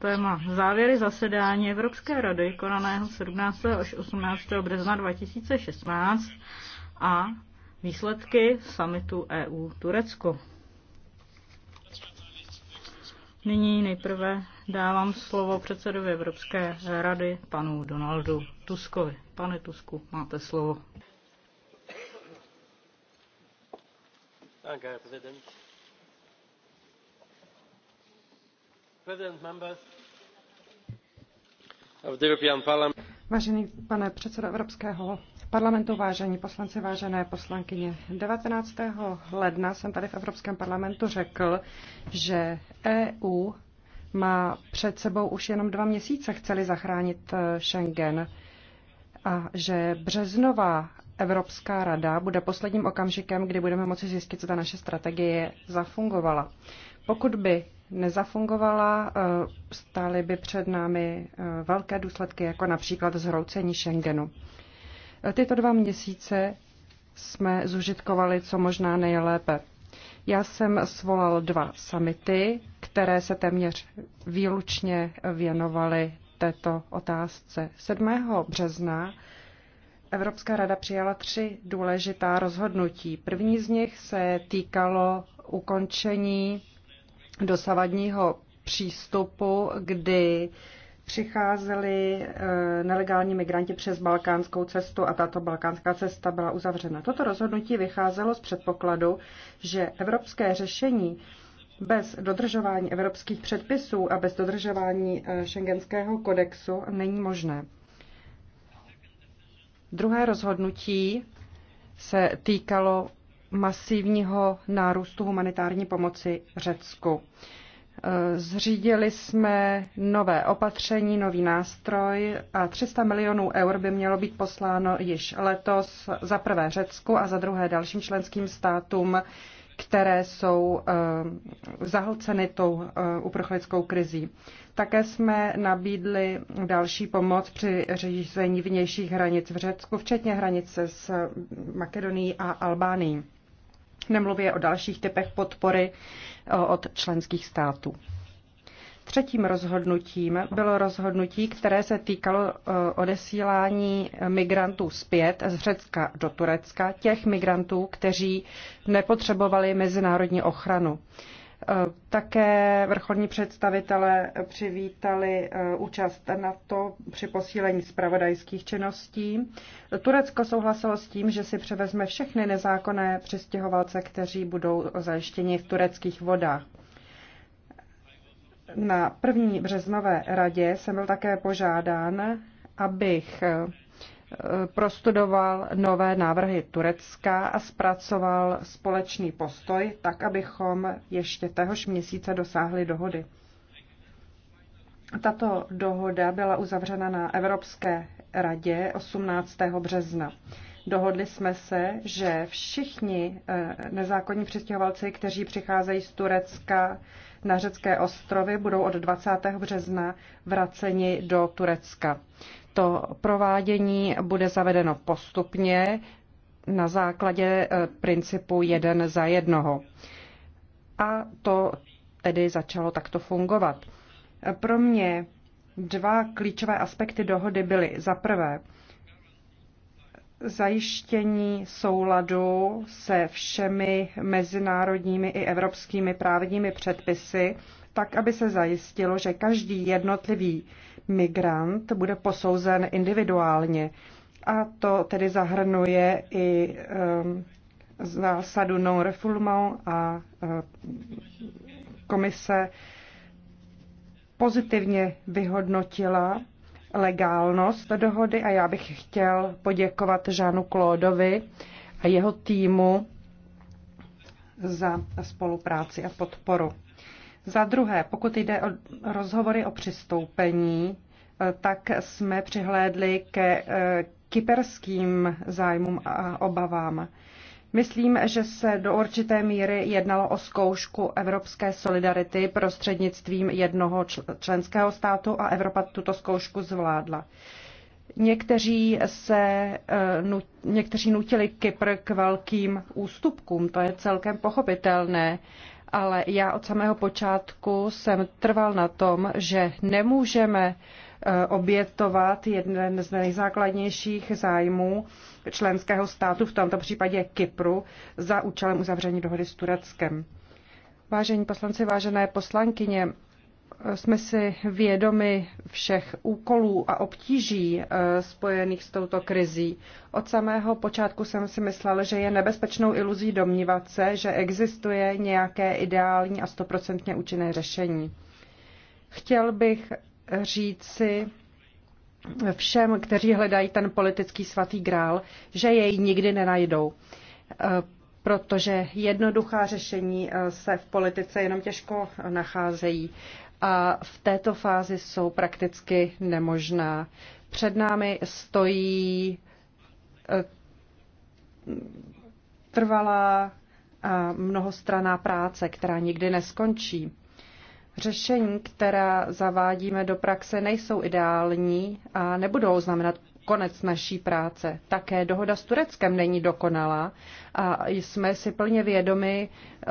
téma závěry zasedání Evropské rady konaného 17. až 18. března 2016 a výsledky summitu EU Turecko. Nyní nejprve dávám slovo předsedovi Evropské rady panu Donaldu Tuskovi. Pane Tusku, máte slovo. Danke, prezident. Vážený pane předsedo Evropského parlamentu, vážení poslanci, vážené poslankyně. 19. ledna jsem tady v Evropském parlamentu řekl, že EU má před sebou už jenom dva měsíce, chceli zachránit eh, Schengen a že březnová Evropská rada bude posledním okamžikem, kdy budeme moci zjistit, zda naše strategie zafungovala. Pokud by nezafungovala, eh, stály by před námi eh, velké důsledky, jako například zhroucení Schengenu. Eh, tyto dva měsíce jsme zužitkovali co možná nejlépe. Já jsem svolal dva samity, které se téměř výlučně věnovaly této otázce. 7. března Evropská rada přijala tři důležitá rozhodnutí. První z nich se týkalo ukončení dosavadního přístupu, kdy přicházeli eh, nelegální migranti přes balkánskou cestu a tato balkánská cesta byla uzavřena. Toto rozhodnutí vycházelo z předpokladu, že evropské řešení bez dodržování evropských předpisů a bez dodržování šengenského eh, kodexu není možné. Druhé rozhodnutí se týkalo masivního nárůstu humanitární pomoci Řecku. Zřídili jsme nové opatření, nový nástroj a 300 milionů eur by mělo být posláno již letos za prvé Řecku a za druhé dalším členským státům, které jsou eh, zahlceny tou eh, uprchlickou krizí. Také jsme nabídli další pomoc při řízení vnějších hranic v Řecku, včetně hranice s Makedonií a Albánií nemluvě o dalších typech podpory e, od členských států. Třetím rozhodnutím bylo rozhodnutí, které se týkalo e, odesílání migrantů zpět z Řecka do Turecka, těch migrantů, kteří nepotřebovali mezinárodní ochranu. Eh, také vrcholní představitelé přivítali eh, účast to při posílení zpravodajských činností. Turecko souhlasilo s tím, že si převezme všechny nezákonné přistěhovalce, kteří budou zajištěni v tureckých vodách. Na první březnové radě jsem byl také požádán, abych eh, Eh, prostudoval nové návrhy Turecka a zpracoval společný postoj, tak abychom ještě téhož měsíce dosáhli dohody. Tato dohoda byla uzavřena na Evropské radě 18. března. Dohodli jsme se, že všichni eh, nezákonní přistěhovalci, kteří přicházejí z Turecka na řecké ostrovy, budou od 20. března vraceni do Turecka. To provádění bude zavedeno postupně na základě eh, principu jeden za jednoho. A to tedy začalo takto fungovat. Eh, pro mě dva klíčové aspekty dohody byly za prvé zajištění souladu se všemi mezinárodními i evropskými právními předpisy, tak aby se zajistilo, že každý jednotlivý migrant bude posouzen individuálně. A to tedy zahrnuje i um, zásadu non refoulement a uh, komise pozitivně vyhodnotila legálnost dohody a já bych chtěl poděkovat Žánu Klódovi a jeho týmu za spolupráci a podporu. Za druhé, pokud jde o rozhovory o přistoupení, eh, tak jsme přihlédli ke eh, kyperským zájmům a obavám. Myslím, že se do určité míry jednalo o zkoušku evropské solidarity prostřednictvím jednoho členského státu a Evropa tuto zkoušku zvládla. Někteří, se, eh, někteří nutili Kypr k velkým ústupkům, to je celkem pochopitelné, ale já od samého počátku jsem trval na tom, že nemůžeme eh, obětovat jeden z nejzákladnějších zájmů členského státu, v tomto případě Kypru, za účelem uzavření dohody s Tureckem. Vážení poslanci, vážené poslankyně, jsme si vědomi všech úkolů a obtíží eh, spojených s touto krizí. Od samého počátku jsem si myslel, že je nebezpečnou iluzí domnívat se, že existuje nějaké ideální a stoprocentně účinné řešení. Chtěl bych říci všem, kteří hledají ten politický svatý grál, že jej nikdy nenajdou eh, protože jednoduchá řešení eh, se v politice jenom těžko nacházejí a v této fázi jsou prakticky nemožná. Před námi stojí e, trvalá a mnohostraná práce, která nikdy neskončí. Řešení, která zavádíme do praxe, nejsou ideální a nebudou znamenat konec naší práce. Také dohoda s Tureckem není dokonalá a jsme si plně vědomi eh,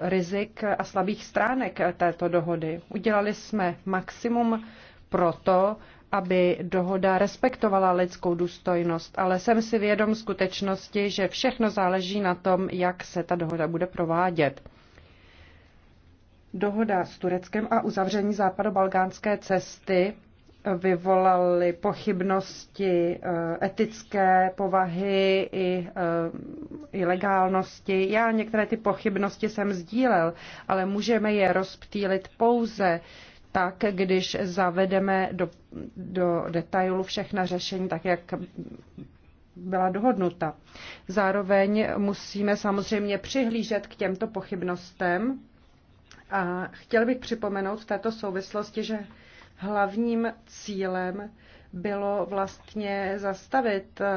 rizik a slabých stránek této dohody. Udělali jsme maximum pro to, aby dohoda respektovala lidskou důstojnost, ale jsem si vědom skutečnosti, že všechno záleží na tom, jak se ta dohoda bude provádět. Dohoda s Tureckem a uzavření západobalgánské cesty vyvolaly pochybnosti eh, etické povahy i, eh, i legálnosti. Já některé ty pochybnosti jsem sdílel, ale můžeme je rozptýlit pouze tak, když zavedeme do, do detailu všechna řešení, tak jak byla dohodnuta. Zároveň musíme samozřejmě přihlížet k těmto pochybnostem. A chtěl bych připomenout v této souvislosti, že hlavním cílem bylo vlastně zastavit eh,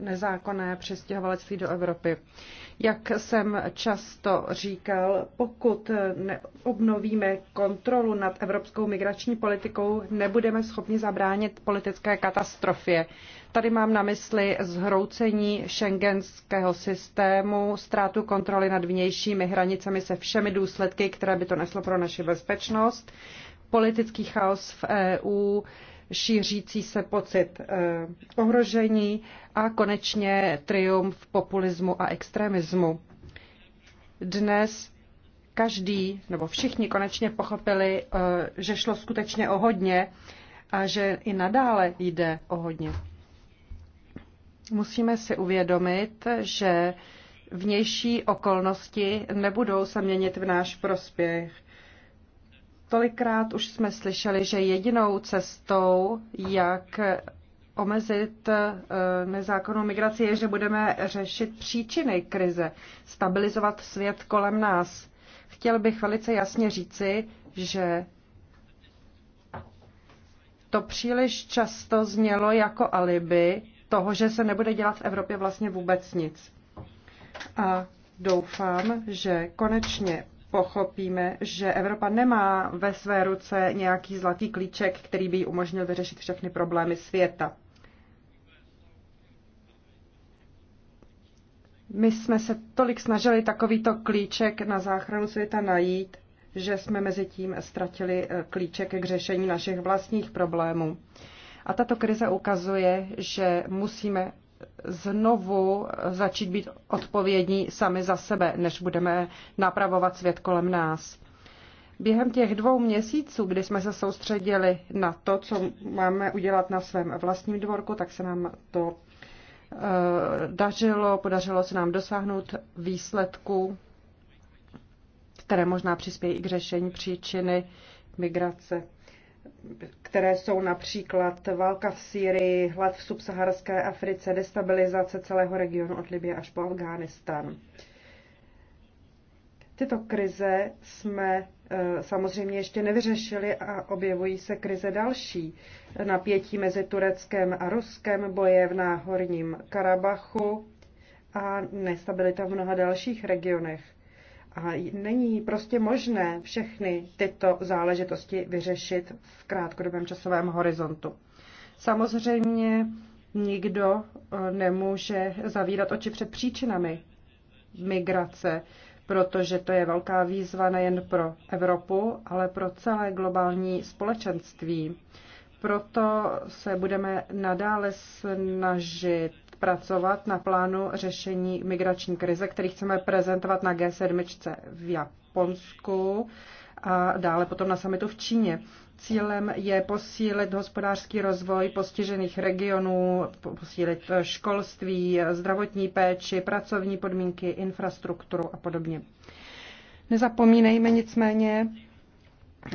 nezákonné přestěhovalectví do Evropy. Jak jsem často říkal, pokud neobnovíme kontrolu nad evropskou migrační politikou, nebudeme schopni zabránit politické katastrofě. Tady mám na mysli zhroucení šengenského systému, ztrátu kontroly nad vnějšími hranicemi se všemi důsledky, které by to neslo pro naši bezpečnost, politický chaos v EU, šířící se pocit eh, ohrožení a konečně triumf populismu a extremismu. Dnes každý nebo všichni konečně pochopili, eh, že šlo skutečně o hodně a že i nadále jde o hodně. Musíme si uvědomit, že vnější okolnosti nebudou se měnit v náš prospěch Tolikrát už jsme slyšeli, že jedinou cestou, jak omezit eh, nezákonnou migraci, je, že budeme řešit příčiny krize, stabilizovat svět kolem nás. Chtěl bych velice jasně říci, že to příliš často znělo jako alibi toho, že se nebude dělat v Evropě vlastně vůbec nic. A doufám, že konečně pochopíme, že Evropa nemá ve své ruce nějaký zlatý klíček, který by jí umožnil vyřešit všechny problémy světa. My jsme se tolik snažili takovýto klíček na záchranu světa najít, že jsme mezi tím ztratili eh, klíček k řešení našich vlastních problémů. A tato krize ukazuje, že musíme znovu začít být odpovědní sami za sebe, než budeme napravovat svět kolem nás. Během těch dvou měsíců, kdy jsme se soustředili na to, co máme udělat na svém vlastním dvorku, tak se nám to uh, dařilo, podařilo se nám dosáhnout výsledků, které možná přispějí i k řešení příčiny migrace které jsou například válka v Sýrii, hlad v subsaharské Africe, destabilizace celého regionu od Libie až po Afghánistán. Tyto krize jsme eh, samozřejmě ještě nevyřešili a objevují se krize další. Napětí mezi Tureckem a Ruskem, boje v náhorním Karabachu a nestabilita v mnoha dalších regionech. A není prostě možné všechny tyto záležitosti vyřešit v krátkodobém časovém horizontu. Samozřejmě nikdo eh, nemůže zavírat oči před příčinami migrace, protože to je velká výzva nejen pro Evropu, ale pro celé globální společenství. Proto se budeme nadále snažit pracovat na plánu řešení migrační krize, který chceme prezentovat na G7 v Japonsku a dále potom na samitu v Číně. Cílem je posílit hospodářský rozvoj postižených regionů, posílit školství, zdravotní péči, pracovní podmínky, infrastrukturu a podobně. Nezapomínejme nicméně,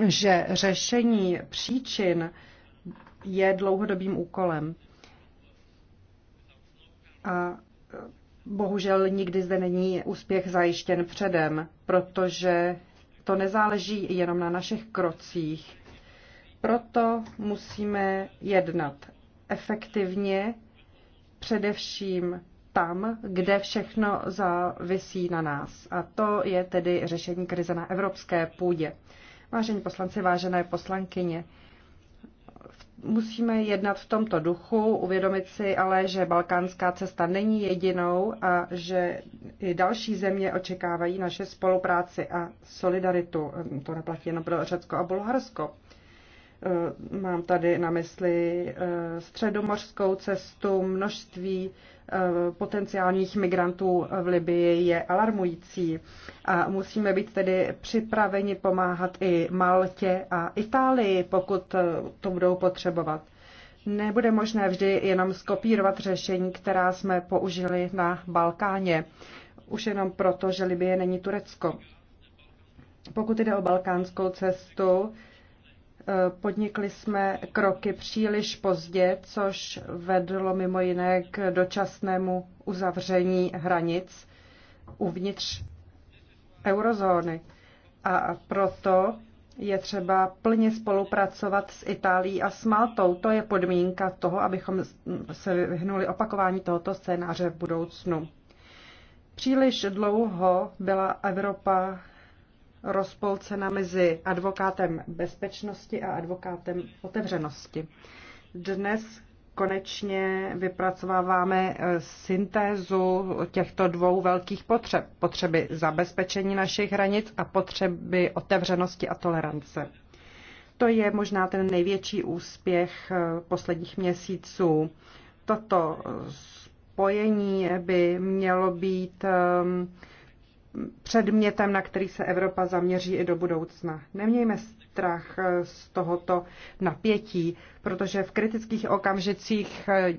že řešení příčin je dlouhodobým úkolem. A e, bohužel nikdy zde není úspěch zajištěn předem, protože to nezáleží jenom na našich krocích. Proto musíme jednat efektivně, především tam, kde všechno závisí na nás. A to je tedy řešení krize na evropské půdě. Vážení poslanci, vážené poslankyně, Musíme jednat v tomto duchu, uvědomit si ale, že balkánská cesta není jedinou a že i další země očekávají naše spolupráci a solidaritu. Ehm, to neplatí jenom pro Řecko a Bulharsko. Ehm, mám tady na mysli ehm, středomořskou cestu, množství Eh, potenciálních migrantů v Libii je alarmující. A musíme být tedy připraveni pomáhat i Maltě a Itálii, pokud eh, to budou potřebovat. Nebude možné vždy jenom skopírovat řešení, která jsme použili na Balkáně. Už jenom proto, že Libie není Turecko. Pokud jde o balkánskou cestu, Podnikli jsme kroky příliš pozdě, což vedlo mimo jiné k dočasnému uzavření hranic uvnitř eurozóny. A proto je třeba plně spolupracovat s Itálií a s Maltou. To je podmínka toho, abychom se vyhnuli opakování tohoto scénáře v budoucnu. Příliš dlouho byla Evropa rozpolcena mezi advokátem bezpečnosti a advokátem otevřenosti. Dnes konečně vypracováváme eh, syntézu těchto dvou velkých potřeb. Potřeby zabezpečení našich hranic a potřeby otevřenosti a tolerance. To je možná ten největší úspěch eh, posledních měsíců. Toto spojení by mělo být eh, předmětem, na který se Evropa zaměří i do budoucna. Nemějme strach z tohoto napětí, protože v kritických okamžicích eh,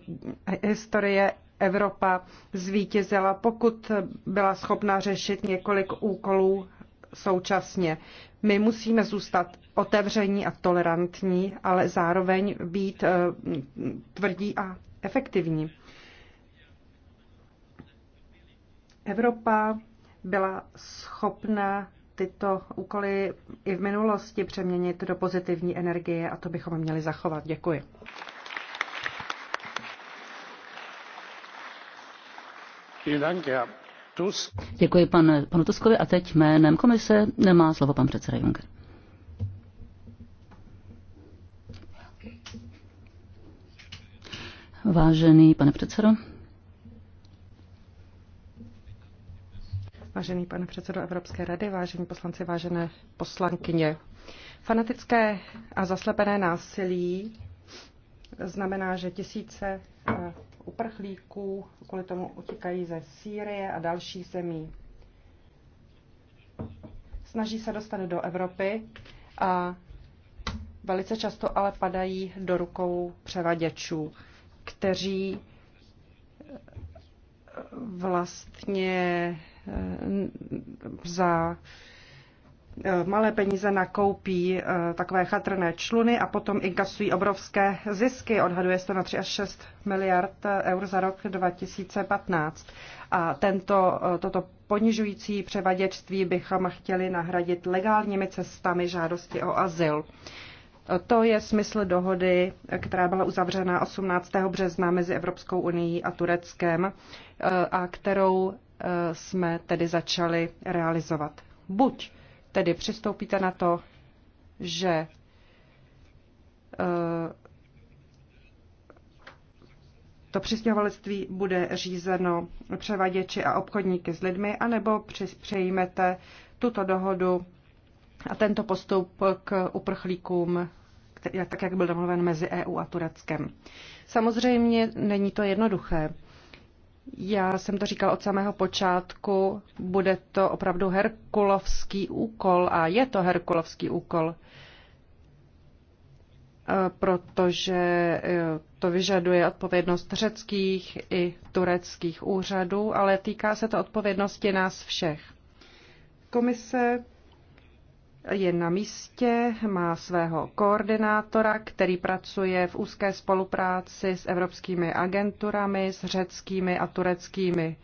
historie Evropa zvítězila, pokud byla schopna řešit několik úkolů současně. My musíme zůstat otevření a tolerantní, ale zároveň být eh, tvrdí a efektivní. Evropa byla schopna tyto úkoly i v minulosti přeměnit do pozitivní energie a to bychom měli zachovat. Děkuji. Děkuji pane, panu Tuskovi a teď jménem komise nemá slovo pan předseda Juncker. Vážený pane předsedo, Vážený pane předsedo Evropské rady, vážení poslanci, vážené poslankyně. Fanatické a zaslepené násilí znamená, že tisíce eh, uprchlíků kvůli tomu utíkají ze Sýrie a dalších zemí. Snaží se dostat do Evropy a velice často ale padají do rukou převaděčů, kteří eh, vlastně Eh, za eh, malé peníze nakoupí eh, takové chatrné čluny a potom inkasují obrovské zisky. Odhaduje se to na 3 až 6 miliard eur za rok 2015. A tento, toto ponižující převaděčství bychom chtěli nahradit legálními cestami žádosti o azyl. To je smysl dohody, která byla uzavřena 18. března mezi Evropskou unii a Tureckem a kterou Eh, jsme tedy začali realizovat. Buď tedy přistoupíte na to, že eh, to přistěhovalectví bude řízeno převaděči a obchodníky s lidmi, anebo přejmete tuto dohodu a tento postup k uprchlíkům, tak jak byl domluven mezi EU a Tureckem. Samozřejmě není to jednoduché. Já jsem to říkal od samého počátku, bude to opravdu herkulovský úkol a je to herkulovský úkol, eh, protože eh, to vyžaduje odpovědnost řeckých i tureckých úřadů, ale týká se to odpovědnosti nás všech. Komise je na místě, má svého koordinátora, který pracuje v úzké spolupráci s evropskými agenturami, s řeckými a tureckými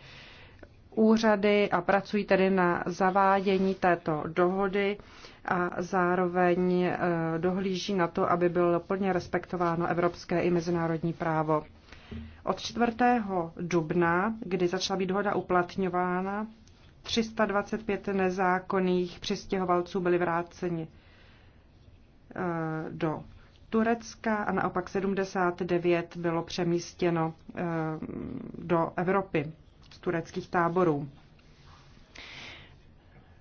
úřady a pracují tedy na zavádění této dohody a zároveň eh, dohlíží na to, aby bylo plně respektováno evropské i mezinárodní právo. Od 4. dubna, kdy začala být dohoda uplatňována, 325 nezákonných přistěhovalců byli vráceni eh, do Turecka a naopak 79 bylo přemístěno eh, do Evropy z tureckých táborů.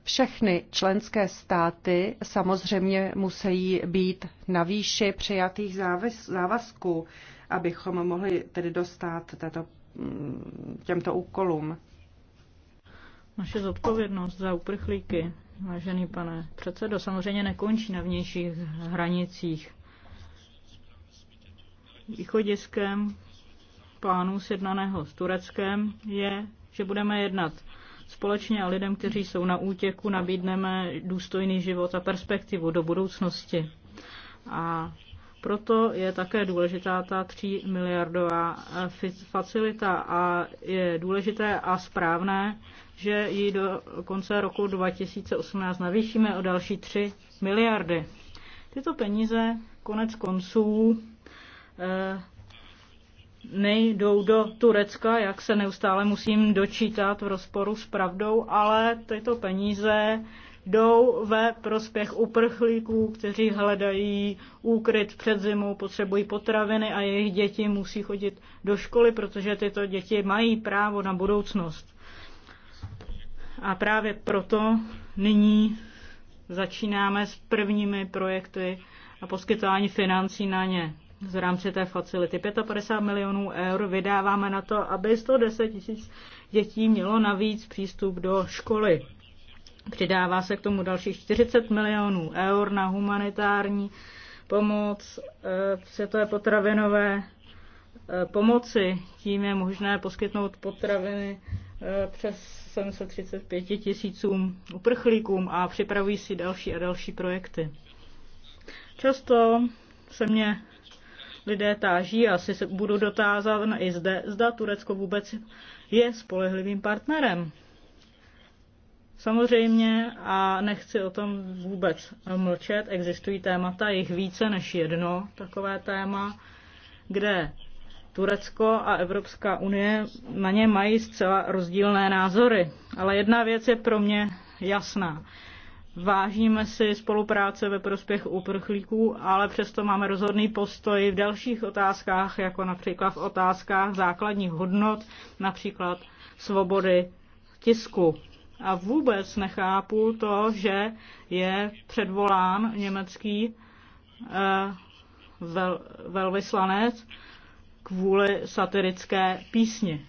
Všechny členské státy samozřejmě musí být na výši přijatých závazků, abychom mohli tedy dostat mm, těmto úkolům. Naše zodpovědnost za uprchlíky, vážený pane předsedo, samozřejmě nekončí na vnějších hranicích. Východiskem plánu sjednaného s Tureckem je, že budeme jednat společně a lidem, kteří jsou na útěku, nabídneme důstojný život a perspektivu do budoucnosti. A proto je také důležitá ta 3 miliardová facilita a je důležité a správné, že ji do konce roku 2018 navýšíme o další 3 miliardy. Tyto peníze konec konců eh, nejdou do Turecka, jak se neustále musím dočítat v rozporu s pravdou, ale tyto peníze jdou ve prospěch uprchlíků, kteří hledají úkryt před zimou, potřebují potraviny a jejich děti musí chodit do školy, protože tyto děti mají právo na budoucnost. A právě proto nyní začínáme s prvními projekty a poskytování financí na ně. Z rámci té facility 55 milionů eur vydáváme na to, aby 110 tisíc dětí mělo navíc přístup do školy. Přidává se k tomu dalších 40 milionů eur na humanitární pomoc, se eh, to je potravinové eh, pomoci. Tím je možné poskytnout potraviny Eh, přes 735 tisícům uprchlíkům a připravují si další a další projekty. Často se mě lidé táží, asi se budu dotázat i zde, zda Turecko vůbec je spolehlivým partnerem. Samozřejmě, a nechci o tom vůbec mlčet, existují témata, jich více než jedno takové téma, kde Turecko a Evropská unie na ně mají zcela rozdílné názory. Ale jedna věc je pro mě jasná. Vážíme si spolupráce ve prospěch uprchlíků, ale přesto máme rozhodný postoj v dalších otázkách, jako například v otázkách základních hodnot, například svobody tisku. A vůbec nechápu to, že je předvolán německý eh, vel, velvyslanec kvůli satirické písni.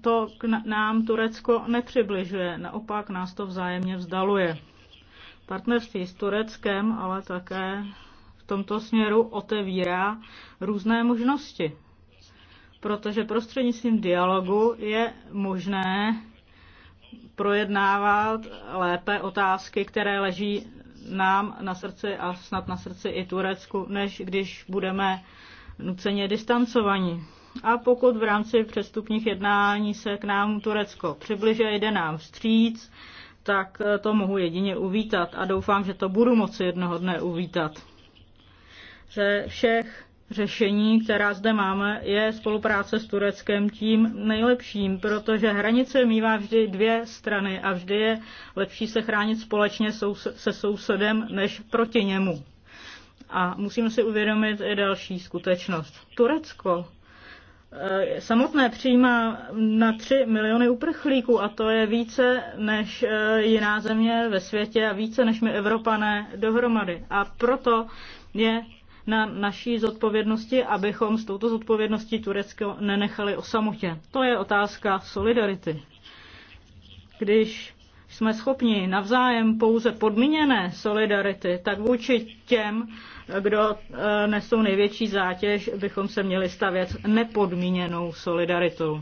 To k nám Turecko nepřibližuje, naopak nás to vzájemně vzdaluje. Partnerství s Tureckem ale také v tomto směru otevírá různé možnosti, protože prostřednictvím dialogu je možné projednávat lépe otázky, které leží nám na srdci a snad na srdci i Turecku, než když budeme nuceně distancovaní. A pokud v rámci přestupních jednání se k nám Turecko přibliže, jde nám vstříc, tak eh, to mohu jedině uvítat a doufám, že to budu moci jednoho dne uvítat. Ze všech řešení, která zde máme, je spolupráce s Tureckem tím nejlepším, protože hranice mývá vždy dvě strany a vždy je lepší se chránit společně se sousedem než proti němu. A musíme si uvědomit i další skutečnost. Turecko eh, samotné přijímá na 3 miliony uprchlíků a to je více než eh, jiná země ve světě a více než my Evropané dohromady. A proto je na naší zodpovědnosti, abychom s touto zodpovědností Turecko nenechali o samotě. To je otázka solidarity. Když jsme schopni navzájem pouze podmíněné solidarity, tak vůči těm, kdo eh, nesou největší zátěž, bychom se měli stavět nepodmíněnou solidaritou.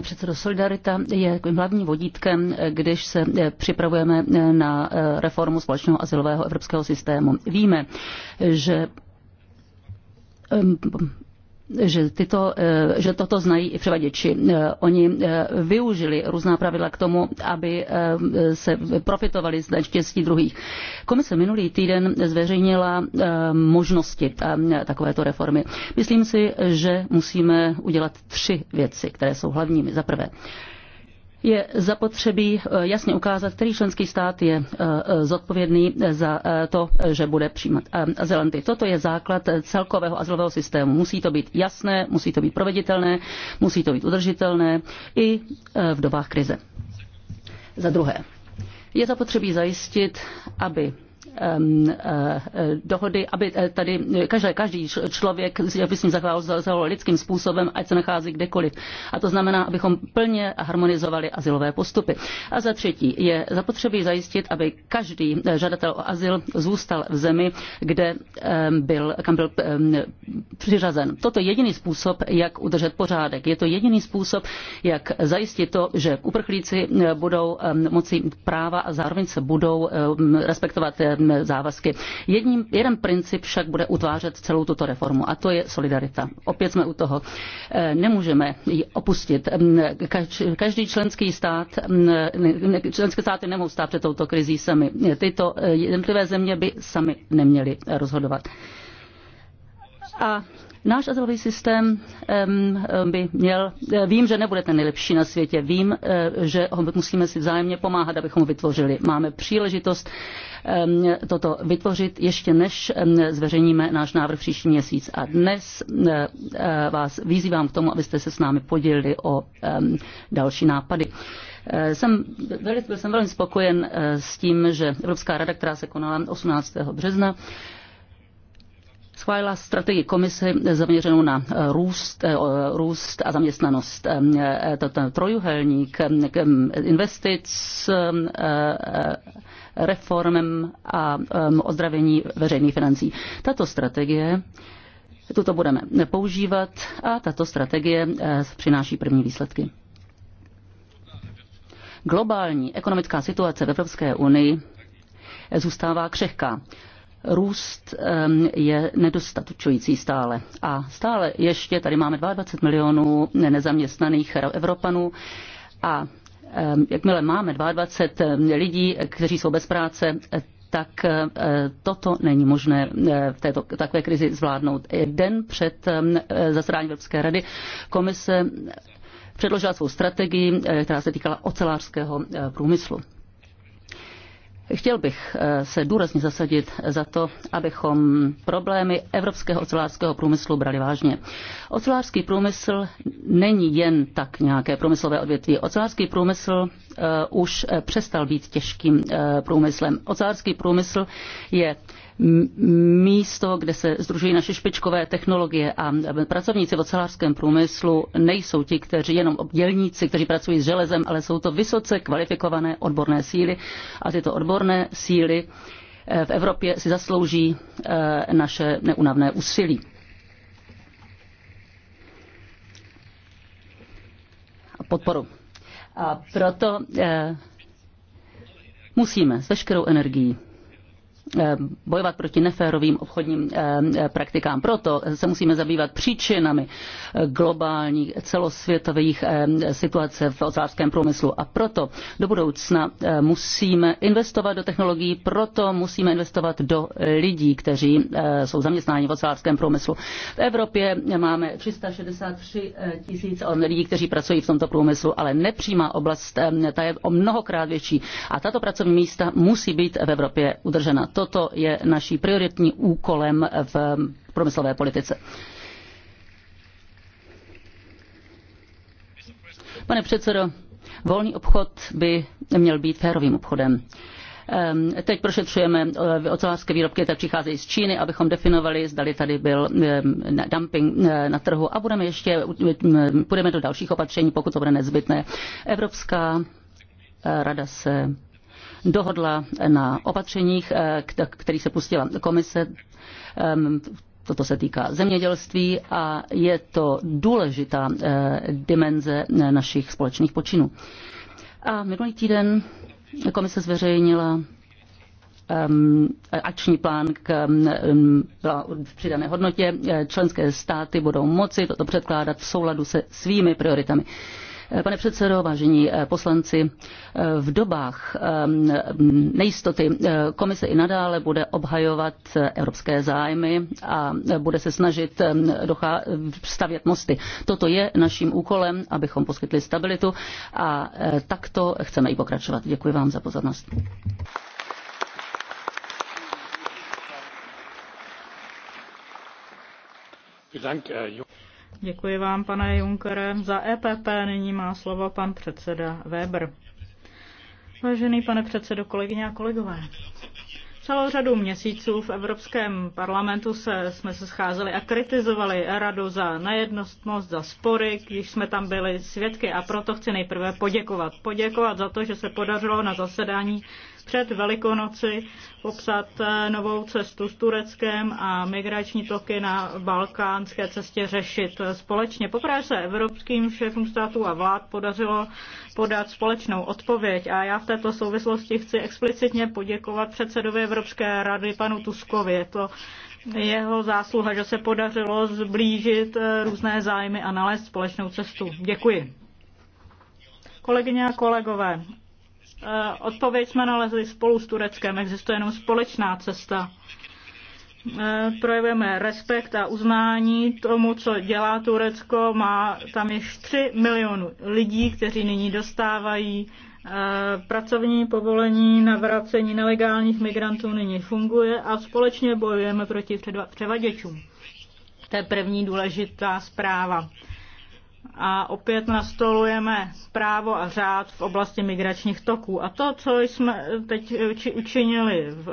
předsedo, solidarita je hlavním vodítkem, když se eh, připravujeme eh, na eh, reformu společného asilového evropského systému. Víme, že že, tyto, eh, že toto znají i převaděči. Eh, oni eh, využili různá pravidla k tomu, aby se profitovali z neštěstí druhých. Komise minulý týden zveřejnila možnosti takovéto reformy. Myslím si, že musíme udělat tři věci, které jsou hlavními. Za prvé, je zapotřebí eh, jasně ukázat, který členský stát je eh, eh, zodpovědný za to, že bude přijímat azylanty. Toto je základ celkového azylového systému. Musí to být jasné, musí to být proveditelné, musí to být udržitelné i v dobách krize. Za druhé, je zapotřebí zajistit, aby Um, eh, dohody, aby eh, tady eh, každý, každý člověk, aby s zachoval, zachoval lidským způsobem, ať se nachází kdekoliv. A to znamená, abychom plně harmonizovali asilové postupy. A za třetí je zapotřebí zajistit, aby každý žadatel o azyl zůstal v zemi, kde byl, kam byl přiřazen. Toto je jediný způsob, jak udržet pořádek. Je to jediný způsob, jak zajistit to, že uprchlíci budou moci práva a zároveň se budou respektovat závazky. Jedním, jeden princip však bude utvářet celou tuto reformu a to je solidarita. Opět jsme u toho. Eh, nemůžeme ji opustit. Mm, každý členský stát, mm, členské státy nemohou stát před touto krizí sami. Tyto eh, jednotlivé země by sami neměly rozhodovat. A Náš azylový systém by měl, e, vím, že nebude ten nejlepší na světě, vím, e, že ho musíme si vzájemně pomáhat, abychom ho vytvořili. Máme příležitost toto vytvořit, ještě než zveřejníme náš návrh příští měsíc. A dnes e, vás vyzývám k tomu, abyste se s námi podělili o další nápady. Jsem, byl jsem velmi spokojen s tím, že Evropská rada, která se konala 18. března, schválila strategii komise zaměřenou na eh, růst, eh, eh, růst a zaměstnanost. Ehm, ten trojuhelník ehm, ehm, investic, reformem a ozdravení veřejných financí. Tato strategie Tuto budeme používat a tato strategie přináší první výsledky. Globální ekonomická situace v Evropské unii zůstává křehká růst je nedostatučující stále. A stále ještě tady máme 22 milionů nezaměstnaných Evropanů a jakmile máme 22 lidí, kteří jsou bez práce, tak e, toto není možné e, v této takové krizi zvládnout. Den před zasedáním Evropské rady komise předložila svou strategii, e, která se týkala ocelářského průmyslu. Chtěl bych eh, se důrazně zasadit za to, abychom problémy evropského ocelářského průmyslu brali vážně. Ocelářský průmysl není jen tak nějaké průmyslové odvětví. Ocelářský průmysl eh, už eh, přestal být těžkým průmyslem. Ocelářský průmysl je místo, kde se združují naše špičkové technologie a pracovníci v ocelářském průmyslu nejsou ti, kteří jenom dělníci, kteří pracují s železem, ale jsou to vysoce kvalifikované odborné síly a tyto odborné síly eh, v Evropě si zaslouží eh, naše neunavné úsilí. A podporu. A proto eh, musíme s veškerou energií Eh, bojovat proti neférovým obchodním eh, eh, praktikám. Proto se musíme zabývat příčinami globální celosvětových situace v ocelářském průmyslu. A proto do budoucna musíme investovat do technologií, proto musíme investovat do lidí, kteří jsou zaměstnáni v ocelářském průmyslu. V Evropě máme 363 tisíc lidí, kteří pracují v tomto průmyslu, ale nepřímá oblast, ta je o mnohokrát větší. A tato pracovní místa musí být v Evropě udržena. To toto je naší prioritní úkolem v průmyslové politice. Pane předsedo, volný obchod by měl být férovým obchodem. Ehm, teď prošetřujeme eh, ocelářské výrobky, které přicházejí z Číny, abychom definovali, zdali tady byl ehm, dumping eh, na trhu a budeme ještě, eh, půjdeme do dalších opatření, pokud to bude nezbytné. Evropská rada se dohodla na opatřeních, eh, který se pustila komise. Ehm, toto se týká zemědělství a je to důležitá eh, dimenze eh, našich společných počinů. A minulý týden komise zveřejnila ehm, akční plán k um, v přidané hodnotě. Členské státy budou moci toto předkládat v souladu se svými prioritami. Eh, pane předsedo, vážení eh, poslanci, eh, v dobách nejistoty komise i nadále bude obhajovat evropské zájmy a bude se snažit stavět mosty. Toto je naším úkolem, abychom poskytli stabilitu a takto chceme i pokračovat. Děkuji vám za pozornost. Dank, Děkuji vám, pane Junkere. Za EPP nyní má slovo pan předseda Weber. Vážený pane předsedo, kolegyně a kolegové. Celou řadu měsíců v Evropském parlamentu se, jsme se scházeli a kritizovali radu za nejednostnost, za spory, když jsme tam byli svědky a proto chci nejprve poděkovat. Poděkovat za to, že se podařilo na zasedání před Velikonoci popsat eh, novou cestu s Tureckem a migrační toky na balkánské cestě řešit eh, společně. Poprvé se evropským šéfům států a vlád podařilo podat společnou odpověď a já v této souvislosti chci explicitně poděkovat předsedovi Evropské rady panu Tuskovi. Je to jeho zásluha, že se podařilo zblížit eh, různé zájmy a nalézt společnou cestu. Děkuji. Kolegyně a kolegové, Eh, odpověď jsme nalezli spolu s Tureckem, existuje jenom společná cesta. Eh, projevujeme respekt a uznání tomu, co dělá Turecko. Má tam již 3 miliony lidí, kteří nyní dostávají eh, pracovní povolení na vracení nelegálních migrantů nyní funguje a společně bojujeme proti převaděčům. To je první důležitá zpráva a opět nastolujeme právo a řád v oblasti migračních toků. A to, co jsme teď učinili v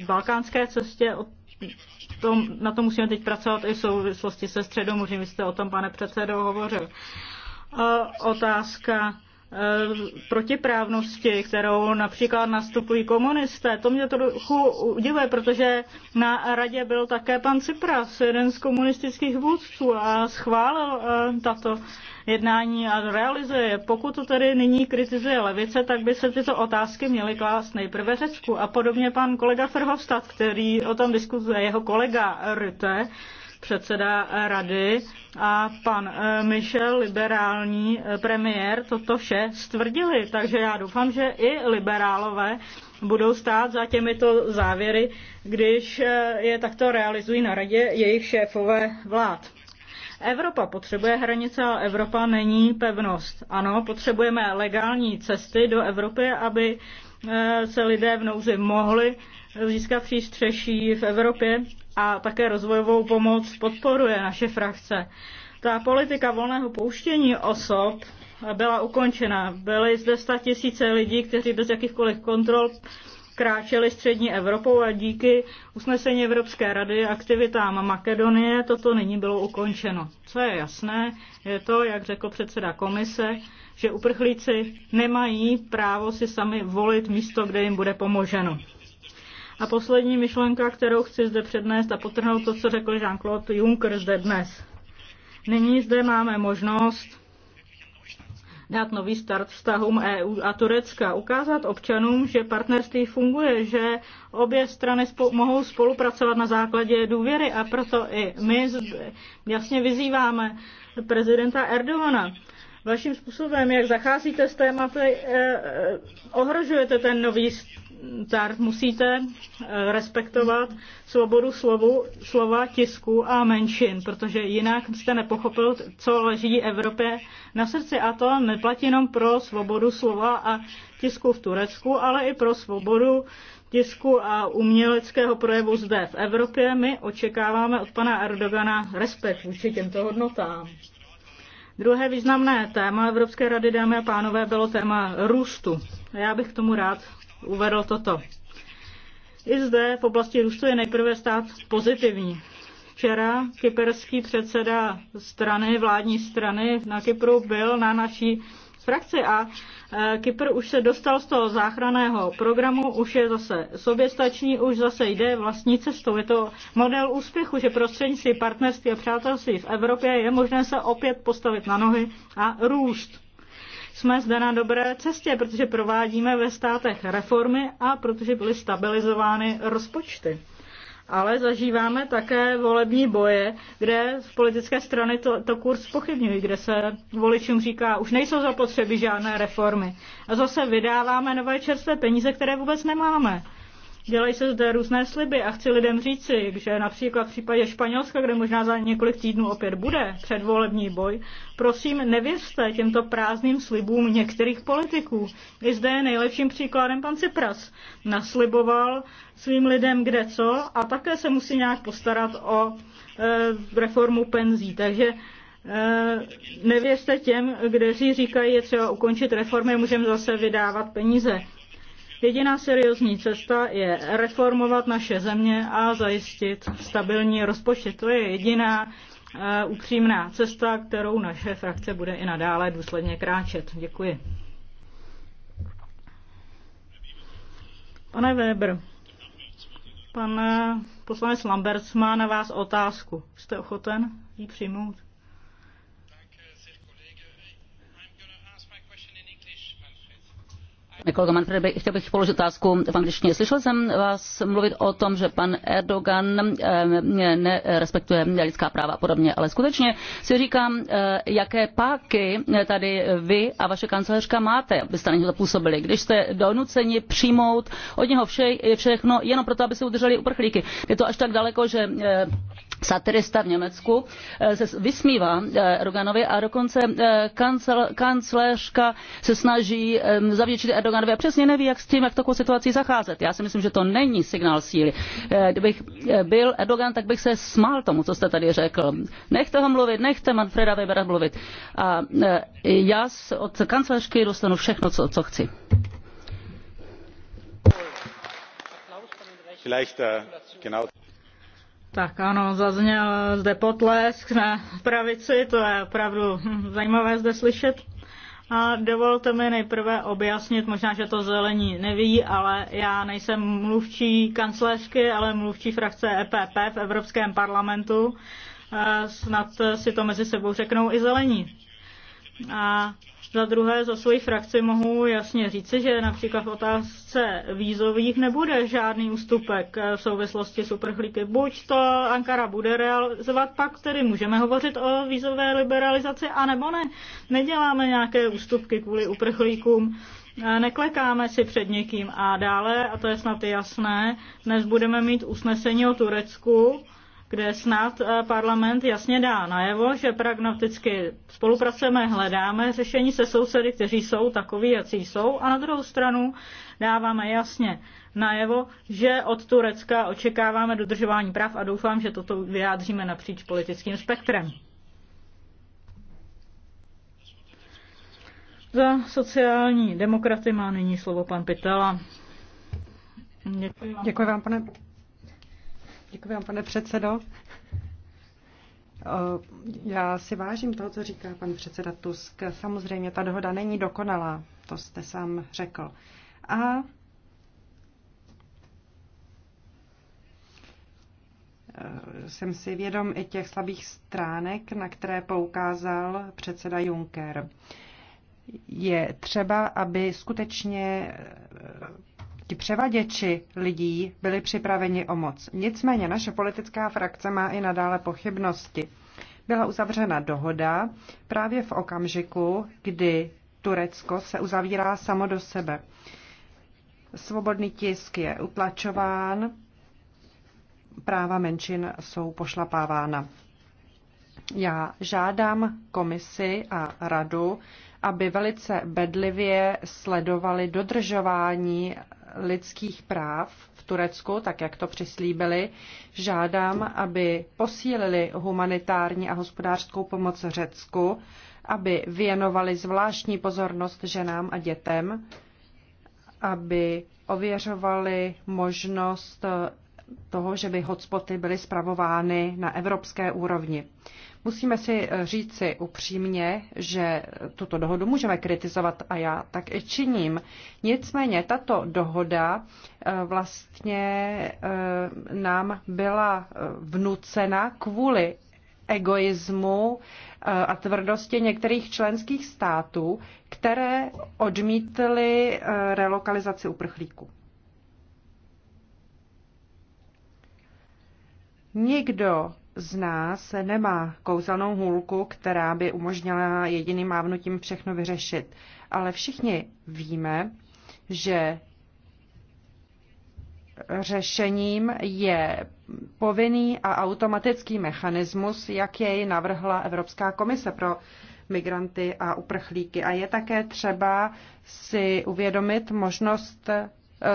eh, balkánské cestě, na to musíme teď pracovat i v souvislosti se středomořím. Vy jste o tom, pane předsedo, hovořil. Eh, otázka Eh, protiprávnosti, kterou například nastupují komunisté. To mě to trochu udivuje, protože na radě byl také pan Cipras, jeden z komunistických vůdců a schválil eh, tato jednání a realizuje je. Pokud to tedy nyní kritizuje levice, tak by se tyto otázky měly klást nejprve Řecku. A podobně pan kolega Ferhovstad, který o tom diskutuje, jeho kolega Rüte, předseda rady a pan eh, Michel, liberální eh, premiér, toto vše stvrdili. Takže já doufám, že i liberálové budou stát za těmito závěry, když eh, je takto realizují na radě jejich šéfové vlád. Evropa potřebuje hranice, ale Evropa není pevnost. Ano, potřebujeme legální cesty do Evropy, aby se lidé v nouzi mohli získat přístřeší v Evropě, a také rozvojovou pomoc podporuje naše frakce. Ta politika volného pouštění osob byla ukončena. Byly zde tisíce lidí, kteří bez jakýchkoliv kontrol kráčeli střední Evropou a díky usnesení Evropské rady aktivitám Makedonie toto nyní bylo ukončeno. Co je jasné, je to, jak řekl předseda komise, že uprchlíci nemají právo si sami volit místo, kde jim bude pomoženo. A poslední myšlenka, kterou chci zde přednést a potrhnout to, co řekl Jean-Claude Juncker zde dnes. Nyní zde máme možnost dát nový start vztahům EU a Turecka, ukázat občanům, že partnerství funguje, že obě strany spol- mohou spolupracovat na základě důvěry a proto i my jasně vyzýváme prezidenta Erdogana. Vaším způsobem, jak zacházíte s tématy, eh, eh ohrožujete ten nový tak musíte eh, respektovat svobodu slovu, slova, tisku a menšin, protože jinak jste nepochopil, co leží Evropě na srdci. A to neplatí jenom pro svobodu slova a tisku v Turecku, ale i pro svobodu tisku a uměleckého projevu zde v Evropě. My očekáváme od pana Erdogana respekt vůči těmto hodnotám. Druhé významné téma Evropské rady, dámy a pánové, bylo téma růstu. Já bych k tomu rád uvedl toto. I zde v oblasti růstu je nejprve stát pozitivní. Včera kyperský předseda strany, vládní strany na Kypru byl na naší frakci a e, Kypr už se dostal z toho záchranného programu, už je zase soběstačný, už zase jde vlastní cestou. Je to model úspěchu, že prostřednictví partnerství a přátelství v Evropě je možné se opět postavit na nohy a růst jsme zde na dobré cestě, protože provádíme ve státech reformy a protože byly stabilizovány rozpočty. Ale zažíváme také volební boje, kde z politické strany to, to kurz pochybňují, kde se voličům říká, už nejsou zapotřebí žádné reformy. A zase vydáváme nové čerstvé peníze, které vůbec nemáme. Dělají se zde různé sliby a chci lidem říci, že například v případě Španělska, kde možná za několik týdnů opět bude předvolební boj, prosím nevěřte těmto prázdným slibům některých politiků. I zde je nejlepším příkladem pan Cipras. Nasliboval svým lidem kde co a také se musí nějak postarat o e, reformu penzí. Takže e, nevěřte těm, kteří říkají, je třeba ukončit reformy, můžeme zase vydávat peníze. Jediná seriózní cesta je reformovat naše země a zajistit stabilní rozpočet. To je jediná uh, upřímná cesta, kterou naše frakce bude i nadále důsledně kráčet. Děkuji. Pane Weber, pan eh, poslanec Lamberts má na vás otázku. Jste ochoten ji přijmout? Kolego Manfred, chtěl bych položit otázku v angličtině. Slyšel jsem vás mluvit o tom, že pan Erdogan nerespektuje lidská práva a podobně, ale skutečně si říkám, jaké páky tady vy a vaše kancelářka máte, abyste na něho zapůsobili, když jste donuceni přijmout od něho vše, všechno jenom proto, aby se udrželi uprchlíky. Je to až tak daleko, že satirista v Německu eh, se vysmívá eh, Erdoganovi a dokonce eh, kancel, kancléřka se snaží zavděčit Erdoganovi a přesně neví, jak s tím, jak takovou situací zacházet. Já si myslím, že to není signál síly. Kdybych byl Erdogan, tak bych se smál tomu, co jste tady řekl. Nechte ho mluvit, nechte Manfreda Webera mluvit. A já od kancléřky dostanu všechno, co, co chci. Vielleicht, uh, genau tak ano, zazněl zde potlesk na pravici, to je opravdu zajímavé zde slyšet. A dovolte mi nejprve objasnit, možná, že to zelení neví, ale já nejsem mluvčí kancelářky, ale mluvčí frakce EPP v Evropském parlamentu. Snad si to mezi sebou řeknou i zelení. A za druhé, za svoji frakci mohu jasně říci, že například v otázce vízových nebude žádný ústupek eh, v souvislosti s uprchlíky. Buď to Ankara bude realizovat, pak tedy můžeme hovořit o vízové liberalizaci, anebo ne. Neděláme nějaké ústupky kvůli uprchlíkům eh, neklekáme si před někým a dále, a to je snad jasné, dnes budeme mít usnesení o Turecku kde snad eh, parlament jasně dá najevo, že pragmaticky spolupracujeme, hledáme řešení se sousedy, kteří jsou takoví, jací jsou, a na druhou stranu dáváme jasně najevo, že od Turecka očekáváme dodržování práv a doufám, že toto vyjádříme napříč politickým spektrem. Za sociální demokraty má nyní slovo pan Pitela. Děkuji vám. Děkuji vám, pane Děkuji vám, pane předsedo. Já si vážím toho, co říká pan předseda Tusk. Samozřejmě ta dohoda není dokonalá, to jste sám řekl. A e, jsem si vědom i těch slabých stránek, na které poukázal předseda Juncker. Je třeba, aby skutečně Ti převaděči lidí byli připraveni o moc. Nicméně naše politická frakce má i nadále pochybnosti. Byla uzavřena dohoda právě v okamžiku, kdy Turecko se uzavírá samo do sebe. Svobodný tisk je utlačován, práva menšin jsou pošlapávána. Já žádám komisi a radu, aby velice bedlivě sledovali dodržování lidských práv v Turecku, tak jak to přislíbili, žádám, aby posílili humanitární a hospodářskou pomoc Řecku, aby věnovali zvláštní pozornost ženám a dětem, aby ověřovali možnost toho, že by hotspoty byly spravovány na evropské úrovni. Musíme si eh, říci upřímně, že tuto dohodu můžeme kritizovat a já tak i činím. Nicméně tato dohoda eh, vlastně eh, nám byla vnucena kvůli egoismu a tvrdosti některých členských států, které odmítly relokalizaci uprchlíků. Nikdo z nás nemá kouzelnou hůlku, která by umožnila jediným mávnutím všechno vyřešit. Ale všichni víme, že řešením je povinný a automatický mechanismus, jak jej navrhla Evropská komise pro migranty a uprchlíky. A je také třeba si uvědomit možnost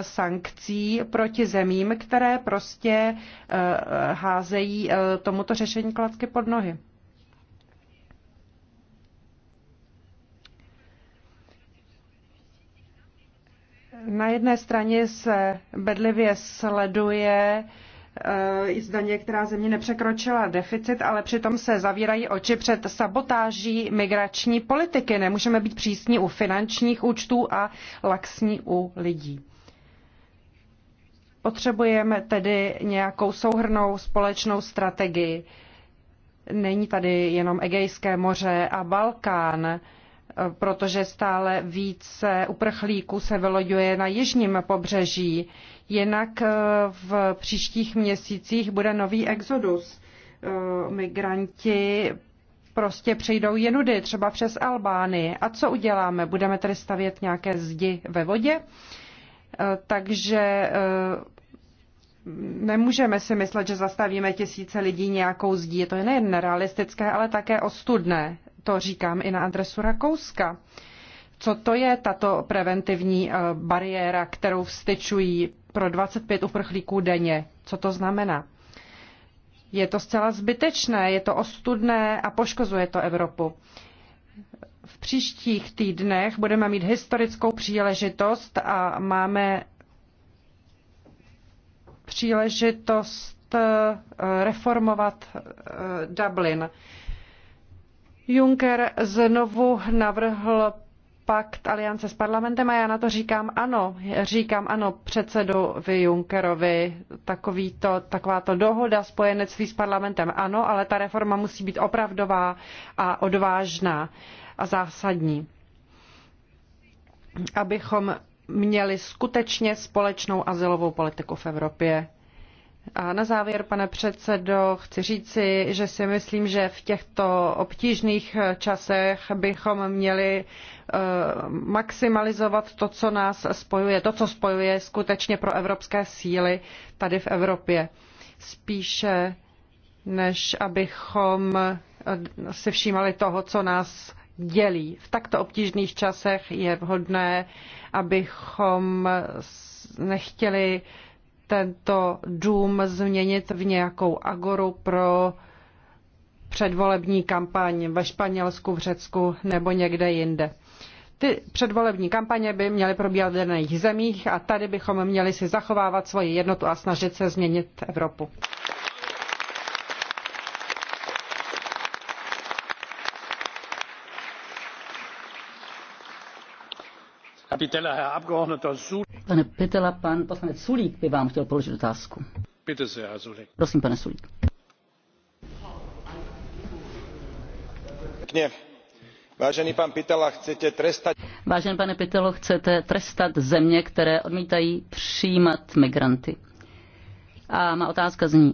sankcí proti zemím, které prostě eh, házejí eh, tomuto řešení klacky pod nohy. Na jedné straně se bedlivě sleduje eh, zda některá země nepřekročila deficit, ale přitom se zavírají oči před sabotáží migrační politiky. Nemůžeme být přísní u finančních účtů a laxní u lidí. Potřebujeme tedy nějakou souhrnou společnou strategii. Není tady jenom Egejské moře a Balkán, protože stále více uprchlíků se vyloďuje na jižním pobřeží. Jinak eh, v příštích měsících bude nový exodus. Eh, migranti prostě přejdou jenudy, třeba přes Albány. A co uděláme? Budeme tedy stavět nějaké zdi ve vodě? Eh, takže eh, nemůžeme si myslet, že zastavíme tisíce lidí nějakou zdí. To je nejen nerealistické, ale také ostudné. To říkám i na adresu Rakouska. Co to je tato preventivní eh, bariéra, kterou vstyčují pro 25 uprchlíků denně? Co to znamená? Je to zcela zbytečné, je to ostudné a poškozuje to Evropu příštích týdnech budeme mít historickou příležitost a máme příležitost eh, reformovat eh, Dublin. Juncker znovu navrhl pakt aliance s parlamentem a já na to říkám ano. Říkám ano předsedovi Junckerovi, takovýto, takováto dohoda spojenectví s parlamentem ano, ale ta reforma musí být opravdová a odvážná. Uh, a zásadní. Abychom měli skutečně společnou azylovou politiku v Evropě. A na závěr, pane předsedo, chci říci, že si myslím, že v těchto obtížných časech bychom měli eh, maximalizovat to, co nás spojuje, to, co spojuje skutečně pro evropské síly tady v Evropě. Spíše než abychom eh, si všímali toho, co nás dělí. V takto obtížných časech je vhodné, abychom nechtěli tento dům změnit v nějakou agoru pro předvolební kampaň ve Španělsku, v Řecku nebo někde jinde. Ty předvolební kampaně by měly probíhat v daných zemích a tady bychom měli si zachovávat svoji jednotu a snažit se změnit Evropu. Pane Pitela, pan poslanec Sulík by vám chtěl položit otázku. Prosím, pane Sulík. Pěkně. Vážený pan Pitela, chcete trestat... Vážený pane Pitelo, chcete trestat země, které odmítají přijímat migranty. A má otázka zní,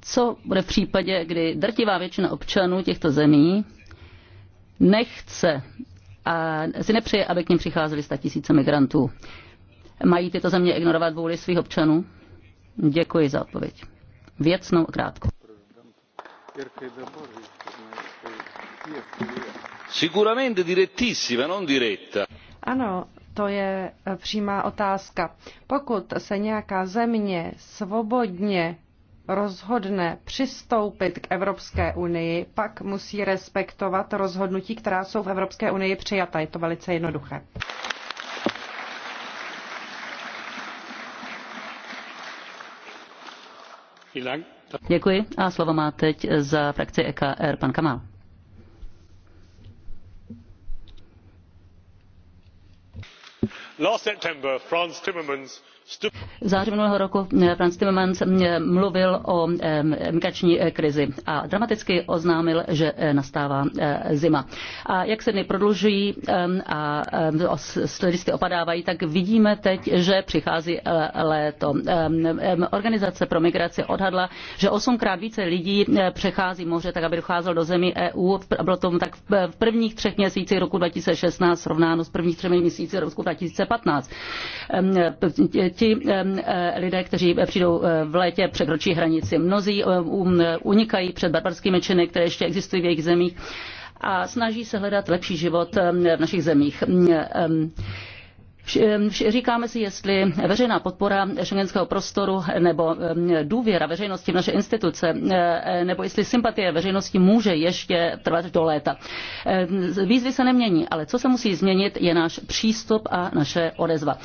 co bude v případě, kdy drtivá většina občanů těchto zemí nechce a si nepřeje, aby k ním přicházeli sta tisíce migrantů. Mají tyto země ignorovat vůli svých občanů? Děkuji za odpověď. Věcnou a krátko. non diretta. Ano, to je eh, přímá otázka. Pokud se nějaká země svobodně rozhodne přistoupit k Evropské unii, pak musí respektovat rozhodnutí, která jsou v Evropské unii přijata. Je to velice jednoduché. Děkuji a slovo má teď za frakci EKR pan Kamal. Last September, Franz Timmermans v září minulého roku eh, Franz Timmermans eh, mluvil o eh, migrační krizi a dramaticky oznámil, že nastává zima. A jak se dny prodlužují a sledisty opadávají, tak vidíme teď, že přichází léto. Organizace pro migraci odhadla, že osmkrát více lidí přechází moře, tak aby docházelo do zemí EU. Bylo tomu tak v prvních třech měsících roku 2016 srovnáno s prvních třemi měsíci roku 2015 ti lidé, kteří přijdou eh, v létě, překročí hranici. Mnozí eh, um, unikají před barbarskými činy, které ještě existují v jejich zemích a snaží se hledat lepší život v našich zemích. Říkáme si, jestli veřejná podpora šengenského prostoru nebo důvěra veřejnosti v naše instituce, e, e, nebo jestli sympatie veřejnosti může ještě trvat do léta. E, výzvy se nemění, ale co se musí změnit, je náš přístup a naše odezva.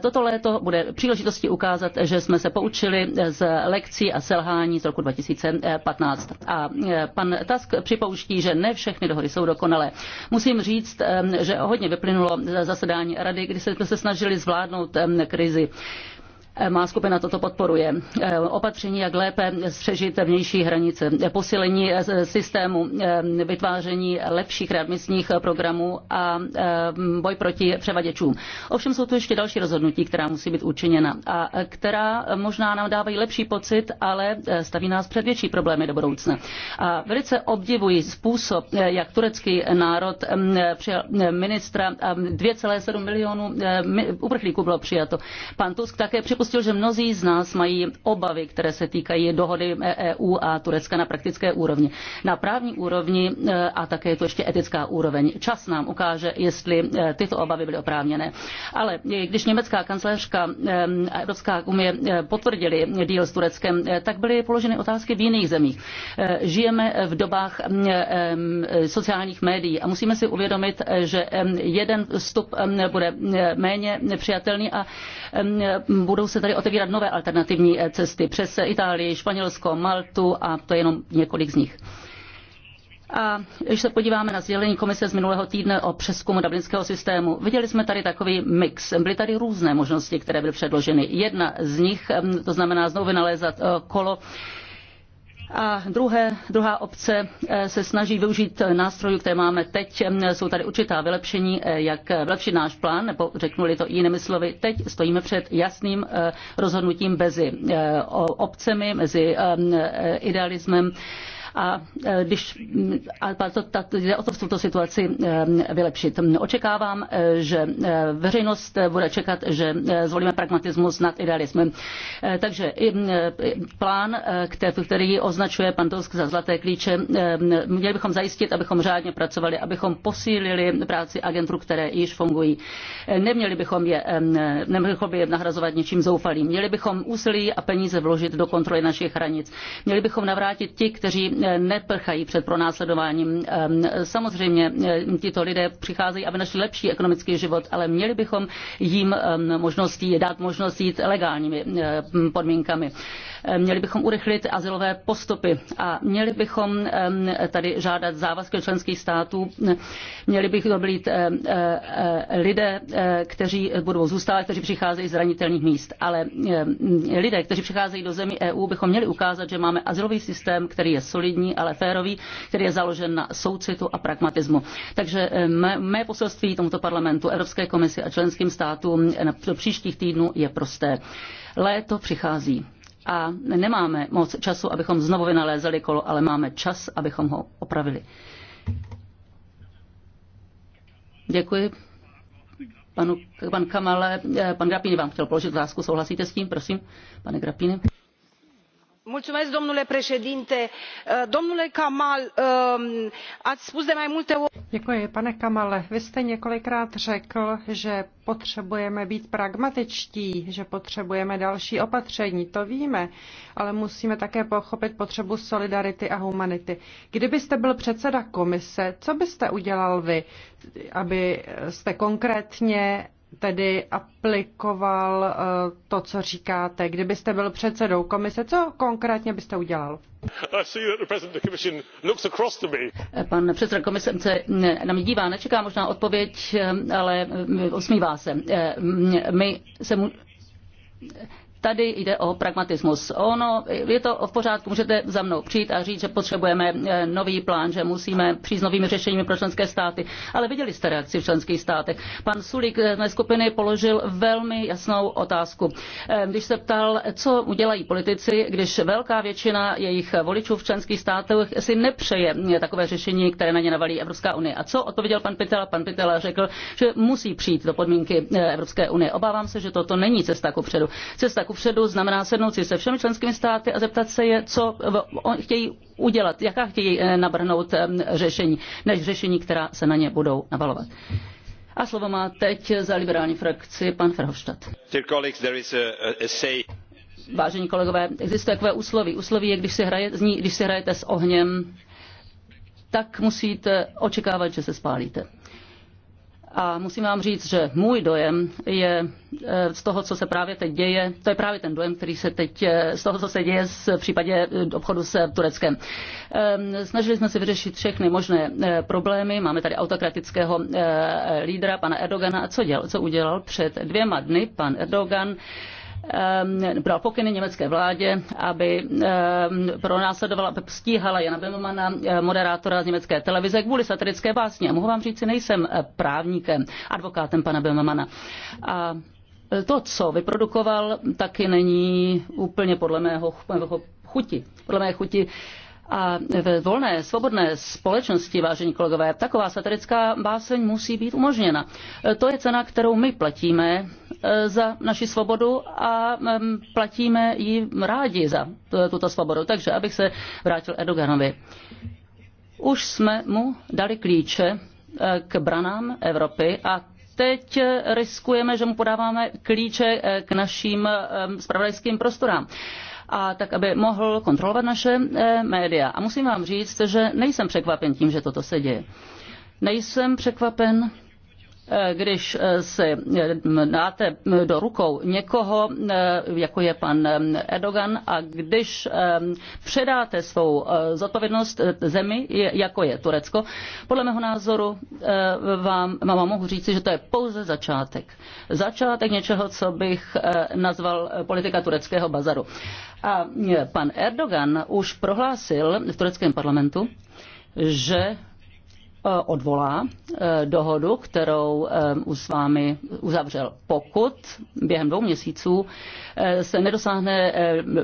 Toto léto bude příležitosti ukázat, že jsme se poučili z lekcí a selhání z roku 2015. A pan Tusk připouští, že ne všechny dohody jsou dokonalé. Musím říct, že hodně vyplynulo zasedání rady, kdy se jsme se snažili zvládnout krizi. Eh, má skupina toto podporuje. Eh, opatření, jak lépe střežit vnější hranice, eh, posílení systému, vytváření lepších readmisních programů a boj proti převaděčům. Ovšem jsou tu ještě další rozhodnutí, která musí být učiněna a která možná nám dávají lepší pocit, ale staví nás před větší problémy do budoucna. A velice obdivuji způsob, jak turecký národ mm, přijal ministra 2,7 milionů uprchlíků bylo přijato. Pan Tusk také připustil připustil, že mnozí z nás mají obavy, které se týkají dohody EU a Turecka na praktické úrovni. Na právní úrovni eh, a také je to ještě etická úroveň. Čas nám ukáže, jestli eh, tyto obavy byly oprávněné. Ale eh, když německá kancelářka a Evropská unie potvrdili díl s Tureckem, tak byly položeny otázky v jiných zemích. Žijeme v dobách mm, sociálních médií a musíme si uvědomit, že jeden vstup bude méně přijatelný a budou se tady otevírat nové alternativní eh, cesty přes eh, Itálii, Španělsko, Maltu a to je jenom několik z nich. A když se podíváme na sdělení komise z minulého týdne o přeskumu dublinského systému, viděli jsme tady takový mix. Byly tady různé možnosti, které byly předloženy. Jedna z nich, ehm, to znamená znovu vynalézat eh, kolo a druhé, druhá obce eh, se snaží využít nástrojů, které máme teď. Jsou tady určitá vylepšení, eh, jak vylepšit náš plán, nebo řeknu-li to jinými slovy. Teď stojíme před jasným eh, rozhodnutím mezi obcemi, mezi idealismem a e, když a to, ta, jde o to v tuto situaci e, vylepšit. Očekávám, e, že veřejnost bude čekat, že zvolíme pragmatismus nad idealismem. Takže i plán, který označuje pan Tosk za zlaté klíče, měli bychom zajistit, abychom řádně pracovali, abychom posílili práci agentur, které již fungují. Neměli bychom je, neměli bychom je nahrazovat něčím zoufalým. Měli bychom úsilí a peníze vložit do kontroly našich hranic. Měli bychom navrátit ti, kteří neprchají před pronásledováním. Ehm, samozřejmě ehm, tito lidé přicházejí, aby našli lepší ekonomický život, ale měli bychom jim ehm, možnosti, dát možnost jít legálními podmínkami. Eh, měli bychom urychlit asilové postupy a měli bychom tady žádat závazky členských států. Měli bychom být eh, eh, lidé, kteří budou zůstávat, kteří přicházejí z zranitelných míst. Ale lidé, kteří přicházejí do zemí EU, bychom měli ukázat, že máme azylový systém, který je solidní, ale férový, který je založen na soucitu a pragmatismu. Takže mé poselství tomuto parlamentu, Evropské komisi a členským státům do příštích týdnů je prosté. Léto přichází a nemáme moc času, abychom znovu vynalézali kolo, ale máme čas, abychom ho opravili. Děkuji. Panu, pan Kamale, eh, pan Grapini vám chtěl položit otázku, souhlasíte s tím, prosím, pane Grapini? domnule președinte eh, domnule kamall ehm, ați spus de mai multe ori. pane kamale vy jste několikrát řekl že potřebujeme být pragmatičtí že potřebujeme další opatření to víme ale musíme také pochopit potřebu solidarity a humanity. kdybyste byl předseda komise co byste udělal vy abyste konkrétně tedy aplikoval eh, to, co říkáte. Kdybyste byl předsedou komise, co konkrétně byste udělal? Eh, pan předseda komise se eh, na mě dívá, nečeká možná odpověď, ale usmívá mm, se. Mm, my se mu... Tady jde o pragmatismus. Ono, je to v pořádku, můžete za mnou přijít a říct, že potřebujeme eh, nový plán, že musíme přijít s novými řešeními pro členské státy. Ale viděli jste reakci v členských státech. Pan Sulík eh, z mé skupiny položil velmi jasnou otázku. Eh, když se ptal, co udělají politici, když velká většina jejich voličů v členských státech si nepřeje takové řešení, které na ně navalí Evropská unie. A co odpověděl pan Pitela? Pan Pitela řekl, že musí přijít do podmínky Evropské unie. Obávám se, že toto není cesta ku předu. Cesta ku kupředu znamená sednout si se všemi členskými státy a zeptat se je, co chtějí udělat, jaká chtějí eh, nabrhnout eh, řešení, než řešení, která se na ně budou navalovat. A slovo má teď za liberální frakci pan Verhofstadt. Vážení kolegové, existuje takové úsloví. Úsloví je, když si, hraje, když si hrajete s ohněm, tak musíte očekávat, že se spálíte. A musím vám říct, že můj dojem je e, z toho, co se právě teď děje, to je právě ten dojem, který se teď e, z toho, co se děje v případě e, obchodu s Tureckem. Ehm, snažili jsme se vyřešit všechny možné problémy. Máme tady autokratického lídra, pana Erdogana. A co, dělal, co udělal před dvěma dny pan Erdogan? dal ehm, pokyny německé vládě, aby ehm, pronásledovala, stíhala Jana Bemmana, eh, moderátora z německé televize, kvůli satirické básně. A mohu vám říct, že nejsem eh, právníkem, advokátem pana Bemmana. A to, co vyprodukoval, taky není úplně podle mého chuti. Podle mé chuti a ve volné, svobodné společnosti, vážení kolegové, taková satirická báseň musí být umožněna. To je cena, kterou my platíme e, za naši svobodu a platíme ji rádi za e, tuto svobodu. Takže abych se vrátil Erdoganovi. Už jsme mu dali klíče e, k branám Evropy a teď riskujeme, že mu podáváme klíče eh, k našim spravodajským eh, prostorám a tak, aby mohl kontrolovat naše eh, média. A musím vám říct, že nejsem překvapen tím, že toto se děje. Nejsem překvapen Eh, když eh, si eh, dáte do rukou někoho, jako je pan Erdogan, a když předáte svou zodpovědnost zemi, jako je Turecko, podle mého názoru vám, vám mohu říci, že to je pouze začátek. Začátek něčeho, co bych nazval politika tureckého bazaru. A pan Erdogan už prohlásil v tureckém parlamentu, že Eh, odvolá eh, dohodu, kterou eh, už s vámi uzavřel, pokud během dvou měsíců se nedosáhne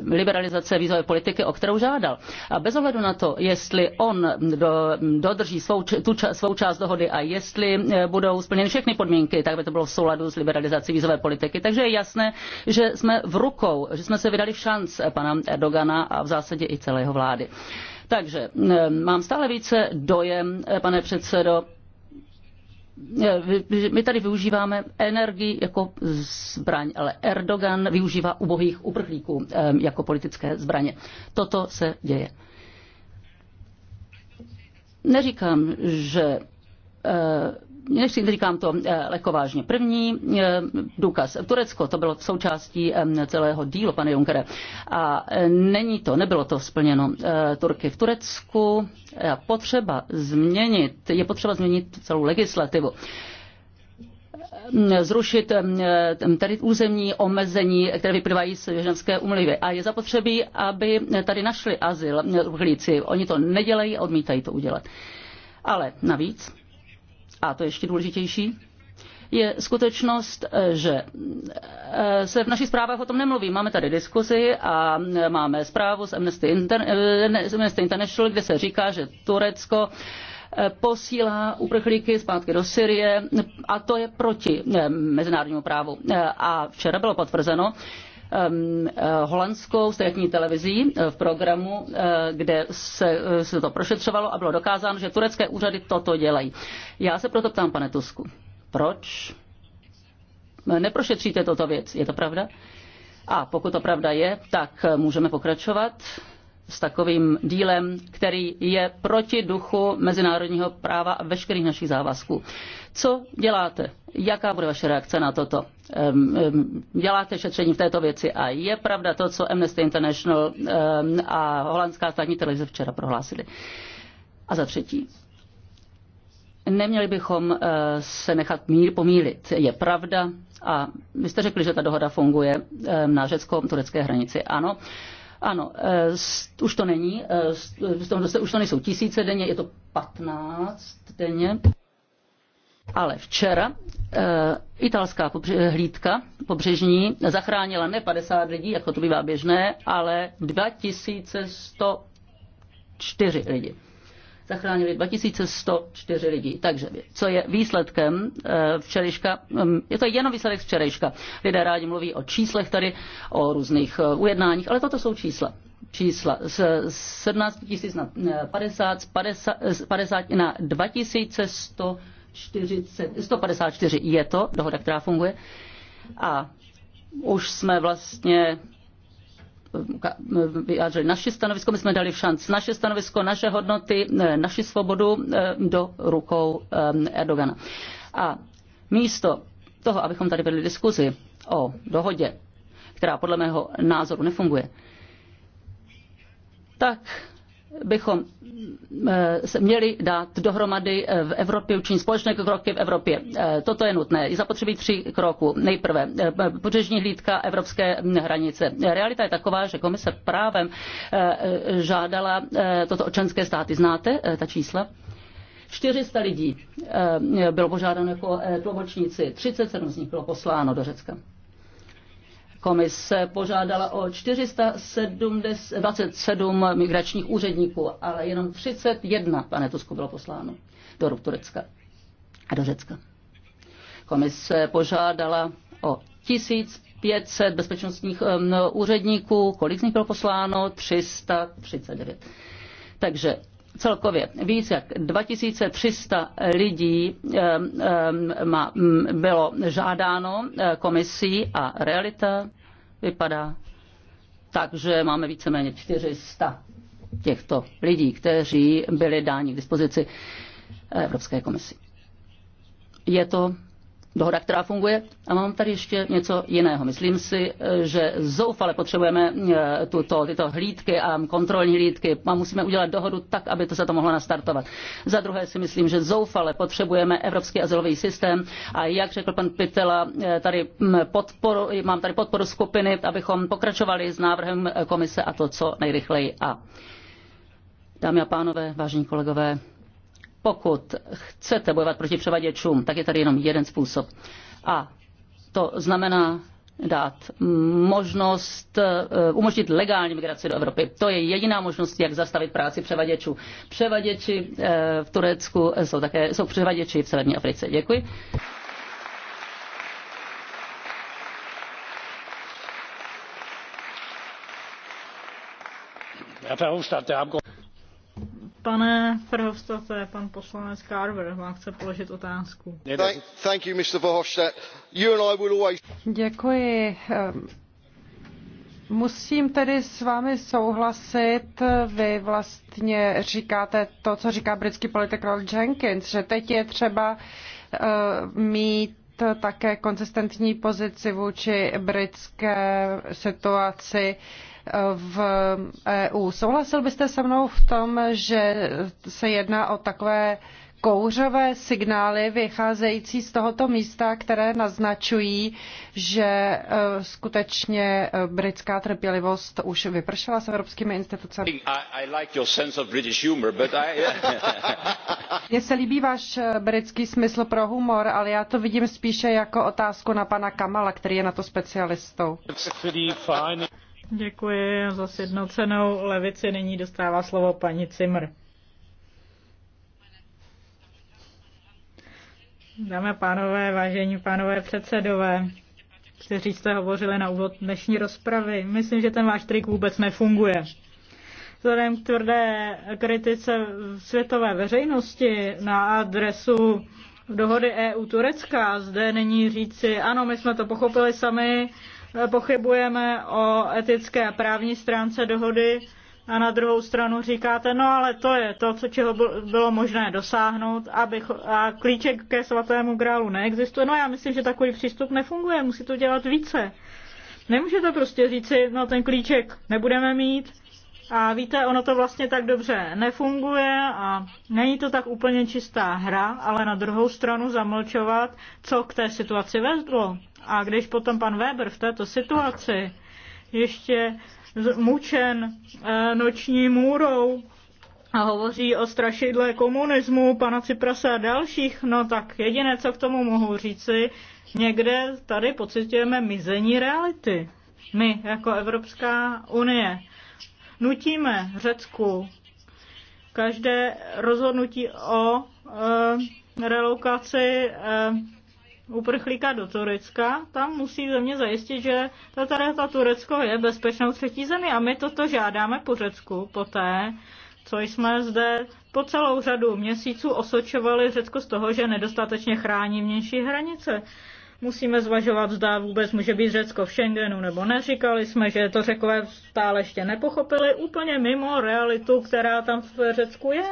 liberalizace vízové politiky, o kterou žádal. A bez ohledu na to, jestli on dodrží svou, tu, svou část dohody a jestli budou splněny všechny podmínky, tak by to bylo v souladu s liberalizací vízové politiky. Takže je jasné, že jsme v rukou, že jsme se vydali v šanc pana Erdogana a v zásadě i celého vlády. Takže eh, mám stále více dojem, eh, pane předsedo, eh, my tady využíváme energii jako zbraň, ale Erdogan využívá ubohých uprchlíků jako politické zbraně. Toto se děje. Neříkám, že nechci, říkám to eh, lehko vážně. První eh, důkaz. Turecko to bylo součástí celého dílu, pane Junkere. A eh, není to, nebylo to splněno Turky v Turecku. Potřeba změnit, je potřeba změnit celou legislativu zrušit tady územní omezení, které vyplývají z ženevské umluvy. A je zapotřebí, aby tady našli azyl uhlíci. Oni to nedělají a odmítají to udělat. Ale navíc a to je ještě důležitější, je skutečnost, eh, že eh, se v našich zprávách o tom nemluví. Máme tady diskuzi a eh, máme zprávu z Amnesty, Inter- z Amnesty International, kde se říká, že Turecko posílá uprchlíky zpátky do Syrie a to je proti mezinárodnímu právu. A včera bylo potvrzeno, Um, eh, holandskou státní televizí eh, v programu, eh, kde se, se to prošetřovalo a bylo dokázáno, že turecké úřady toto dělají. Já se proto ptám, pane Tusku, proč neprošetříte toto věc? Je to pravda? A pokud to pravda je, tak můžeme pokračovat s takovým dílem, který je proti duchu mezinárodního práva a veškerých našich závazků. Co děláte? Jaká bude vaše reakce na toto? Děláte šetření v této věci a je pravda to, co Amnesty International a holandská státní televize včera prohlásili. A za třetí, neměli bychom eh, se nechat mír pomílit. Je pravda, a vy jste řekli, že ta dohoda funguje na řecko-turecké hranici. Ano, ano, eh, už to není, eh, už to nejsou tisíce denně, je to 15 denně. Ale včera eh, italská hlídka pobřežní zachránila ne 50 lidí, jako to bývá běžné, ale 2104 lidi. Zachránili 2104 lidí. Takže co je výsledkem eh, včerejška, mm, je to jenom výsledek včerejška. Lidé rádi mluví o číslech tady, o různých eh, ujednáních, ale toto jsou čísla čísla z 17 000 na 50, z 50, z 50 na 2100 40, 154 je to dohoda, která funguje. A už jsme vlastně eh, eh, vyjádřili naše stanovisko, my jsme dali šanc naše stanovisko, naše hodnoty, eh, naši svobodu do rukou Erdogana. A místo toho, abychom tady vedli diskuzi o dohodě, která podle mého názoru nefunguje, tak bychom eh, se měli dát dohromady eh, v Evropě, učinit společné kroky v Evropě. Eh, toto je nutné. Je zapotřebí tři kroku. Nejprve pobřežní hlídka evropské hm, hranice. Realita je taková, že komise právem žádala toto občanské státy. Znáte ta čísla? 400 lidí bylo požádáno jako tlumočníci, 37 z nich bylo posláno do Řecka. Komise požádala o 427 migračních úředníků, ale jenom 31, pane Tusku, bylo posláno do Turecka a do Řecka. Komise požádala o 1500 bezpečnostních úředníků, kolik z nich bylo posláno? 339. Takže Celkově více jak 2300 lidí bylo žádáno e, komisí a realita vypadá takže máme víceméně 400 těchto lidí, kteří byli dáni k dispozici Evropské komisi. Je to dohoda, která funguje. A mám tady ještě něco jiného. Myslím si, že zoufale potřebujeme eh, tuto, tyto hlídky a kontrolní hlídky. A musíme udělat dohodu tak, aby to se to mohlo nastartovat. Za druhé si myslím, že zoufale potřebujeme evropský azylový systém. A jak řekl pan Pitela, eh, tady mm, podporu, mám tady podporu skupiny, abychom pokračovali s návrhem komise a to co nejrychleji. A Dámy a pánové, vážení kolegové, pokud chcete bojovat proti převaděčům, tak je tady jenom jeden způsob. A to znamená dát možnost eh, umožnit legální migraci do Evropy. To je jediná možnost, jak zastavit práci převaděčů. Převaděči eh, v Turecku jsou také jsou převaděči v Severní Africe. Děkuji. Herr Verhofstadt, der Abgeordnete Pane Verhofstadte, pan poslanec Carver vám chce položit otázku. Thank you, Mr. Verhofstadt. You and I will always... Děkuji. Ehm, musím tedy s vámi souhlasit. Vy vlastně říkáte to, co říká britský politik Rod Jenkins, že teď je třeba ehm, mít také konzistentní pozici vůči britské situaci v EU. Souhlasil byste se mnou v tom, že se jedná o takové kouřové signály vycházející z tohoto místa, které naznačují, že eh, skutečně eh, britská trpělivost už vypršela s evropskými institucemi. Mně se líbí váš eh, britský smysl pro humor, ale já to vidím spíše jako otázku na pana Kamala, který je na to specialistou. Děkuji za sjednocenou levici. Nyní dostává slovo paní Cimr. Dámy a pánové, vážení pánové předsedové, kteří jste hovořili na úvod dnešní rozpravy, myslím, že ten váš trik vůbec nefunguje. Vzhledem k tvrdé kritice světové veřejnosti na adresu dohody EU-Turecka, zde není říci, ano, my jsme to pochopili sami, pochybujeme o etické a právní stránce dohody, a na druhou stranu říkáte, no ale to je to, co čeho bylo možné dosáhnout, aby a klíček ke svatému grálu neexistuje. No já myslím, že takový přístup nefunguje, musí to dělat více. Nemůžete prostě říci, no ten klíček nebudeme mít, a víte, ono to vlastně tak dobře nefunguje a není to tak úplně čistá hra, ale na druhou stranu zamlčovat, co k té situaci vedlo. A když potom pan Weber v této situaci ještě mučen e, noční můrou a hovoří o strašidle komunismu, pana Ciprasa a dalších, no tak jediné, co k tomu mohu říci, někde tady pocitujeme mizení reality. My, jako Evropská unie, nutíme Řecku každé rozhodnutí o e, relokaci e, uprchlíka do Turecka, tam musí země zajistit, že ta tady ta Turecko je bezpečnou třetí zemi a my toto žádáme po Řecku poté, co jsme zde po celou řadu měsíců osočovali Řecko z toho, že nedostatečně chrání vnější hranice. Musíme zvažovat, zda vůbec může být Řecko v Schengenu nebo neříkali jsme, že to Řekové stále ještě nepochopili úplně mimo realitu, která tam v Řecku je.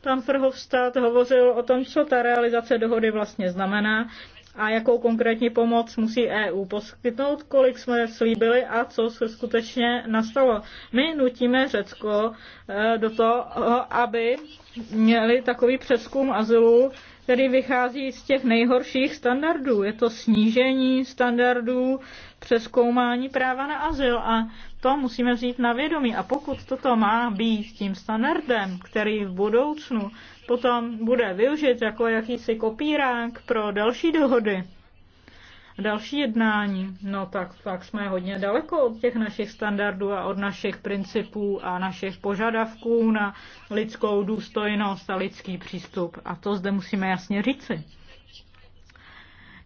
Tam Frhovstát hovořil o tom, co ta realizace dohody vlastně znamená a jakou konkrétní pomoc musí EU poskytnout, kolik jsme slíbili a co se skutečně nastalo. My nutíme Řecko e, do toho, aby měli takový přeskum azylu, který vychází z těch nejhorších standardů. Je to snížení standardů, přeskoumání práva na azyl a to musíme vzít na vědomí. A pokud toto má být tím standardem, který v budoucnu potom bude využit jako jakýsi kopírák pro další dohody, další jednání. No tak, tak jsme hodně daleko od těch našich standardů a od našich principů a našich požadavků na lidskou důstojnost a lidský přístup. A to zde musíme jasně říci.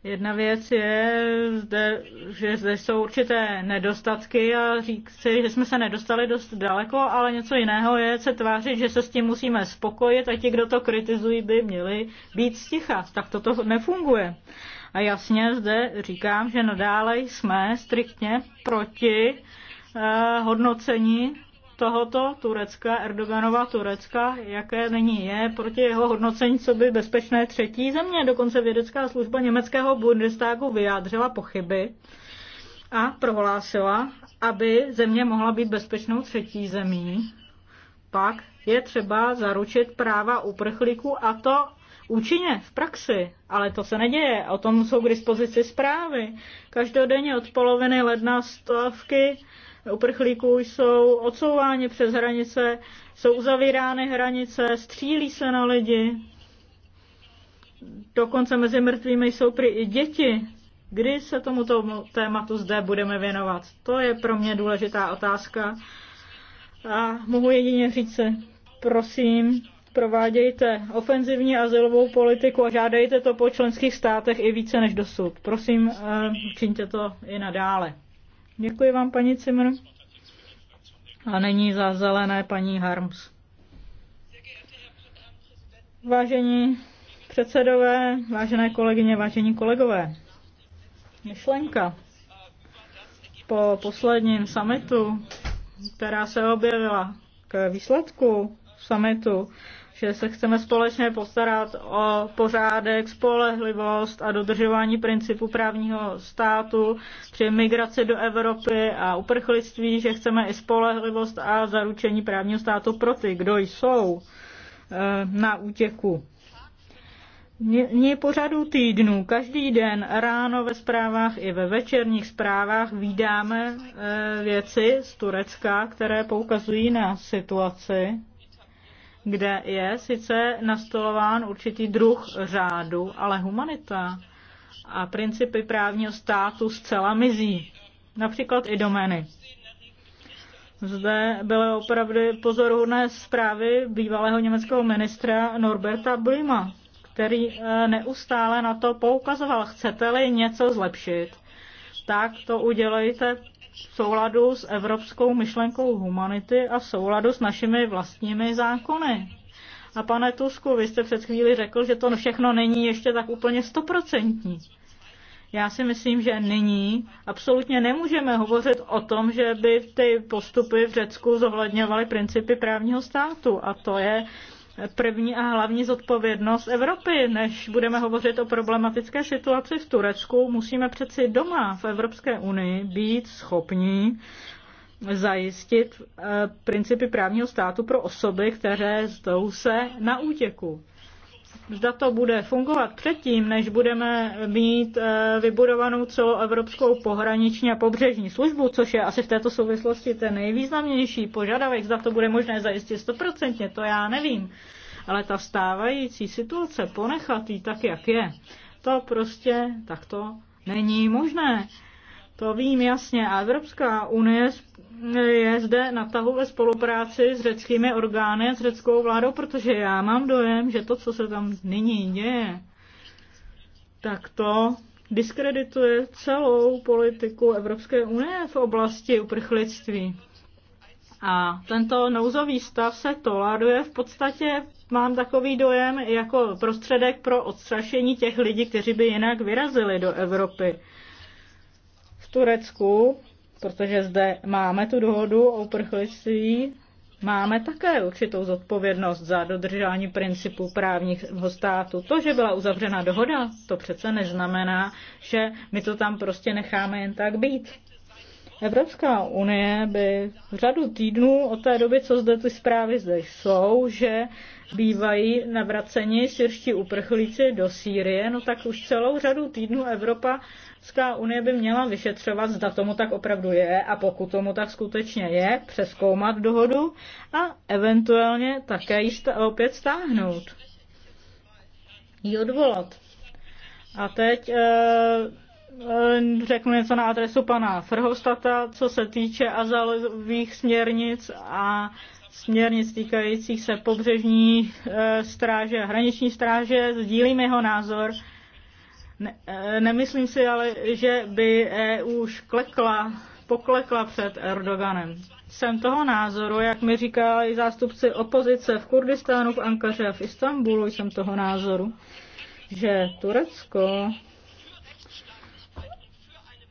Jedna věc je, zde, že zde jsou určité nedostatky a říci, že jsme se nedostali dost daleko, ale něco jiného je se tvářit, že se s tím musíme spokojit a ti, kdo to kritizují, by měli být sticha. Tak toto nefunguje. A jasně zde říkám, že nadále jsme striktně proti eh, hodnocení tohoto Turecka, Erdoganova Turecka, jaké není je, proti jeho hodnocení, co by bezpečné třetí země. Dokonce vědecká služba německého Bundestagu vyjádřila pochyby a prohlásila, aby země mohla být bezpečnou třetí zemí. Pak je třeba zaručit práva uprchlíků a to účinně v praxi, ale to se neděje. O tom jsou k dispozici zprávy. Každodenně od poloviny ledna stovky uprchlíků jsou odsouváni přes hranice, jsou uzavírány hranice, střílí se na lidi. Dokonce mezi mrtvými jsou prý i děti. Kdy se tomuto tématu zde budeme věnovat? To je pro mě důležitá otázka. A mohu jedině říct se, prosím, provádějte ofenzivní azylovou politiku a žádejte to po členských státech i více než dosud. Prosím, eh, čiňte to i nadále. Děkuji vám, paní Cimr. A není za zelené paní Harms. Vážení předsedové, vážené kolegyně, vážení kolegové, myšlenka po posledním summitu, která se objevila k výsledku summitu, že se chceme společně postarat o pořádek, spolehlivost a dodržování principu právního státu při migraci do Evropy a uprchlictví, že chceme i spolehlivost a zaručení právního státu pro ty, kdo jsou eh, na útěku. Dní pořadu týdnu, každý den ráno ve zprávách i ve večerních zprávách vydáme eh, věci z Turecka, které poukazují na situaci kde je sice nastolován určitý druh řádu, ale humanita a principy právního státu zcela mizí. Například i domény. Zde byly opravdu pozoruhodné zprávy bývalého německého ministra Norberta Blima, který eh, neustále na to poukazoval, chcete-li něco zlepšit, tak to udělejte souladu s evropskou myšlenkou humanity a souladu s našimi vlastními zákony. A pane Tusku, vy jste před chvíli řekl, že to všechno není ještě tak úplně stoprocentní. Já si myslím, že nyní absolutně nemůžeme hovořit o tom, že by ty postupy v Řecku zohledňovaly principy právního státu. A to je první a hlavní zodpovědnost Evropy. Než budeme hovořit o problematické situaci v Turecku, musíme přeci doma v Evropské unii být schopní zajistit eh, principy právního státu pro osoby, které zdou se na útěku zda to bude fungovat předtím, než budeme mít eh, vybudovanou celoevropskou pohraniční a pobřežní službu, což je asi v této souvislosti ten nejvýznamnější požadavek, zda to bude možné zajistit stoprocentně, to já nevím. Ale ta stávající situace, ponechat ji tak, jak je, to prostě takto není možné. To vím jasně. A Evropská unie je zde na tahu ve spolupráci s řeckými orgány, s řeckou vládou, protože já mám dojem, že to, co se tam nyní děje, tak to diskredituje celou politiku Evropské unie v oblasti uprchlictví. A tento nouzový stav se toláduje v podstatě, mám takový dojem, jako prostředek pro odstrašení těch lidí, kteří by jinak vyrazili do Evropy. Turecku, protože zde máme tu dohodu o uprchlictví, máme také určitou zodpovědnost za dodržování principů právního státu. To, že byla uzavřena dohoda, to přece neznamená, že my to tam prostě necháme jen tak být. Evropská unie by v řadu týdnů od té doby, co zde ty zprávy zde jsou, že bývají navraceni syrští uprchlíci do Sýrie, no tak už celou řadu týdnů Evropa Evropská unie by měla vyšetřovat, zda tomu tak opravdu je a pokud tomu tak skutečně je, přeskoumat dohodu a eventuálně také ji opět stáhnout. Ji odvolat. A teď e, e, řeknu něco na adresu pana Frhostata, co se týče azalových směrnic a směrnic týkajících se pobřežní e, stráže a hraniční stráže. Sdílím jeho názor. E, ne, e, nemyslím si ale, že by EU klekla, poklekla před Erdoganem. Jsem toho názoru, jak mi říkali zástupci opozice v Kurdistánu, v Ankaře a v Istanbulu, jsem toho názoru, že Turecko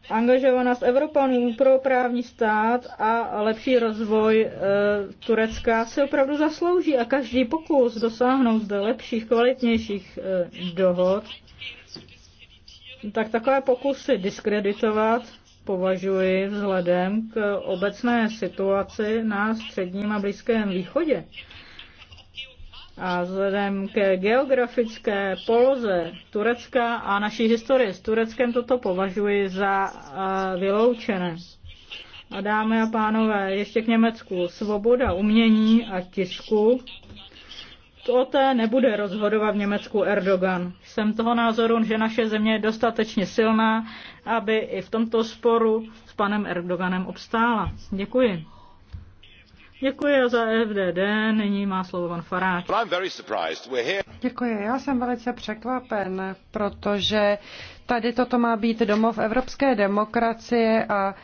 angažovanost Evropanů pro právní stát a lepší rozvoj e, Turecka si opravdu zaslouží a každý pokus dosáhnout zde lepších, kvalitnějších e, dohod tak takové pokusy diskreditovat považuji vzhledem k obecné situaci na středním a blízkém východě a vzhledem k geografické poloze Turecka a naší historie s Tureckem toto považuji za vyloučené. A dámy a pánové, ještě k Německu. Svoboda umění a tisku o té nebude rozhodovat v Německu Erdogan. Jsem toho názoru, že naše země je dostatečně silná, aby i v tomto sporu s panem Erdoganem obstála. Děkuji. Děkuji za FDD, nyní má slovo pan Faráč. Děkuji, já jsem velice překvapen, protože tady toto má být domov evropské demokracie a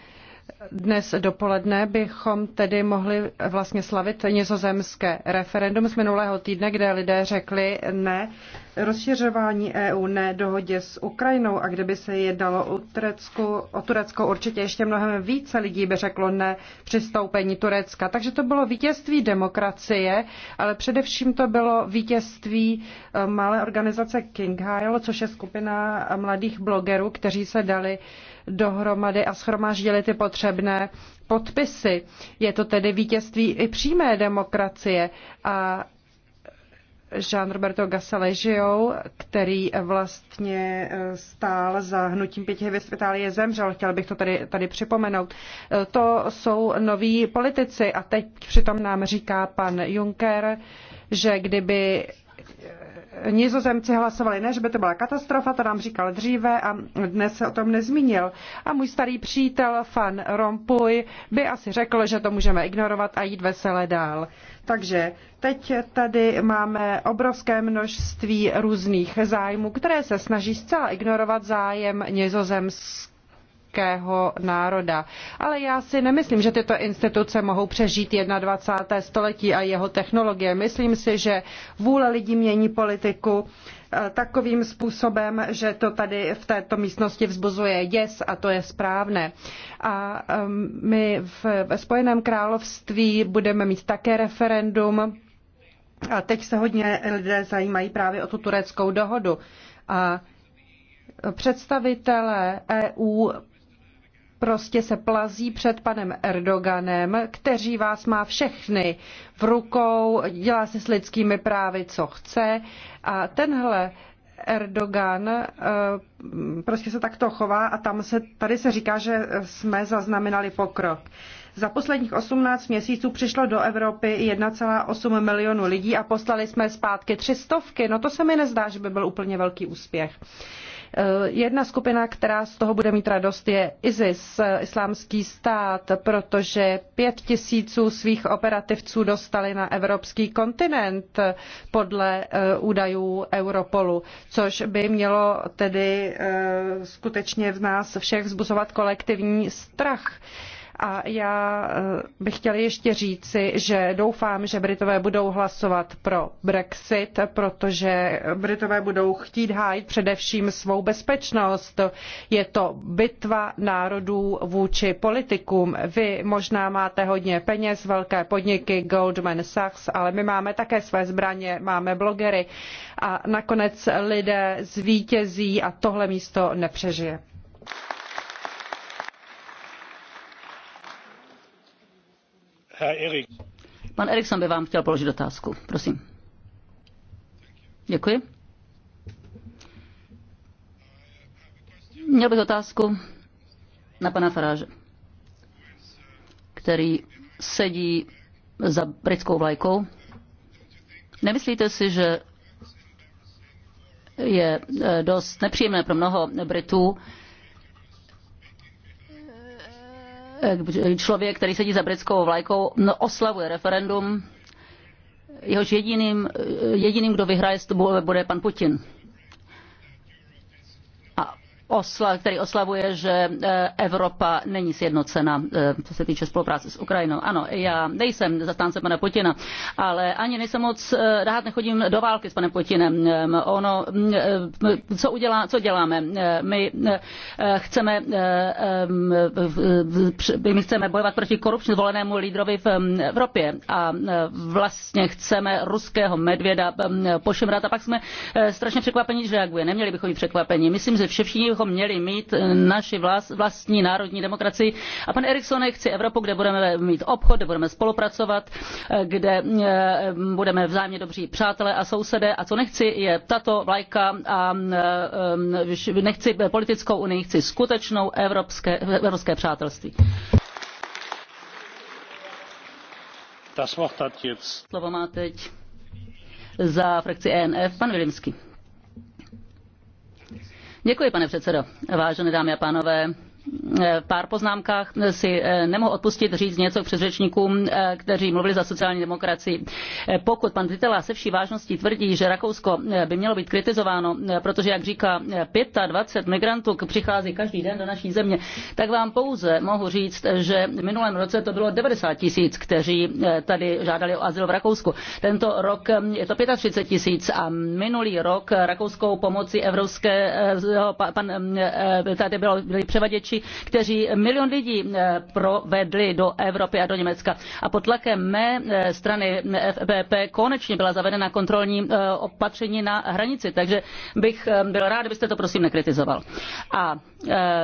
dnes dopoledne bychom tedy mohli vlastně slavit nizozemské referendum z minulého týdne, kde lidé řekli ne rozšiřování EU, ne dohodě s Ukrajinou. A kdyby se jednalo o Turecku, o Turecko určitě ještě mnohem více lidí by řeklo ne přistoupení Turecka. Takže to bylo vítězství demokracie, ale především to bylo vítězství eh, malé organizace King Hile, což je skupina mladých blogerů, kteří se dali uh, dohromady a schromáždili ty potřebné podpisy. Je to tedy vítězství i přímé demokracie a Jean Roberto Gasaležio, který vlastně eh, stál za hnutím pěti hvězd v Itálii, zemřel. Chtěl bych to tady, tady připomenout. Eh, to jsou noví politici a teď přitom nám říká pan Juncker, že kdyby nizozemci hlasovali ne, že by to byla katastrofa, to nám říkal dříve a dnes se o tom nezmínil. A můj starý přítel, fan Rompuy, by asi řekl, že to můžeme ignorovat a jít vesele dál. Takže teď tady máme obrovské množství různých zájmů, které se snaží zcela ignorovat zájem nizozemský irského národa. Ale já si nemyslím, že tyto instituce mohou přežít 21. století a jeho technologie. Myslím si, že vůle lidí mění politiku eh, takovým způsobem, že to tady v této místnosti vzbuzuje děs a to je správné. A ehm, my v, Spojeném království budeme mít také referendum. A teď se hodně lidé zajímají právě o tu tureckou dohodu. A eh, představitelé EU prostě se plazí před panem Erdoganem, kteří vás má všechny v rukou, dělá se s lidskými právy, co chce. A tenhle Erdogan eh, prostě se takto chová a tam se, tady se říká, že jsme zaznamenali pokrok. Za posledních 18 měsíců přišlo do Evropy 1,8 milionu lidí a poslali jsme zpátky tři stovky. No to se mi nezdá, že by byl úplně velký úspěch. Eh, jedna skupina, která z toho bude mít radost, je ISIS, eh, islámský stát, protože pět tisíců svých operativců dostali na evropský kontinent eh, podle údajů Europolu, což by mělo tedy skutečně v nás všech vzbuzovat kolektivní strach. A já eh, bych chtěla ještě říci, že doufám, že Britové budou hlasovat pro Brexit, protože Britové budou chtít hájit především svou bezpečnost. Je to bitva národů vůči politikům. Vy možná máte hodně peněz, velké podniky, Goldman Sachs, ale my máme také své zbraně, máme blogery a nakonec lidé zvítězí a tohle místo nepřežije. Pan Eriksson by vám chtěl položit otázku. Prosím. Děkuji. Měl bych otázku na pana Faráže, který sedí za britskou vlajkou. Nemyslíte si, že je eh, dost nepříjemné pro mnoho Britů, Eh, člověk, který sedí za britskou vlajkou, no, oslavuje referendum, jehož jediným, eh, jediným kdo vyhraje, bude pan Putin který oslavuje, že e, Evropa není sjednocena, e, co se týče spolupráce s Ukrajinou. Ano, já nejsem zastánce pana Putina, ale ani nejsem moc e, rád nechodím do války s panem Putinem. Ono, co, udělá, co děláme? My chceme, my chceme bojovat proti korupčně zvolenému lídrovi v Evropě a vlastně chceme ruského medvěda pošemrat a pak jsme strašně překvapení, že reaguje. Neměli bychom být překvapení. Myslím, že všichni bychom měli mít eh, naši vlastní národní demokracii. A pan Eriksson chci Evropu, kde budeme mít obchod, kde budeme spolupracovat, eh, kde eh, budeme vzájemně dobří přátelé a sousedé. A co nechci, je tato vlajka a nechci politickou unii, chci skutečnou evropské, evropské přátelství. Slovo má teď za frakci ENF pan Vilimský pane předsedo. Vážené dámy a pánové, v eh, pár poznámkách si eh, nemohu odpustit říct něco k předřečníkům, eh, kteří mluvili za sociální demokracii. Pokud pan Titela se vší vážností tvrdí, že Rakousko by mělo být kritizováno, protože, jak říká, 25 migrantů přichází každý den do naší země, tak vám pouze mohu říct, že v minulém roce to bylo 90 tisíc, kteří tady žádali o azyl v Rakousku. Tento rok je to 35 tisíc a minulý rok rakouskou pomocí Evropské, pan, tady bylo, byli převaděči kteří, kteří milion lidí eh, provedli do Evropy a do Německa. A pod tlakem mé eh, strany eh, FPP konečně byla zavedena kontrolní opatření na hranici, takže bych byl rád, kdybyste to prosím nekritizoval. A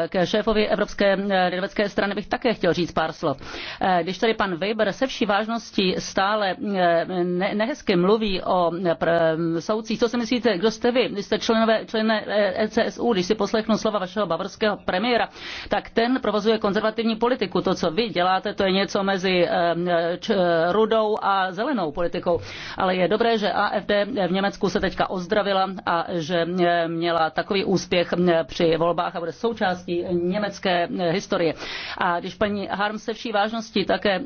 k šéfovi Evropské lidovecké strany bych také chtěl říct pár slov. Když tady pan Weber se vší vážností stále ne- nehezky mluví o pr- soudcích, co si myslíte, kdo jste vy? Vy jste členové, členové ECSU, e když si poslechnu slova vašeho bavorského premiéra, tak ten provozuje konzervativní politiku. To, co vy děláte, to je něco mezi eh, eh, rudou a zelenou politikou. Ale je dobré, že AFD v Německu se teďka ozdravila a že eh, měla takový úspěch při volbách a bude součástí německé historie. A když paní Harm se vší vážností také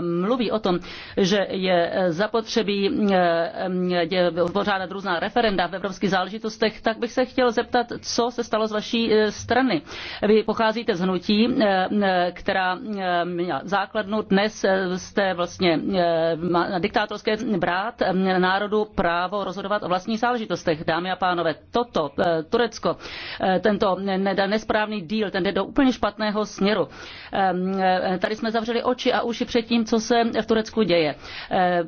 mluví o tom, že je zapotřebí pořádat různá referenda v evropských záležitostech, tak bych se chtěl zeptat, co se stalo z vaší strany. Vy pocházíte pocházíte z hnutí, eh, eh, která eh, měla základnu, dnes jste vlastně na diktátorské brát národu právo rozhodovat o vlastních záležitostech. Dámy a pánové, toto Turecko, tento nesprávný díl, ten jde do úplně špatného směru. Tady jsme zavřeli oči a uši před tím, co se v Turecku děje.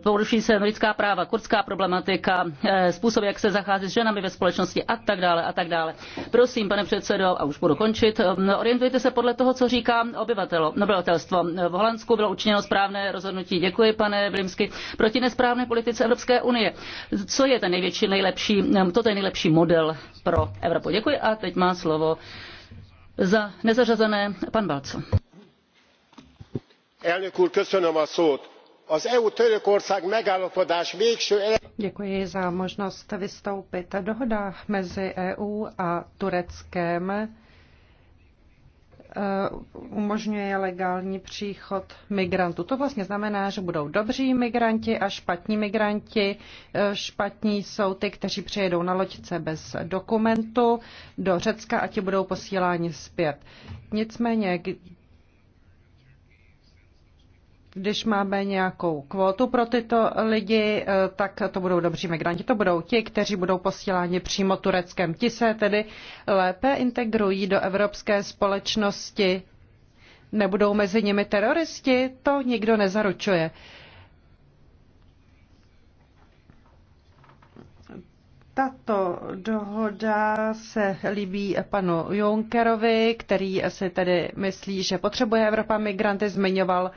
Poruší se lidská práva, kurdská problematika, způsob, jak se zachází s ženami ve společnosti a tak dále a tak dále. Prosím, pane předsedo, a už budu končit, orientujte Orientujte se podle toho, co říká obyvatelstvo. V Holandsku bylo učiněno správné rozhodnutí. Děkuji, pane Brimsky. Proti nesprávné politice Evropské unie. Co je ten největší, nejlepší, to je nejlepší model pro Evropu? Děkuji a teď má slovo za nezařazené pan Balco. eu megállapodás Děkuji za možnost vystoupit. Dohoda mezi EU a Tureckem Eh, umožňuje legální příchod migrantů. To vlastně znamená, že budou dobří migranti a špatní migranti. Eh, špatní jsou ty, kteří přijedou na loďce bez dokumentu do Řecka a ti budou posíláni zpět. Nicméně, když máme nějakou kvotu pro tyto lidi, eh, tak to budou dobří migranti. To budou ti, kteří budou posíláni přímo tureckém. Ti se tedy lépe integrují do evropské společnosti. Nebudou mezi nimi teroristi, to nikdo nezaručuje. Tato dohoda se líbí panu Junckerovi, který si tedy myslí, že potřebuje Evropa migranty, zmiňoval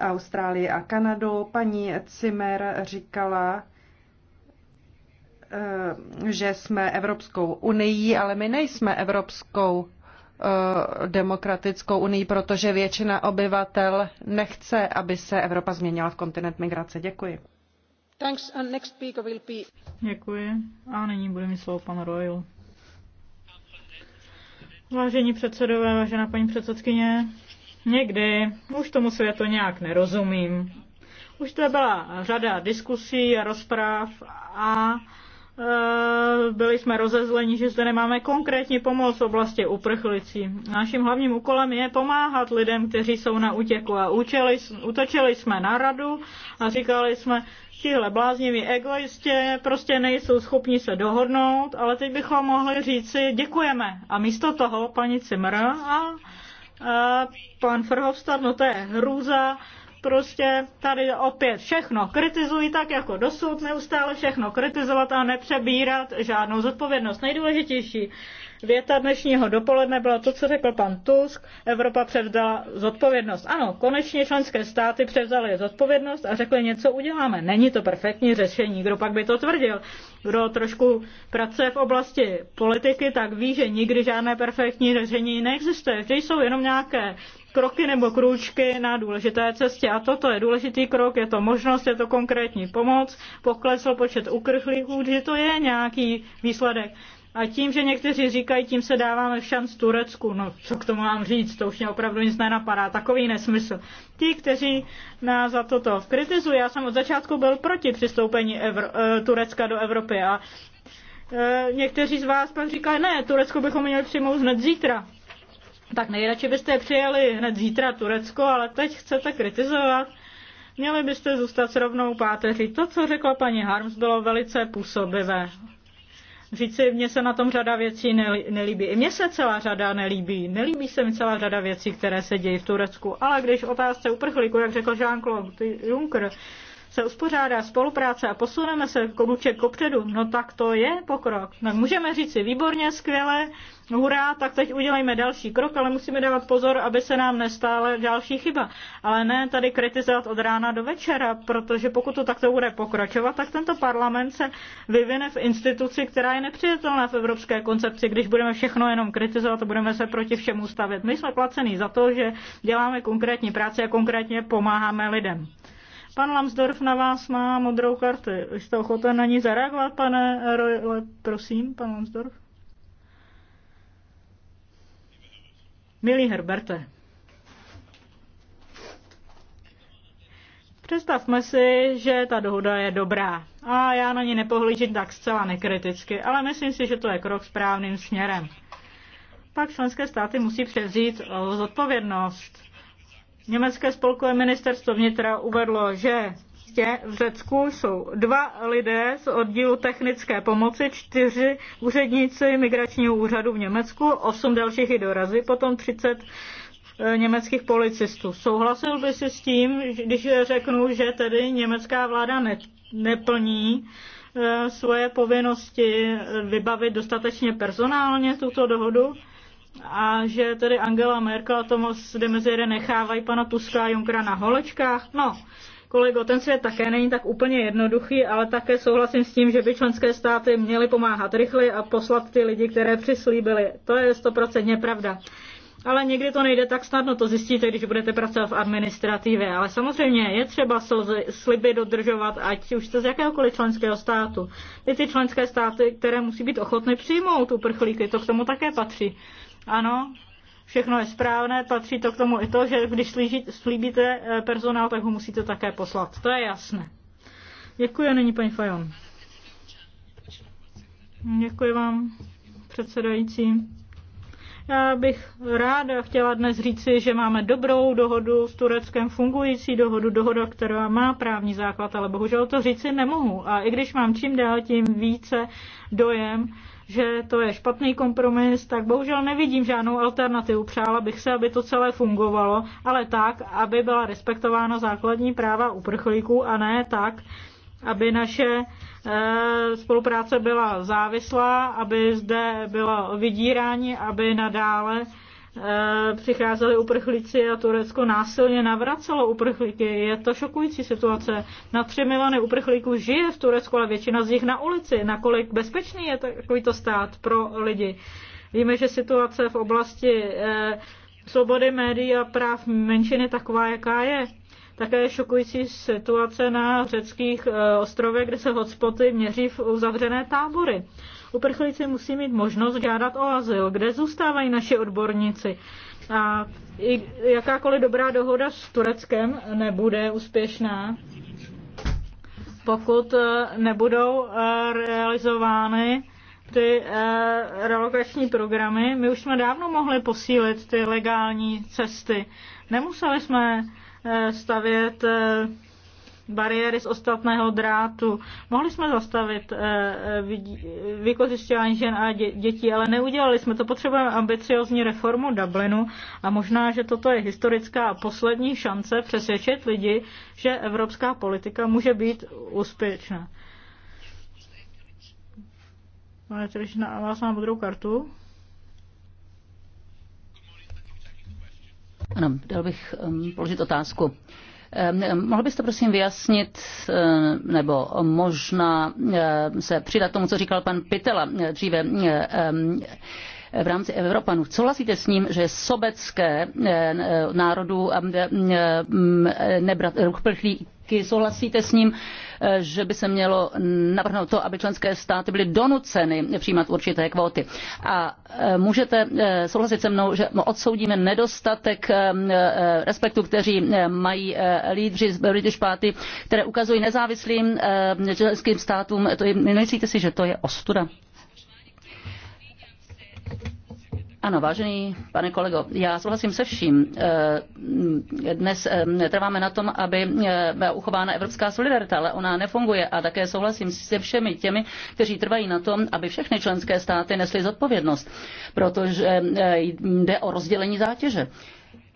Austrálii a Kanadu. Paní Cimer říkala, eh, že jsme Evropskou unii, ale my nejsme Evropskou eh, demokratickou unii, protože většina obyvatel nechce, aby se Evropa změnila v kontinent migrace. Děkuji. Thanks and next speaker will be... Děkuji. A nyní bude mít slovo pan Royal. Vážení předsedové, vážená paní předsedkyně, Někdy už tomu světu nějak nerozumím. Už to byla řada diskusí a rozpráv a e, byli jsme rozezleni, že zde nemáme konkrétní pomoc v oblasti uprchlicí. Naším hlavním úkolem je pomáhat lidem, kteří jsou na útěku a učili, utočili jsme na radu a říkali jsme, tihle blázniví egoistě prostě nejsou schopni se dohodnout, ale teď bychom mohli říci děkujeme. A místo toho paní Cimr a a pan Frhovstad, no to je hrůza, prostě tady opět všechno kritizují tak jako dosud, neustále všechno kritizovat a nepřebírat žádnou zodpovědnost. Nejdůležitější Věta dnešního dopoledne byla to, co řekl pan Tusk. Evropa převzala zodpovědnost. Ano, konečně členské státy převzaly zodpovědnost a řekly, něco uděláme. Není to perfektní řešení. Kdo pak by to tvrdil? Kdo trošku pracuje v oblasti politiky, tak ví, že nikdy žádné perfektní řešení neexistuje. Vždy jsou jenom nějaké kroky nebo krůčky na důležité cestě. A toto je důležitý krok, je to možnost, je to konkrétní pomoc, poklesl počet uprchlíků, že to je nějaký výsledek. A tím, že někteří říkají, tím se dáváme v šanc Turecku, no co k tomu mám říct, to už mě opravdu nic nenapadá, takový nesmysl. Ti, kteří nás za toto kritizují, já jsem od začátku byl proti přistoupení Evro, eh, Turecka do Evropy a e, někteří z vás pak říkají, ne, Turecko bychom měli přijmout hned zítra. Tak nejradši byste přijeli hned zítra Turecko, ale teď chcete kritizovat. Měli byste zůstat s rovnou páteří. To, co řekla paní Harms, bylo velice působivé říci, mně se na tom řada věcí nelíbí. I mně se celá řada nelíbí. Nelíbí se mi celá řada věcí, které se dějí v Turecku. Ale když otázce uprchlíku, jak řekl Jean-Claude Juncker, se uspořádá spolupráce a posuneme se koluček kopředu, no tak to je pokrok. Tak no, můžeme říct si výborně, skvěle, hurá, tak teď udělejme další krok, ale musíme dávat pozor, aby se nám nestále další chyba. Ale ne tady kritizovat od rána do večera, protože pokud to takto bude pokračovat, tak tento parlament se vyvine v instituci, která je nepřijatelná v evropské koncepci. Když budeme všechno jenom kritizovat a budeme se proti všemu stavět. My jsme placení za to, že děláme konkrétní práci a konkrétně pomáháme lidem. Pan Lambsdorff na vás má modrou kartu. Jste ochoten na ní zareagovat, pane Royle? Prosím, pan Lambsdorff. Milý Herberte, Představme si, že ta dohoda je dobrá a já na ní nepohlížím tak zcela nekriticky, ale myslím si, že to je krok správným směrem. Pak členské státy musí převzít zodpovědnost Německé spolkové ministerstvo vnitra uvedlo, že v Řecku jsou dva lidé z oddílu technické pomoci, čtyři úředníci migračního úřadu v Německu, osm dalších i dorazy, potom 30 e, německých policistů. Souhlasil by si s tím, když řeknu, že tedy německá vláda ne, neplní e, svoje povinnosti e, vybavit dostatečně personálně tuto dohodu? a že tedy Angela Merkel a Thomas de Maizière nechávají pana Tuska a Junkra na holečkách. No, kolego, ten svět také není tak úplně jednoduchý, ale také souhlasím s tím, že by členské státy měly pomáhat rychle a poslat ty lidi, které přislíbili. To je stoprocentně pravda. Ale někdy to nejde tak snadno, to zjistíte, když budete pracovat v administrativě. Ale samozřejmě je třeba sliby dodržovat, ať už jste z jakéhokoliv členského státu. I ty členské státy, které musí být ochotny přijmout uprchlíky, to k tomu také patří. Ano, všechno je správné, patří to k tomu i to, že když slíbíte eh, personál, tak ho musíte také poslat. To je jasné. Děkuji a nyní paní Fajon. Děkuji vám, předsedající. Já bych ráda chtěla dnes říci, že máme dobrou dohodu s Tureckem, fungující dohodu, dohoda, která má právní základ, ale bohužel to říci nemohu. A i když mám čím dál tím více dojem, že to je špatný kompromis, tak bohužel nevidím žádnou alternativu. Přála bych se, aby to celé fungovalo, ale tak, aby byla respektována základní práva uprchlíků a ne tak, aby naše eh, spolupráce byla závislá, aby zde bylo vydírání, aby nadále Eh, přicházeli uprchlíci a Turecko násilně navracelo uprchlíky. Je to šokující situace. Na tři miliony uprchlíků žije v Turecku, ale většina z nich na ulici. Nakolik bezpečný je takovýto stát pro lidi? Víme, že situace v oblasti eh, svobody médií a práv menšiny taková, jaká je. Také je šokující situace na řeckých eh, ostrovech, kde se hotspoty měří v uzavřené tábory. Uprchlíci musí mít možnost žádat o azyl. Kde zůstávají naši odborníci? A i jakákoliv dobrá dohoda s Tureckem nebude úspěšná, pokud eh, nebudou eh, realizovány ty eh, relokační programy. My už jsme dávno mohli posílit ty legální cesty. Nemuseli jsme stavět bariéry z ostatného drátu. Mohli jsme zastavit eh, eh, vykořišťování žen a dětí, ale neudělali jsme to. Potřebujeme ambiciozní reformu Dublinu a možná, že toto je historická poslední šance přesvědčit lidi, že evropská politika může být úspěšná. Pane Trešna, vás mám modrou kartu. Ano, dal bych um, položit otázku. Ehm, mohl byste prosím vyjasnit, ehm, nebo možná ehm, se přidat tomu, co říkal pan Pitela eh, dříve, v rámci Evropanů. Souhlasíte s ním, že sobecké eh, národů eh, eh, nebrat uprchlíky, souhlasíte s ním, že by se mělo navrhnout to, aby členské státy byly donuceny přijímat určité kvóty. A můžete souhlasit se mnou, že odsoudíme nedostatek respektu, kteří mají lídři z British Party, které ukazují nezávislým členským státům. Myslíte si, že to je ostuda? Ano, vážený pane kolego, já souhlasím se vším. Eh, mm, dnes eh, mm, trváme na tom, aby eh, byla uchována evropská solidarita, ale ona nefunguje a také souhlasím se všemi těmi, kteří trvají na tom, aby všechny členské státy nesly zodpovědnost, protože jde o rozdělení zátěže.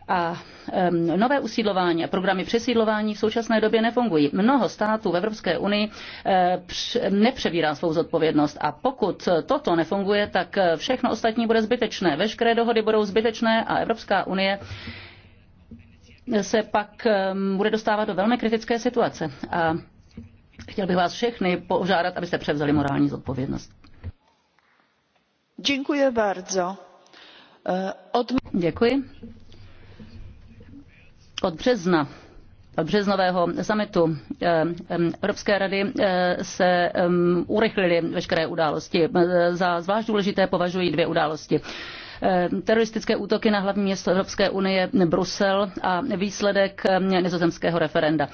A um, nové usídlování a programy přesídlování v současné době nefungují. Mnoho států v Evropské unii e, př, nepřebírá svou zodpovědnost a pokud toto nefunguje, tak všechno ostatní bude zbytečné. Veškeré dohody budou zbytečné a Evropská unie se pak um, bude dostávat do velmi kritické situace. A chtěl bych vás všechny požádat, abyste převzali morální zodpovědnost. Děkuji bardzo. E, od... Děkuji. Od března od březnového samitu eh, eh, Evropské rady eh, se urychlily veškeré události. Za zvlášť důležité považují dvě události teroristické útoky na hlavní město Evropské unie Brusel a výsledek nizozemského referenda.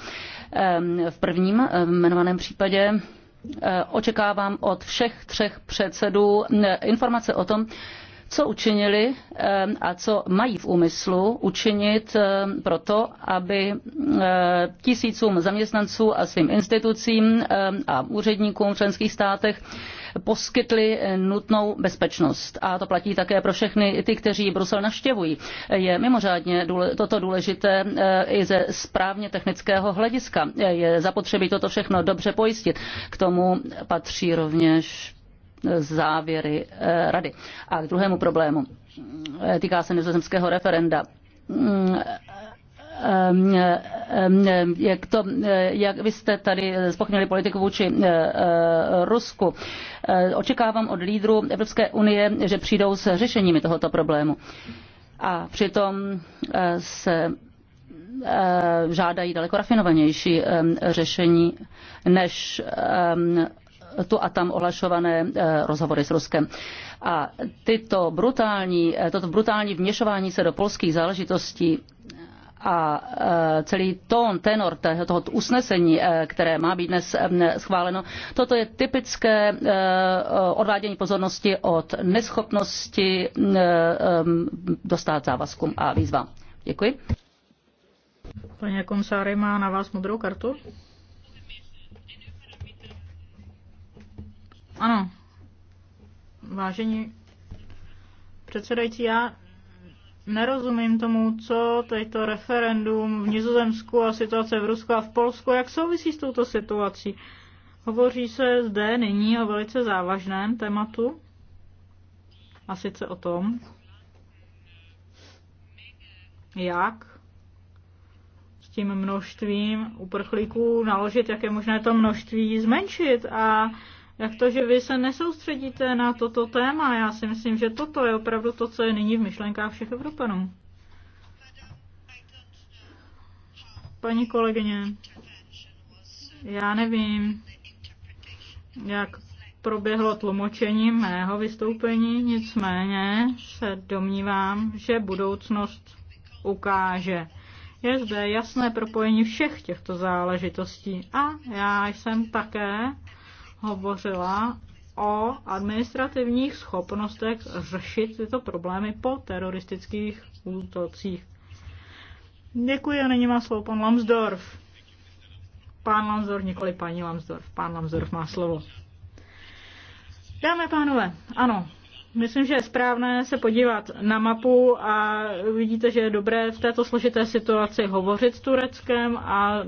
V prvním jmenovaném případě očekávám od všech třech předsedů informace o tom, co učinili eh, a co mají v úmyslu učinit eh, proto, aby eh, tisícům zaměstnanců a svým institucím a úředníkům v členských státech poskytli nutnou bezpečnost. A to platí také pro všechny ty, kteří Brusel navštěvují. Je mimořádně toto důležité i ze správně technického hlediska. Je zapotřebí toto všechno dobře pojistit. K tomu patří rovněž závěry eh, rady. A k druhému problému. Eh, týká se nizozemského referenda mm, eh, jak, to, jak vy jste tady spochybnili politiku vůči Rusku. Očekávám od lídrů Evropské unie, že přijdou s řešeními tohoto problému. A přitom se žádají daleko rafinovanější řešení než tu a tam ohlašované eh, rozhovory s Ruskem. A tyto brutální, eh, toto brutální vměšování se do polských záležitostí eh, a celý tón, tenor toho usnesení, které má být dnes schváleno, toto je typické odvádění pozornosti od neschopnosti dostat závazkům a výzvám. Děkuji. Paní komisáři, má na vás modrou kartu. Ano. Vážení předsedající, já nerozumím tomu, co teď to referendum v Nizozemsku a situace v Rusku a v Polsku, jak souvisí s touto situací. Hovoří se zde nyní o velice závažném tématu, a sice o tom, jak s tím množstvím uprchlíků naložit, jak je možné to množství zmenšit a jak to, že vy se nesoustředíte na toto téma? Já si myslím, že toto je opravdu to, co je nyní v myšlenkách všech Evropanů. Paní kolegyně, já nevím, jak proběhlo tlumočení mého vystoupení, nicméně se domnívám, že budoucnost ukáže. Je zde jasné propojení všech těchto záležitostí a já jsem také hovořila o administrativních schopnostech řešit tyto problémy po teroristických útocích. Děkuji a nyní má slovo pan Lambsdorff. Pán Lambsdorff, nikoli paní Lambsdorff. Pán Lambsdorff má slovo. Dámy a pánové, ano, Myslím, že je správné se podívat na mapu a vidíte, že je dobré v této složité situaci hovořit s Tureckem a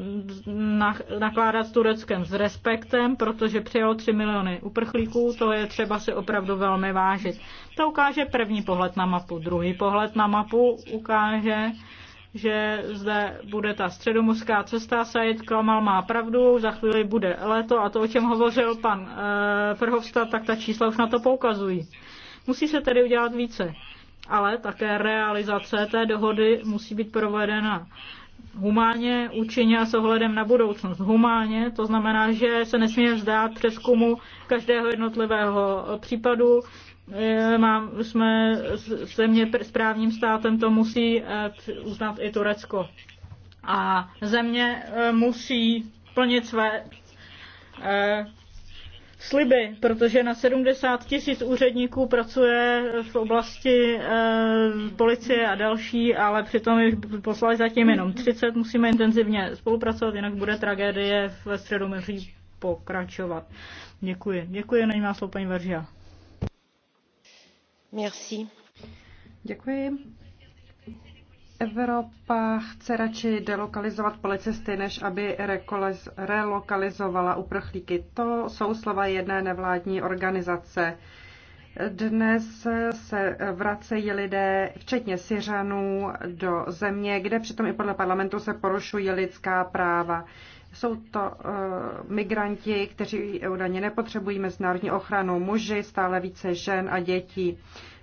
nakládat s Tureckem s respektem, protože přijalo 3 miliony uprchlíků, to je třeba si opravdu velmi vážit. To ukáže první pohled na mapu. Druhý pohled na mapu ukáže, že zde bude ta středomorská cesta. Said Klamal má pravdu, za chvíli bude léto a to, o čem hovořil pan e, tak ta čísla už na to poukazují. Musí se tedy udělat více, ale také realizace té dohody musí být provedena humánně, účinně a s ohledem na budoucnost. Humánně, to znamená, že se nesmí vzdát přeskumu každého jednotlivého případu. Mám, jsme země s právním státem, to musí eh, uznat i Turecko. A země eh, musí plnit své eh, sliby, protože na 70 tisíc úředníků pracuje v oblasti e, policie a další, ale přitom jich poslali zatím jenom 30. Musíme intenzivně spolupracovat, jinak bude tragédie ve středomeří pokračovat. Děkuji. Děkuji, není má slovo paní Veržia. Merci. Děkuji. Evropa chce radši delokalizovat policisty, než aby relokalizovala uprchlíky. To jsou slova jedné nevládní organizace. Dnes se vracejí lidé, včetně Syřanů, do země, kde přitom i podle parlamentu se porušují lidská práva. Jsou to uh, migranti, kteří údajně nepotřebují mezinárodní ochranu, muži, stále více žen a dětí. Uh,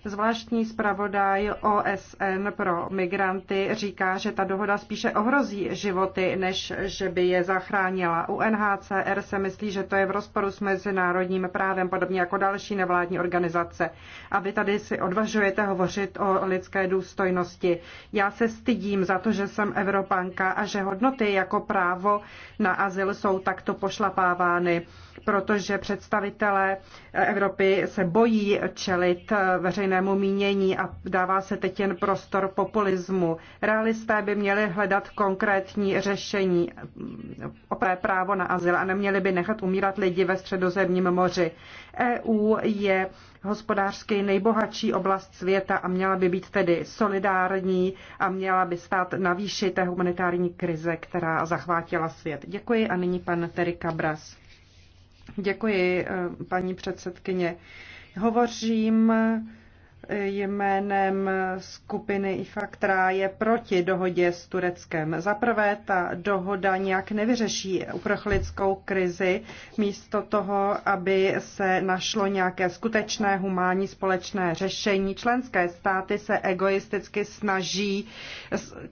Zvláštní zpravodaj OSN pro migranty říká, že ta dohoda spíše ohrozí životy, než že by je zachránila. UNHCR se myslí, že to je v rozporu s mezinárodním právem, podobně jako další nevládní organizace. A vy tady si odvažujete hovořit o lidské důstojnosti. Já se stydím za to, že jsem Evropanka a že hodnoty jako právo na azyl jsou takto pošlapávány protože představitelé Evropy se bojí čelit veřejnému mínění a dává se teď jen prostor populismu. Realisté by měli hledat konkrétní řešení eh, o právo na azyl a neměli by nechat umírat lidi ve středozemním moři. EU je hospodářsky nejbohatší oblast světa a měla by být tedy solidární a měla by stát na výši té humanitární krize, která zachvátila svět. Děkuji a nyní pan Terry Cabras. Děkuji, eh, paní předsedkyně. Hovořím jménem skupiny IFA, která je proti dohodě s Tureckem. Za prvé, ta dohoda nějak nevyřeší uprchlickou krizi, místo toho, aby se našlo nějaké skutečné humánní společné řešení. Členské státy se egoisticky snaží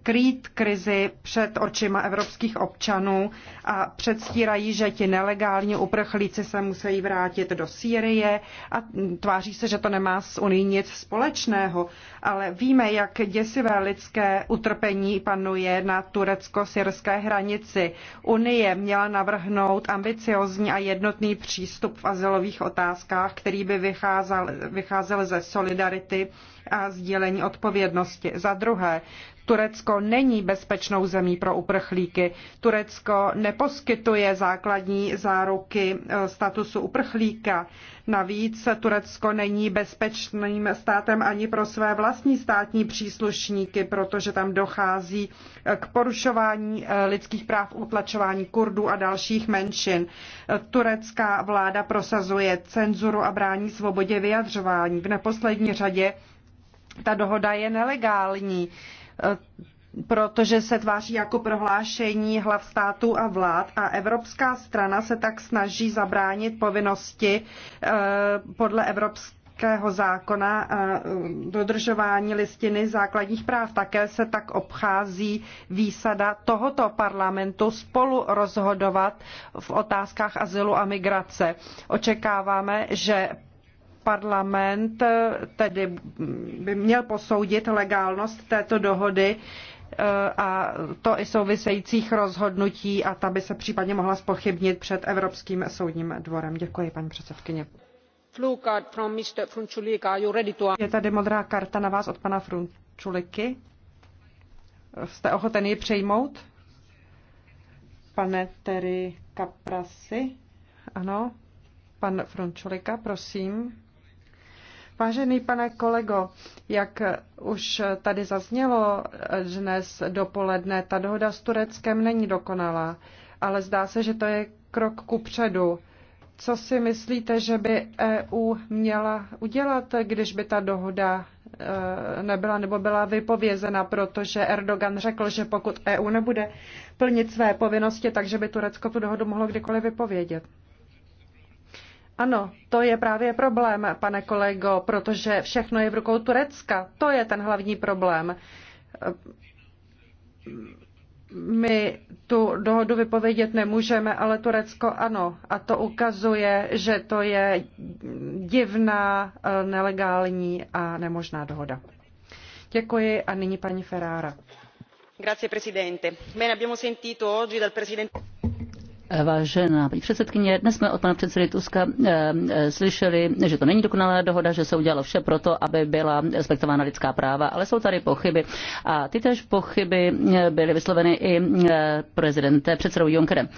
krýt krizi před očima evropských občanů a předstírají, že ti nelegální uprchlíci se musí vrátit do Sýrie a tváří se, že to nemá s Unii nic společného, ale víme, jak děsivé lidské utrpení panuje na turecko-syrské hranici. Unie měla navrhnout ambiciozní a jednotný přístup v azylových otázkách, který by vycházel, vycházel ze solidarity a sdílení odpovědnosti. Za druhé, Turecko není bezpečnou zemí pro uprchlíky. Turecko neposkytuje základní záruky eh, statusu uprchlíka. Navíc Turecko není bezpečným státem ani pro své vlastní státní příslušníky, protože tam dochází eh, k porušování eh, lidských práv, utlačování Kurdů a dalších menšin. Turecká vláda prosazuje cenzuru a brání svobodě vyjadřování. V neposlední řadě ta dohoda je nelegální protože se tváří jako prohlášení hlav států a vlád a evropská strana se tak snaží zabránit povinnosti eh, podle evropské zákona a eh, dodržování listiny základních práv. Také se tak obchází výsada tohoto parlamentu spolu rozhodovat v otázkách azylu a migrace. Očekáváme, že parlament eh, tedy by měl posoudit legálnost této dohody eh, a to i souvisejících rozhodnutí a ta by se případně mohla spochybnit před Evropským soudním dvorem. Děkuji, paní předsedkyně. Je tady modrá karta na vás od pana Frunčuliky. Jste ochoten ji přejmout? Pane Terry Kaprasi? Ano. Pan Frunčulika, prosím. Vážený pane kolego, jak už tady zaznělo dnes dopoledne, ta dohoda s Tureckem není dokonalá, ale zdá se, že to je krok ku předu. Co si myslíte, že by EU měla udělat, když by ta dohoda eh, nebyla nebo byla vypovězena, protože Erdogan řekl, že pokud EU nebude plnit své povinnosti, takže by Turecko tu dohodu mohlo kdykoliv vypovědět? Ano, to je právě problém, pane kolego, protože všechno je v rukou Turecka. To je ten hlavní problém. My tu dohodu vypovědět nemůžeme, ale Turecko ano. A to ukazuje, že to je divná, eh, nelegální a nemožná dohoda. Děkuji a nyní paní Ferrara. Grazie, presidente. Bene, abbiamo sentito oggi dal presidente... Vážená paní předsedkyně, dnes jsme od pana předsedy Tuska eh, eh, slyšeli, že to není dokonalá dohoda, že se udělalo vše proto, aby byla respektována lidská práva, ale jsou tady pochyby. A ty tež pochyby eh, byly vysloveny i prezidentem předsedou Junckerem.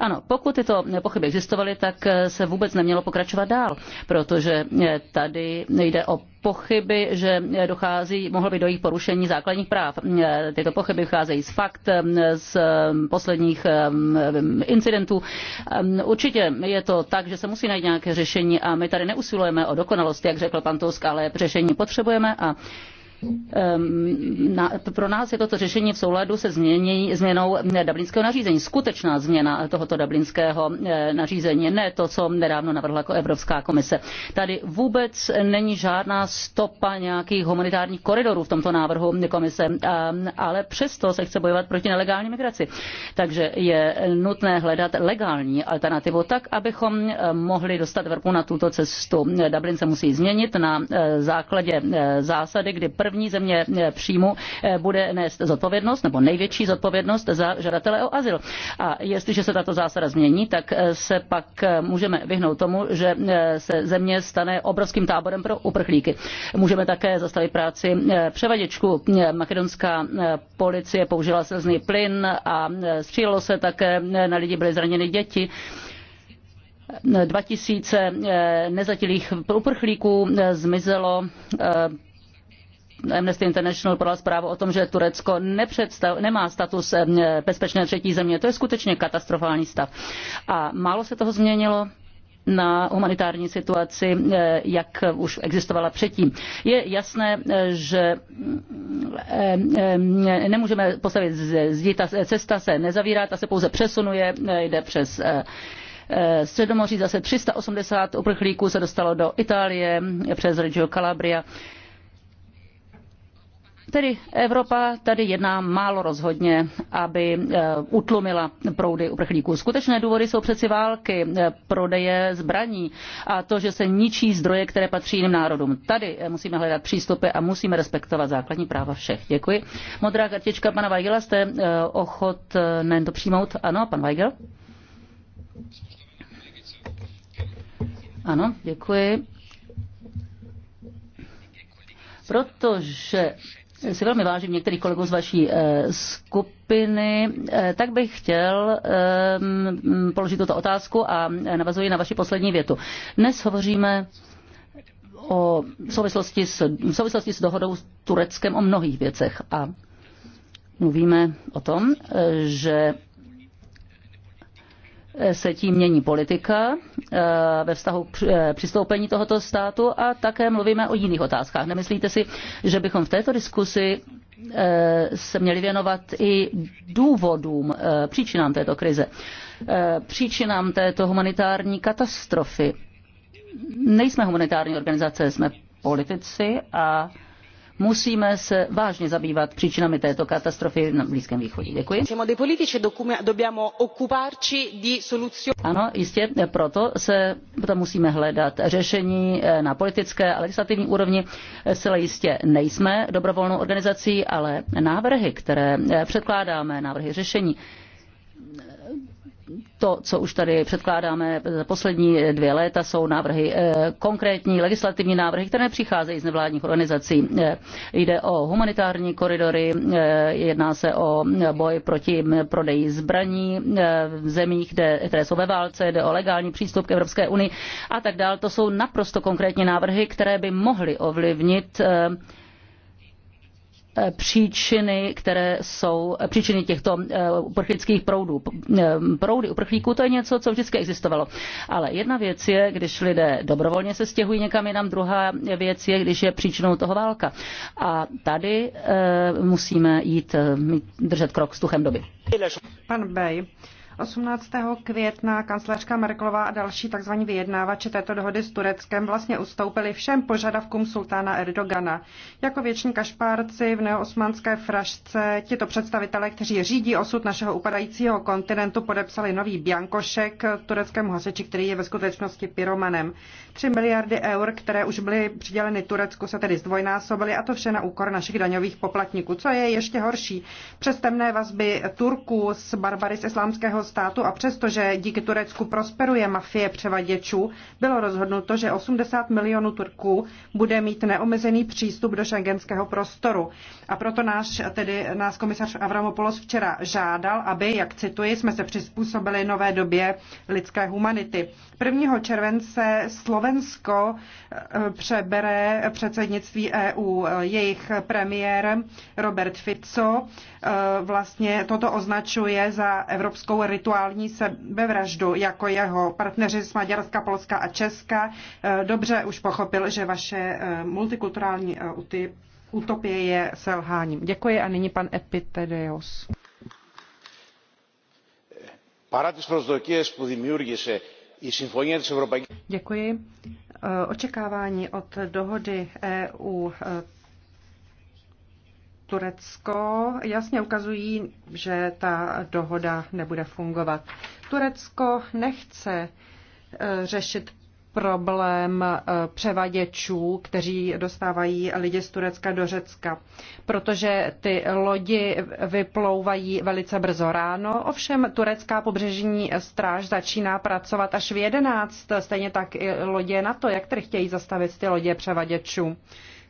Ano, pokud tyto pochyby existovaly, tak se vůbec nemělo pokračovat dál, protože tady jde o pochyby, že dochází, mohlo by dojít k porušení základních práv. Tyto pochyby vycházejí z fakt, z posledních incidentů. Určitě je to tak, že se musí najít nějaké řešení a my tady neusilujeme o dokonalost, jak řekl pan Tusk, ale řešení potřebujeme a Ehm, na, pro nás je toto řešení v souladu se změní, změnou eh, dublinského nařízení. Skutečná změna tohoto dublinského eh, nařízení, ne to, co nedávno navrhla jako Evropská komise. Tady vůbec není žádná stopa nějakých humanitárních koridorů v tomto návrhu komise, ehm, ale přesto se chce bojovat proti nelegální migraci. Takže je nutné hledat legální alternativu tak, abychom eh, mohli dostat vrpu na tuto cestu. Dublin se musí změnit na základě zásady, kdy první první země eh, příjmu eh, bude nést zodpovědnost nebo největší zodpovědnost za žadatele o azyl. A jestliže se tato zásada změní, tak eh, se pak můžeme vyhnout tomu, že se země stane obrovským táborem pro uprchlíky. Můžeme také zastavit práci převaděčku. Makedonská policie použila slzný plyn a střílelo se také, na lidi byly zraněny děti. 2000 nezatilých uprchlíků zmizelo Amnesty International podal zprávu o tom, že Turecko nemá status eh, bezpečné třetí země. To je skutečně katastrofální stav. A málo se toho změnilo na humanitární situaci, eh, jak už existovala předtím. Je jasné, eh, že mm, nemůžeme postavit zdi, ta cesta se nezavírá, ta se pouze přesunuje, jde přes Středomoří zase 380 uprchlíků se dostalo do Itálie přes Reggio Calabria Tedy Evropa tady jedná málo rozhodně, aby eh, utlumila proudy uprchlíků. Skutečné důvody jsou přeci války, eh, prodeje zbraní a to, že se ničí zdroje, které patří jiným národům. Tady eh, musíme hledat přístupy a musíme respektovat základní práva všech. Děkuji. Modrá kartička pana Weigela, jste ochot nejen to přijmout? Ano, pan Weigel. Ano, děkuji. Protože si velmi vážím některých kolegů z vaší eh, skupiny, eh, tak bych chtěl eh, položit tuto otázku a navazuji na vaši poslední větu. Dnes hovoříme o souvislosti s, v souvislosti s dohodou s Tureckem o mnohých věcech a mluvíme o tom, že se tím mění politika eh, ve vztahu k eh, přistoupení tohoto státu a také mluvíme o jiných otázkách. Nemyslíte si, že bychom v této diskusi eh, se měli věnovat i důvodům, příčinám této krize, příčinám této humanitární katastrofy. Nejsme humanitární organizace, jsme politici a Musíme se vážně zabývat příčinami této katastrofy na Blízkém východě. Děkuji. Ano, jistě, proto se proto musíme hledat řešení eh, na politické a legislativní úrovni. Zcela jistě nejsme dobrovolnou organizací, ale návrhy, které eh, předkládáme, návrhy řešení, to, co už tady předkládáme za poslední dvě léta, jsou návrhy eh, konkrétní, legislativní návrhy, které přicházejí z nevládních organizací. Eh, jde o humanitární koridory, eh, jedná se o boj proti prodeji zbraní v zemích, kde, které jsou ve válce, jde o legální přístup k Evropské unii a tak dále. To jsou naprosto konkrétní návrhy, které by mohly ovlivnit Eh, příčiny, které jsou eh, příčiny těchto eh, uprchlických proudů. Proudy uprchlíků to je něco, co vždycky existovalo. Ale jedna věc je, když lidé dobrovolně se stěhují někam jinam, druhá věc je, když je příčinou toho válka. A tady musíme jít držet krok s tuchem doby. Pan Bej, 18. května kancelářka Merklová a další tzv. vyjednávače této dohody s Tureckem vlastně ustoupili všem požadavkům sultána Erdogana. Jako věční kašpárci v neosmanské frašce tito představitelé, kteří řídí osud našeho upadajícího kontinentu, podepsali nový biankošek tureckému hasiči, který je ve skutečnosti pyromanem. 3 miliardy eur, které už byly přiděleny Turecku, se tedy zdvojnásobily a to vše na úkor našich daňových poplatníků. Co je ještě horší, přes temné vazby Turků s barbary z islámského státu a přestože díky Turecku prosperuje mafie převaděčů, bylo rozhodnuto, že 80 milionů Turků bude mít neomezený přístup do šengenského prostoru. A proto náš, tedy nás komisař Avramopoulos včera žádal, aby, jak cituji, jsme se přizpůsobili nové době lidské humanity. 1. července Slovensko Slovensko eh, přebere předsednictví EU. Jejich premiér Robert Fico eh, vlastně toto označuje za evropskou rituální sebevraždu, jako jeho partneři z Maďarska, Polska a Česka. Eh, dobře už pochopil, že vaše multikulturální utopie je selháním. Děkuji a nyní pan Epitedeos. Παρά τις προσδοκίες που δημιούργησε Děkuji. E, očekávání od dohody EU e, Turecko jasně ukazují, že ta dohoda nebude fungovat. Turecko nechce e, řešit problém eh, převaděčů, kteří dostávají lidi z Turecka do Řecka, protože ty lodi vyplouvají velice brzo ráno, ovšem turecká pobřežní stráž začíná pracovat až v 11, stejně tak i lodě na to, jak tedy chtějí zastavit ty lodě převaděčů.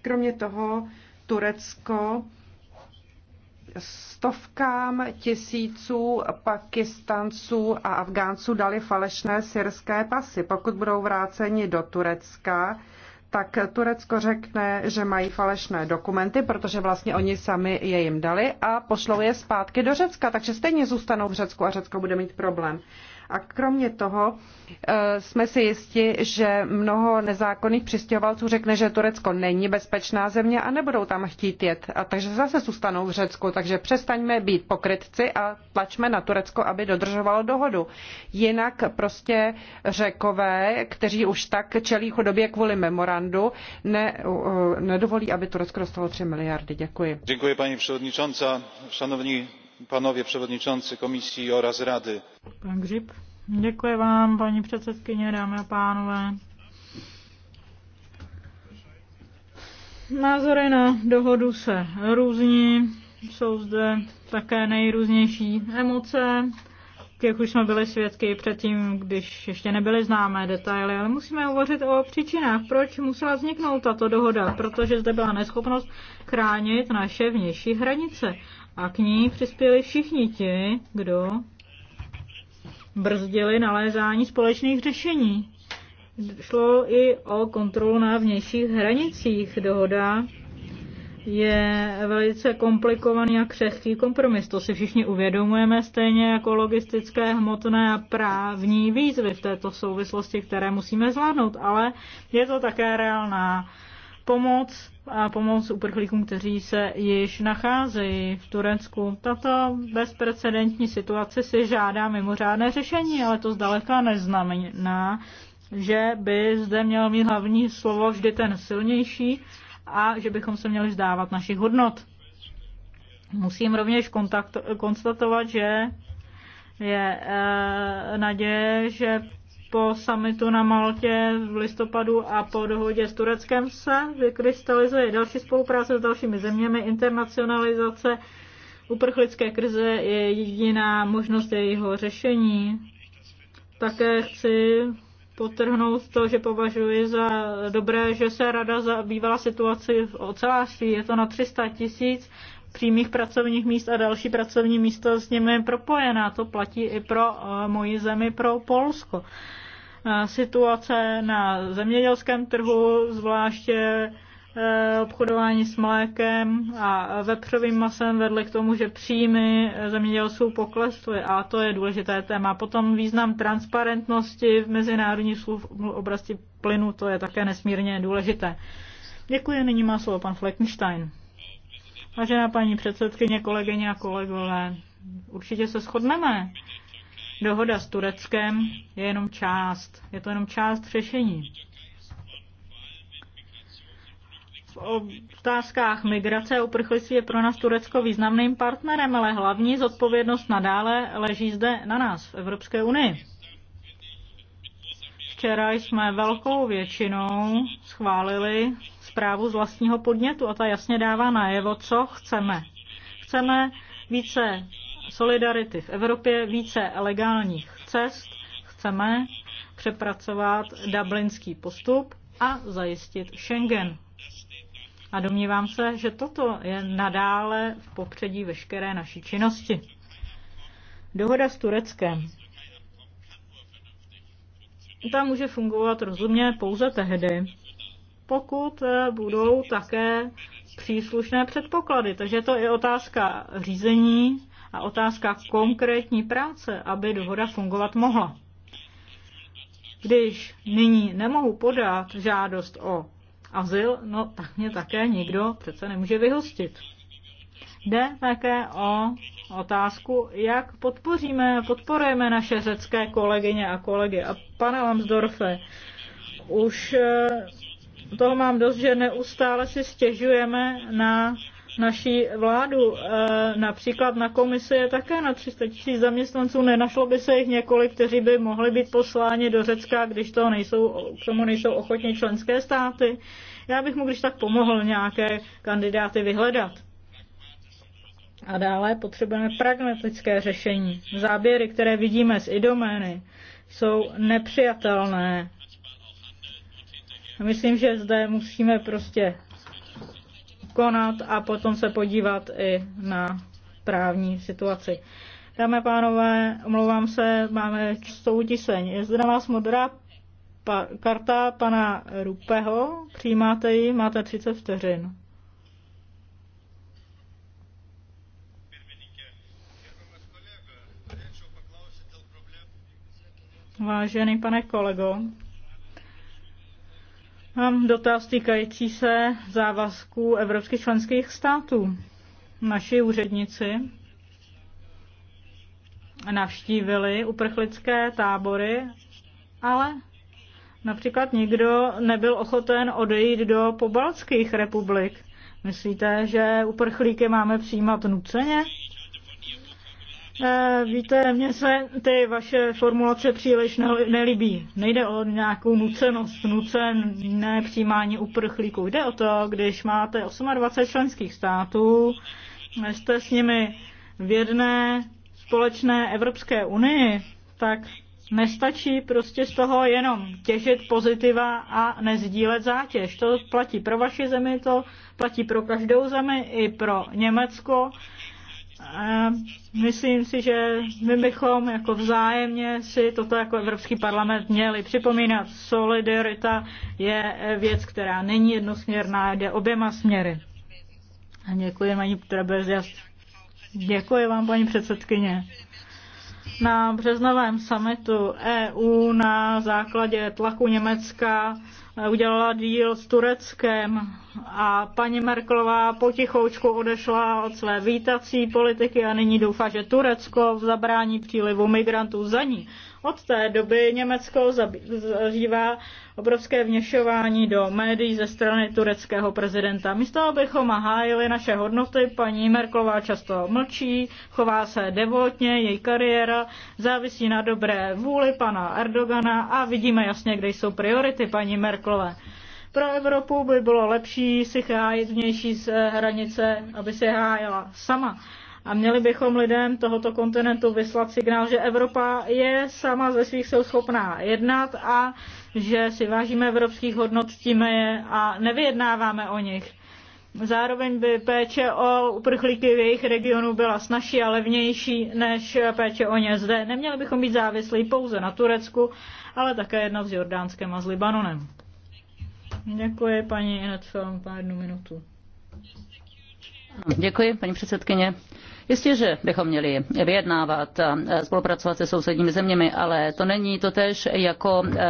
Kromě toho Turecko stovkám tisíců Pakistánců a Afgánců dali falešné syrské pasy. Pokud budou vráceni do Turecka, tak Turecko řekne, že mají falešné dokumenty, protože vlastně oni sami je jim dali a pošlou je zpátky do Řecka, takže stejně zůstanou v Řecku a Řecko bude mít problém. A kromě toho eh, jsme si jisti, že mnoho nezákonných přistěhovalců řekne, že Turecko není bezpečná země a nebudou tam chtít jet. A takže zase zůstanou v Řecku. Takže přestaňme být pokrytci a tlačme na Turecko, aby dodržovalo dohodu. Jinak prostě Řekové, kteří už tak čelí chudobě kvůli memorandu, ne, nedovolí, aby Turecko dostalo 3 miliardy. Děkuji. Děkuji paní předsedkyně. Szanowni panowie przewodniczący komisji oraz rady! Pan Grzyb. Děkuji vám, paní předsedkyně, dámy a Názory na dohodu se různí, jsou zde také nejrůznější emoce, těch už jsme byli svědky předtím, když ještě nebyly známé detaily, ale musíme hovořit o příčinách, proč musela vzniknout tato dohoda, protože zde byla neschopnost chránit naše vnější hranice. A k ní přispěli všichni ti, kdo brzdili nalézání společných řešení. Šlo i o kontrolu na vnějších hranicích. Dohoda je velice komplikovaný a křehký kompromis. To si všichni uvědomujeme, stejně jako logistické, hmotné a právní výzvy v této souvislosti, které musíme zvládnout. Ale je to také reálná pomoc a pomoc uprchlíkům, kteří se již nacházejí v Turecku. Tato bezprecedentní situace si žádá mimořádné řešení, ale to zdaleka neznamená, že by zde měl mít hlavní slovo vždy ten silnější a že bychom se měli vzdávat našich hodnot. Musím rovněž kontakt, konstatovat, že je e, naděje, že po summitu na Maltě v listopadu a po dohodě s Tureckem se vykrystalizuje další spolupráce s dalšími zeměmi, internacionalizace uprchlické krize je jediná možnost jejího řešení. Také chci potrhnout to, že považuji za dobré, že se rada zabývala situaci v ocelářství. Je to na 300 tisíc přímých pracovních míst a další pracovní místa s nimi propojená. To platí i pro eh, moji zemi, pro Polsko. Eh, situace na zemědělském trhu, zvláště eh, obchodování s mlékem a vepřovým masem vedly k tomu, že příjmy zemědělců poklesly a to je důležité téma. Potom význam transparentnosti v mezinárodní oblasti plynu, to je také nesmírně důležité. Děkuji, nyní má slovo pan Fleckenstein. Vážená paní předsedkyně, kolegyně a kolegové, určitě se shodneme, Dohoda s Tureckem je jenom část. Je to jenom část řešení. V otázkách migrace a uprchlictví je pro nás Turecko významným partnerem, ale hlavní zodpovědnost nadále leží zde na nás v Evropské unii. Včera jsme velkou většinou schválili zprávu z vlastního podnětu a ta jasně dává najevo, co chceme. Chceme více solidarity v Evropě, více legálních cest, chceme přepracovat dublinský postup a zajistit Schengen. A domnívám se, že toto je nadále v popředí veškeré naší činnosti. Dohoda s Tureckem. Ta může fungovat rozumně pouze tehdy, pokud eh, budou také příslušné předpoklady. Takže to je otázka řízení a otázka konkrétní práce, aby dohoda fungovat mohla. Když nyní nemohu podat žádost o azyl, no tak mě také nikdo přece nemůže vyhostit. Jde také o otázku, jak podpoříme a podporujeme naše řecké kolegyně a kolegy. A pane Lamsdorfe. už eh, toho mám dost, že neustále si stěžujeme na naší vládu. E, například na komise je také na 300 tisíc zaměstnanců, nenašlo by se jich několik, kteří by mohli být posláni do Řecka, když to nejsou, k tomu nejsou ochotně členské státy. Já bych mu když tak pomohl nějaké kandidáty vyhledat. A dále potřebujeme pragmatické řešení. Záběry, které vidíme z idomény, jsou nepřijatelné. Myslím, že zde musíme prostě konat a potom se podívat i na právní situaci. Dámy a pánové, omlouvám se, máme čistou tiseň. Je zde na vás modrá pa- karta pana Rupeho. Přijímáte ji, máte 30 vteřin. Vážený pane kolego, Mám dotaz týkající se závazků evropských členských států. Naši úředníci navštívili uprchlické tábory, ale například nikdo nebyl ochoten odejít do pobaltských republik. Myslíte, že uprchlíky máme přijímat nuceně? Eh, víte, mně se ty vaše formulace příliš nelíbí. Nejde o nějakou nucenost, nucené přijímání uprchlíků. Jde o to, když máte 28 členských států, jste s nimi v jedné společné Evropské unii, tak nestačí prostě z toho jenom těžit pozitiva a nezdílet zátěž. To platí pro vaši zemi, to platí pro každou zemi, i pro Německo Myslím si, že my bychom jako vzájemně si toto jako Evropský parlament měli připomínat. Solidarita je věc, která není jednosměrná, jde oběma směry. A děkuji, paní Trebezias. Děkuji vám, paní předsedkyně. Na březnovém summitu EU na základě tlaku Německa eh, udělala díl s Tureckem a paní Merkelová potichoučku odešla od své vítací politiky a nyní doufá, že Turecko zabrání přílivu migrantů za ní. Od té doby Německo zažívá obrovské vněšování do médií ze strany tureckého prezidenta. Místo, abychom hájili naše hodnoty, paní Merklová často mlčí, chová se devotně, její kariéra závisí na dobré vůli pana Erdogana a vidíme jasně, kde jsou priority paní Merklové. Pro Evropu by bylo lepší si hájit vnější hranice, aby se hájila sama. A měli bychom lidem tohoto kontinentu vyslat signál, že Evropa je sama ze svých sil schopná jednat a že si vážíme evropských hodnot, ctíme je a nevyjednáváme o nich. Zároveň by péče o uprchlíky v jejich regionu byla snažší a levnější než péče o ně zde. Neměli bychom být závislí pouze na Turecku, ale také jednat s Jordánskem a s Libanonem. Děkuji paní Inetfilm pár jednu minutu. Děkuji, paní předsedkyně. Jistě, že bychom měli vyjednávat a e, spolupracovat se sousedními zeměmi, ale to není to tež jako e,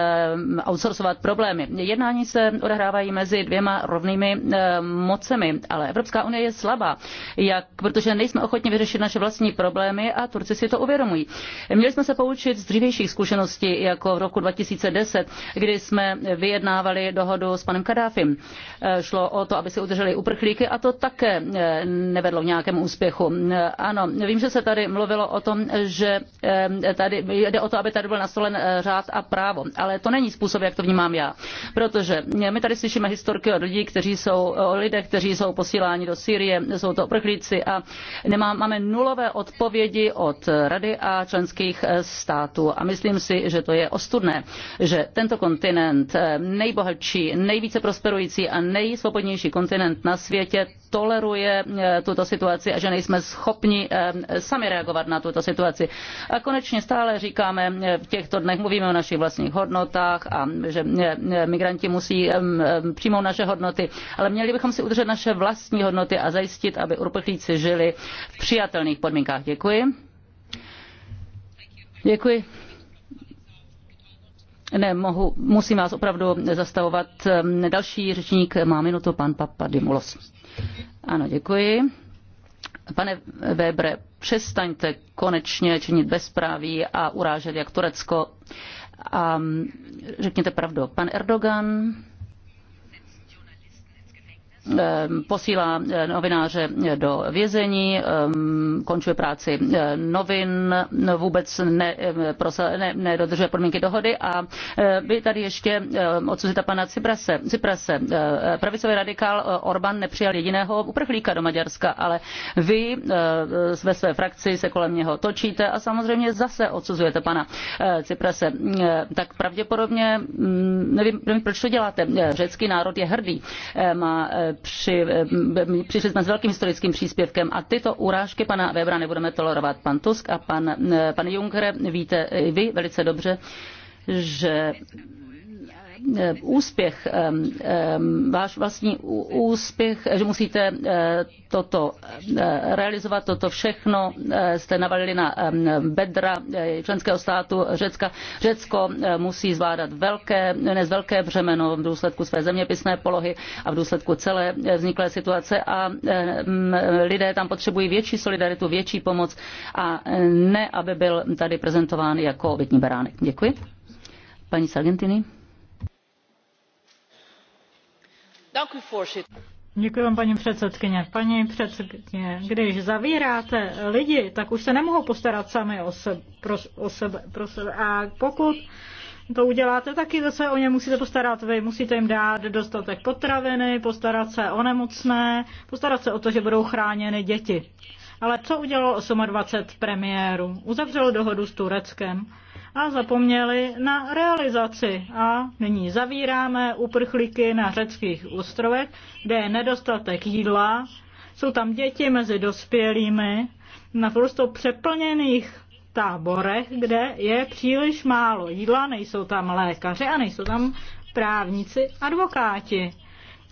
outsourcovat problémy. Jednání se odehrávají mezi dvěma rovnými e, mocemi, ale Evropská unie je slabá, jak, protože nejsme ochotni vyřešit naše vlastní problémy a Turci si to uvědomují. Měli jsme se poučit z dřívějších zkušeností, jako v roku 2010, kdy jsme vyjednávali dohodu s panem Kadáfim. Šlo o to, aby si udrželi uprchlíky a to také nevedlo k nějakému úspěchu. Eh, ano, vím, že se tady mluvilo o tom, že eh, tady jde o to, aby tady byl nastolen eh, řád a právo, ale to není způsob, jak to vnímám já. Protože my tady slyšíme historky od lidí, kteří jsou, o lidech, kteří jsou posíláni do Sýrie, jsou to uprchlíci a nemá, máme nulové odpovědi od Rady a členských států. A myslím si, že to je ostudné, že tento kontinent, nejbohatší, nejvíce prosperující a nejsvobodnější kontinent na světě, toleruje tuto situaci a že nejsme schopni schopni eh, sami reagovat na tuto situaci. A konečně stále říkáme, eh, v těchto dnech mluvíme o našich vlastních hodnotách a že eh, migranti musí přijmout naše hodnoty, ale měli bychom si udržet naše vlastní hodnoty a zajistit, aby uprchlíci žili v přijatelných podmínkách. Děkuji. Děkuji. Ne, mohu, musím vás opravdu zastavovat. Ehm, další řečník má minutu, pan Dimulos. Ano, děkuji. Pane Webre, přestaňte konečně činit bezpráví a urážet jak Turecko. A mm, řekněte pravdu. Pan Erdogan Ehm, posílá eh, novináře do vězení, ehm, končuje práci eh, novin, vůbec ne, eh, prosa, ne, nedodržuje podmínky dohody a vy tady ještě odsuzíte pana Ciprase. Ciprase. Pravicový radikál Orbán nepřijal jediného uprchlíka do Maďarska, ale vy ve své frakci se kolem něho točíte a samozřejmě zase odsuzujete pana Ciprase. Tak pravděpodobně, mm, nevím, nevím proč to děláte, řecký národ je hrdý, má při, eh, přišli jsme s velkým historickým příspěvkem a tyto urážky pana Webra nebudeme tolerovat. Pan Tusk a pan, eh, pan Juncker, víte vy velice dobře, že Eh, úspěch, váš vlastní úspěch, že musíte eh, toto eh, realizovat, toto všechno jste navalili na bedra členského státu Řecka. Řecko musí zvládat velké, dnes velké břemeno v důsledku své zeměpisné polohy a v důsledku celé vzniklé situace a lidé tam potřebují větší solidaritu, větší pomoc a ne, aby byl tady prezentován jako obětní beránek. Děkuji. Paní Sargentini. Děkuji paní předsedkyně. Paní předsedkyně, když zavíráte lidi, tak už se nemohou postarat sami o, sebe, pro, o sebe, pro sebe. A pokud to uděláte, taky zase o ně musíte postarat vy. Musíte jim dát dostatek potraviny, postarat se o nemocné, postarat se o to, že budou chráněny děti. Ale co udělalo 28 premiéru? Uzavřelo dohodu s Tureckem a zapomněli na realizaci. A nyní zavíráme uprchlíky na řeckých ostrovech, kde je nedostatek jídla, jsou tam děti mezi dospělými, na prostě přeplněných táborech, kde je příliš málo jídla, nejsou tam lékaři a nejsou tam právníci, advokáti.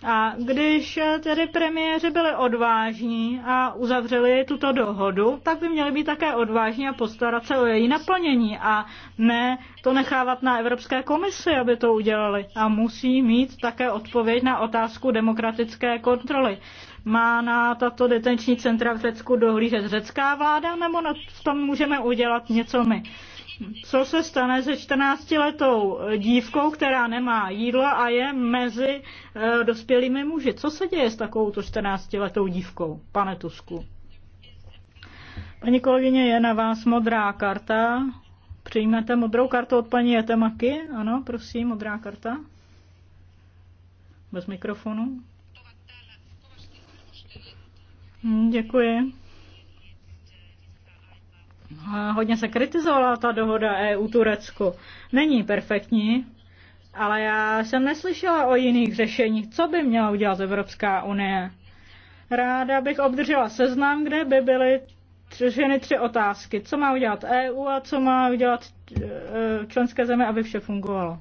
A když tedy premiéři byli odvážní a uzavřeli tuto dohodu, tak by měli být také odvážní a postarat se o její naplnění a ne to nechávat na Evropské komisi, aby to udělali. A musí mít také odpověď na otázku demokratické kontroly. Má na tato detenční centra v Řecku dohlížet řecká vláda, nebo na tom můžeme udělat něco my? co se stane se 14-letou dívkou, která nemá jídlo a je mezi eh, dospělými muži. Co se děje s takovou 14-letou dívkou, pane Tusku? Paní kolegyně, je na vás modrá karta. Přijmete modrou kartu od paní Jetemaky? Ano, prosím, modrá karta. Bez mikrofonu. Hm, děkuji hodně se kritizovala ta dohoda EU-Turecko. Není perfektní, ale já jsem neslyšela o jiných řešeních, co by měla udělat Evropská unie. Ráda bych obdržela seznam, kde by byly řešeny tři otázky. Co má udělat EU a co má udělat e, členské země, aby vše fungovalo.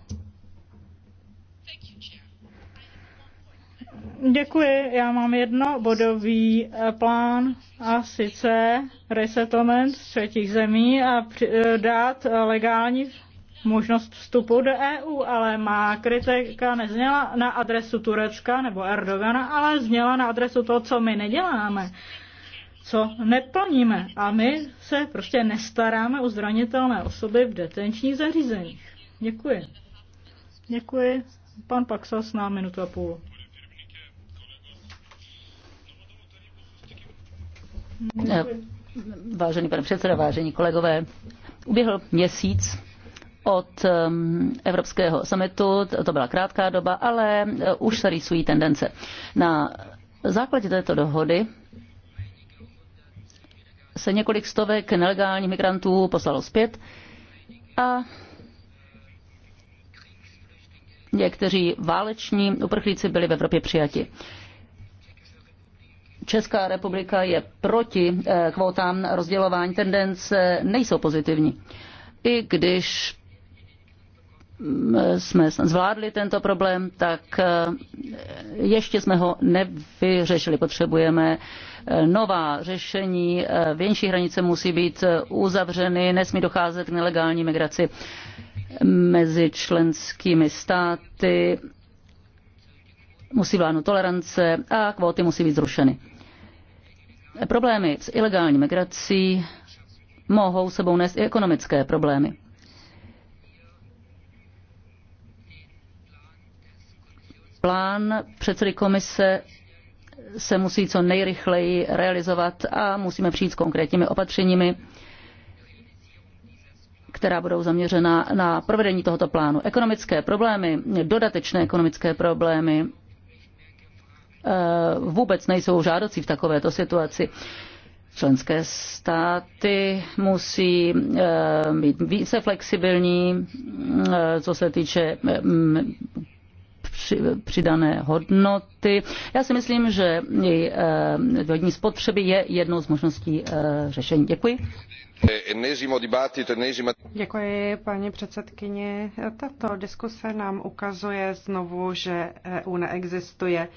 Děkuji, já mám jednobodový eh, plán a sice resettlement z třetích zemí a eh, dát eh, legální možnost vstupu do EU, ale má kritika nezněla na adresu Turecka nebo Erdogana, ale zněla na adresu toho, co my neděláme, co neplníme a my se prostě nestaráme o zranitelné osoby v detenčních zařízeních. Děkuji. Děkuji. Pan Paxas na minutu a půl. Vážený pane předseda, vážení kolegové, uběhl měsíc od um, Evropského summitu, to byla krátká doba, ale uh, už se rýsují tendence. Na základě této dohody se několik stovek nelegálních migrantů poslalo zpět a někteří váleční uprchlíci byli v Evropě přijati. Česká republika je proti eh, kvótám rozdělování, tendence nejsou pozitivní. I když mm, eh, jsme zvládli tento problém, tak eh, ještě jsme ho nevyřešili. Potřebujeme nová řešení. Větší hranice musí být uzavřeny, nesmí docházet k nelegální migraci mezi členskými státy. Musí vládnout tolerance a kvóty musí být zrušeny problémy s ilegální migrací mohou sebou nést i ekonomické problémy. Plán předsedy komise se musí co nejrychleji realizovat a musíme přijít s konkrétními opatřeními, která budou zaměřena na provedení tohoto plánu. Ekonomické problémy, dodatečné ekonomické problémy Eh, vůbec nejsou žádoucí v takovéto situaci. Členské státy musí eh, být více flexibilní, eh, co se týče přidané hodnoty produkty. Já si myslím, že eh, vodní spotřeby je jednou z možností eh, řešení. Děkuji. Děkuji, paní předsedkyně. Tato diskuse nám ukazuje znovu, že EU neexistuje.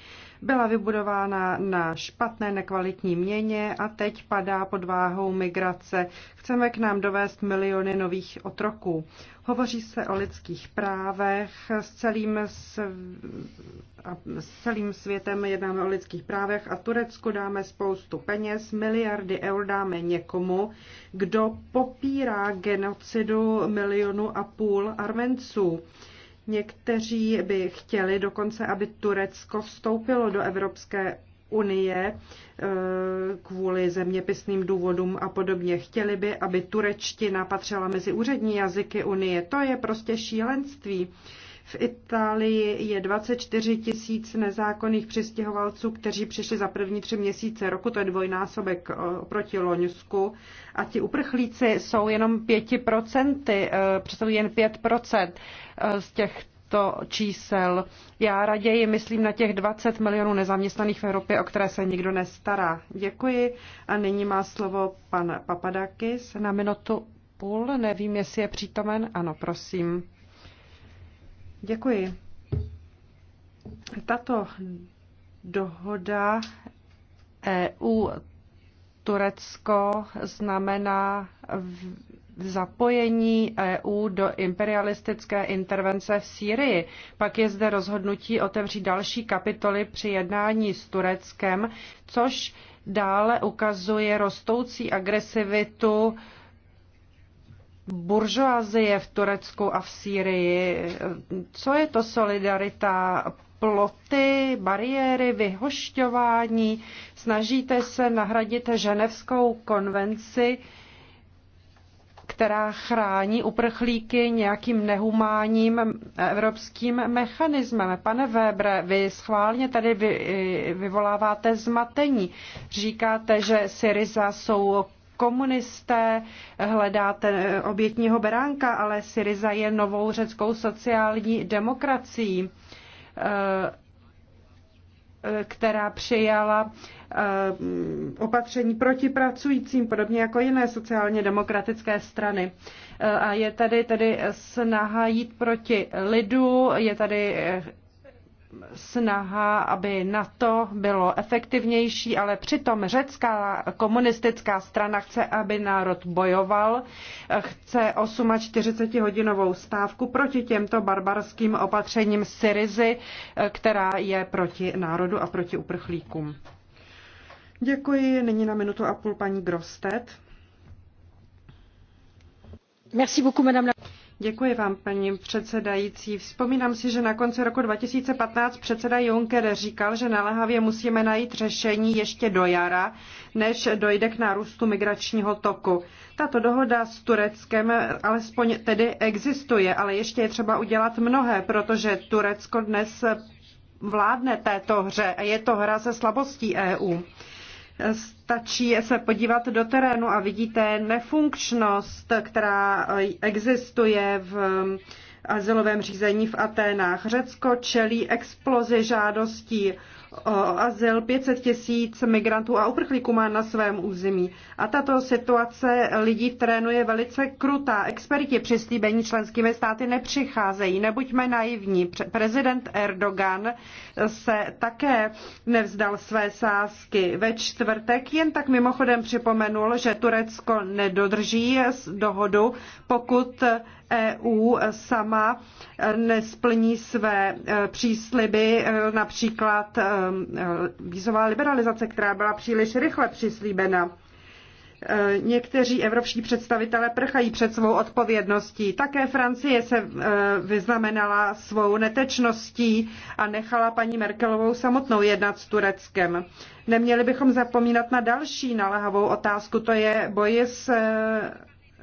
Byla vybudována na špatné, nekvalitní měně a teď padá pod váhou migrace. Chceme k nám dovést miliony nových otroků. Hovoří se o lidských právech s celým, s, s celým světem jednáme o lidských právech a Turecku dáme spoustu peněz, miliardy eur dáme někomu, kdo popírá genocidu milionu a půl Armenců. Někteří by chtěli dokonce, aby Turecko vstoupilo do Evropské unie eh, kvůli zeměpisným důvodům a podobně. Chtěli by, aby turečtina patřila mezi úřední jazyky unie. To je prostě šílenství. V Itálii je 24 tisíc nezákonných přistěhovalců, kteří přišli za první tři měsíce roku, to je dvojnásobek eh, oproti Loňsku. A ti uprchlíci jsou jenom 5%, eh, představují jen 5% eh, z těch těchto čísel. Já raději myslím na těch 20 milionů nezaměstnaných v Evropě, o které se nikdo nestará. Děkuji. A nyní má slovo pan Papadakis na minutu půl. Nevím, jestli je přítomen. Ano, prosím. Děkuji. Tato dohoda EU Turecko znamená zapojení EU do imperialistické intervence v Sýrii. Pak je zde rozhodnutí otevřít další kapitoly při jednání s Tureckem, což dále ukazuje rostoucí agresivitu buržoazie v Turecku a v Sýrii. Co je to solidarita? Ploty, bariéry, vyhošťování. Snažíte se nahradit ženevskou konvenci, která chrání uprchlíky nějakým nehumánním evropským mechanismem. Pane Webre, vy schválně tady vy, vyvoláváte zmatení. Říkáte, že Syriza jsou komunisté, hledáte obětního beránka, ale Syriza je novou řeckou sociální demokracií eh, která přijala eh, opatření proti pracujícím, podobně jako jiné sociálně demokratické strany. Eh, a je tady tedy snaha jít proti lidu, je tady snaha, aby NATO bylo efektivnější, ale přitom řecká komunistická strana chce, aby národ bojoval, chce 48-hodinovou stávku proti těmto barbarským opatřením Syrizy, která je proti národu a proti uprchlíkům. Děkuji. Nyní na minutu a půl paní Grostet. Merci beaucoup, madame la... Děkuji vám, paní předsedající. Vzpomínám si, že na konci roku 2015 předseda Juncker říkal, že naléhavě musíme najít řešení ještě do jara, než dojde k nárůstu migračního toku. Tato dohoda s Tureckem alespoň tedy existuje, ale ještě je třeba udělat mnohé, protože Turecko dnes vládne této hře a je to hra se slabostí EU. Stačí se podívat do terénu a vidíte nefunkčnost, která existuje v azylovém řízení v Aténách. Řecko čelí explozi žádostí o azyl 500 tisíc migrantů a uprchlíků má na svém území. A tato situace lidí v terénu je velice krutá. Experti přistýbení členskými státy nepřicházejí. Nebuďme naivní. Prezident Erdogan se také nevzdal své sázky. Ve čtvrtek jen tak mimochodem připomenul, že Turecko nedodrží dohodu, pokud EU e sama e, nesplní své e, přísliby, například vízová liberalizace, která byla příliš rychle přislíbena. Někteří evropští představitelé prchají před svou odpovědností. Také Francie se vyznamenala svou netečností a nechala paní Merkelovou samotnou jednat s Tureckem. Neměli bychom zapomínat na další naléhavou otázku, to je boj s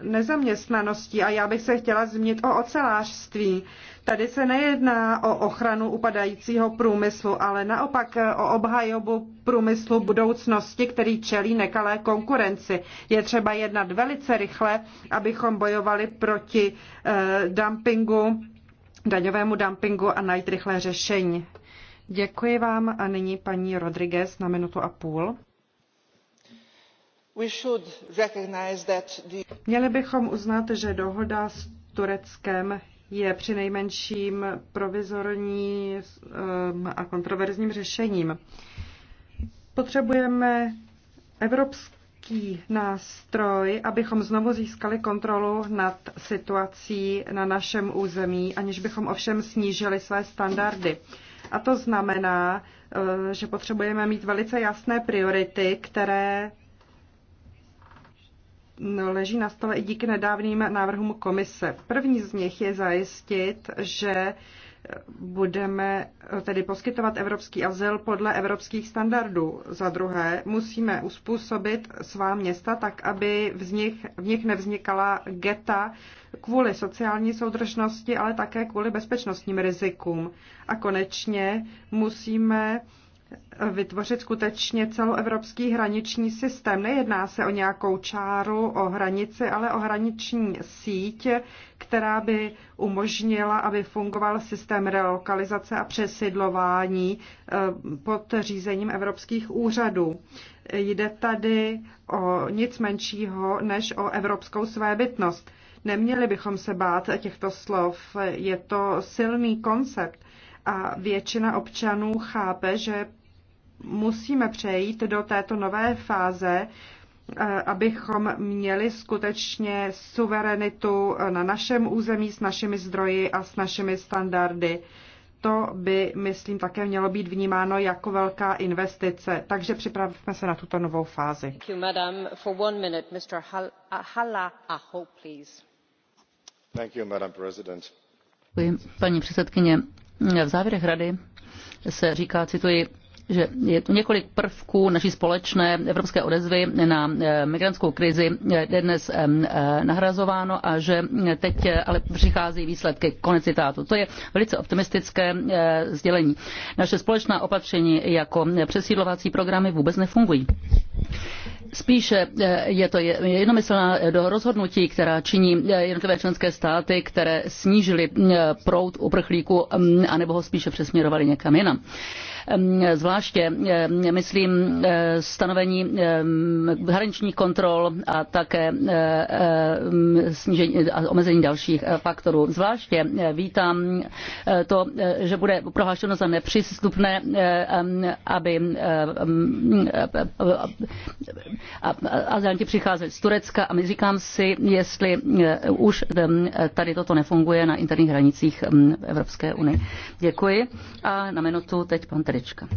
nezaměstnaností a já bych se chtěla zmínit o ocelářství. Tady se nejedná o ochranu upadajícího průmyslu, ale naopak o obhajobu průmyslu budoucnosti, který čelí nekalé konkurenci. Je třeba jednat velice rychle, abychom bojovali proti eh, dumpingu, daňovému dumpingu a najít rychlé řešení. Děkuji vám a nyní paní Rodriguez na minutu a půl. Měli bychom uznat, že dohoda s Tureckem je přinejmenším provizorní ehm, a kontroverzním řešením. Potřebujeme evropský nástroj, abychom znovu získali kontrolu nad situací na našem území, aniž bychom ovšem snížili své standardy. A to znamená, ehm, že potřebujeme mít velice jasné priority, které leží na stole i díky nedávným návrhům komise. První z nich je zajistit, že budeme tedy poskytovat evropský azyl podle evropských standardů. Za druhé, musíme uspůsobit svá města tak, aby v nich, v nich nevznikala geta kvůli sociální soudržnosti, ale také kvůli bezpečnostním rizikům. A konečně musíme vytvořit skutečně celoevropský hraniční systém. Nejedná se o nějakou čáru, o hranici, ale o hraniční síť, která by umožnila, aby fungoval systém relokalizace a přesidlování eh, pod řízením evropských úřadů. Jde tady o nic menšího než o evropskou svébytnost. Neměli bychom se bát těchto slov. Je to silný koncept a většina občanů chápe, že musíme přejít do této nové fáze, eh, abychom měli skutečně suverenitu na našem území s našimi zdroji a s našimi standardy. To by, myslím, také mělo být vnímáno jako velká investice, takže připravme se na tuto novou fázi. paní předsedkyně. V závěrech rady se říká, cituji, že je tu několik prvků naší společné evropské odezvy na eh, migrantskou krizi eh, je dnes eh, nahrazováno a že teď ale přichází výsledky. Konec citátu. To je velice optimistické sdělení. Naše společná opatření jako přesídlovací programy vůbec nefungují. Spíše je to jednomyslná do rozhodnutí, která činí jednotlivé členské státy, které snížily proud uprchlíků, mm, anebo ho spíše přesměrovali někam jinam. Ehm, zvláště ehm, myslím eh, stanovení ehm, hraničních kontrol a také eh, eh, snížení a omezení dalších faktorů. Zvláště vítám to, že bude prohlášeno za nepřístupné, aby azylanti přicházeli z Turecka a my říkám si, jestli už tady toto nefunguje na interních hranicích Evropské unie. Děkuji a na minutu teď pan Tady. Jurečka.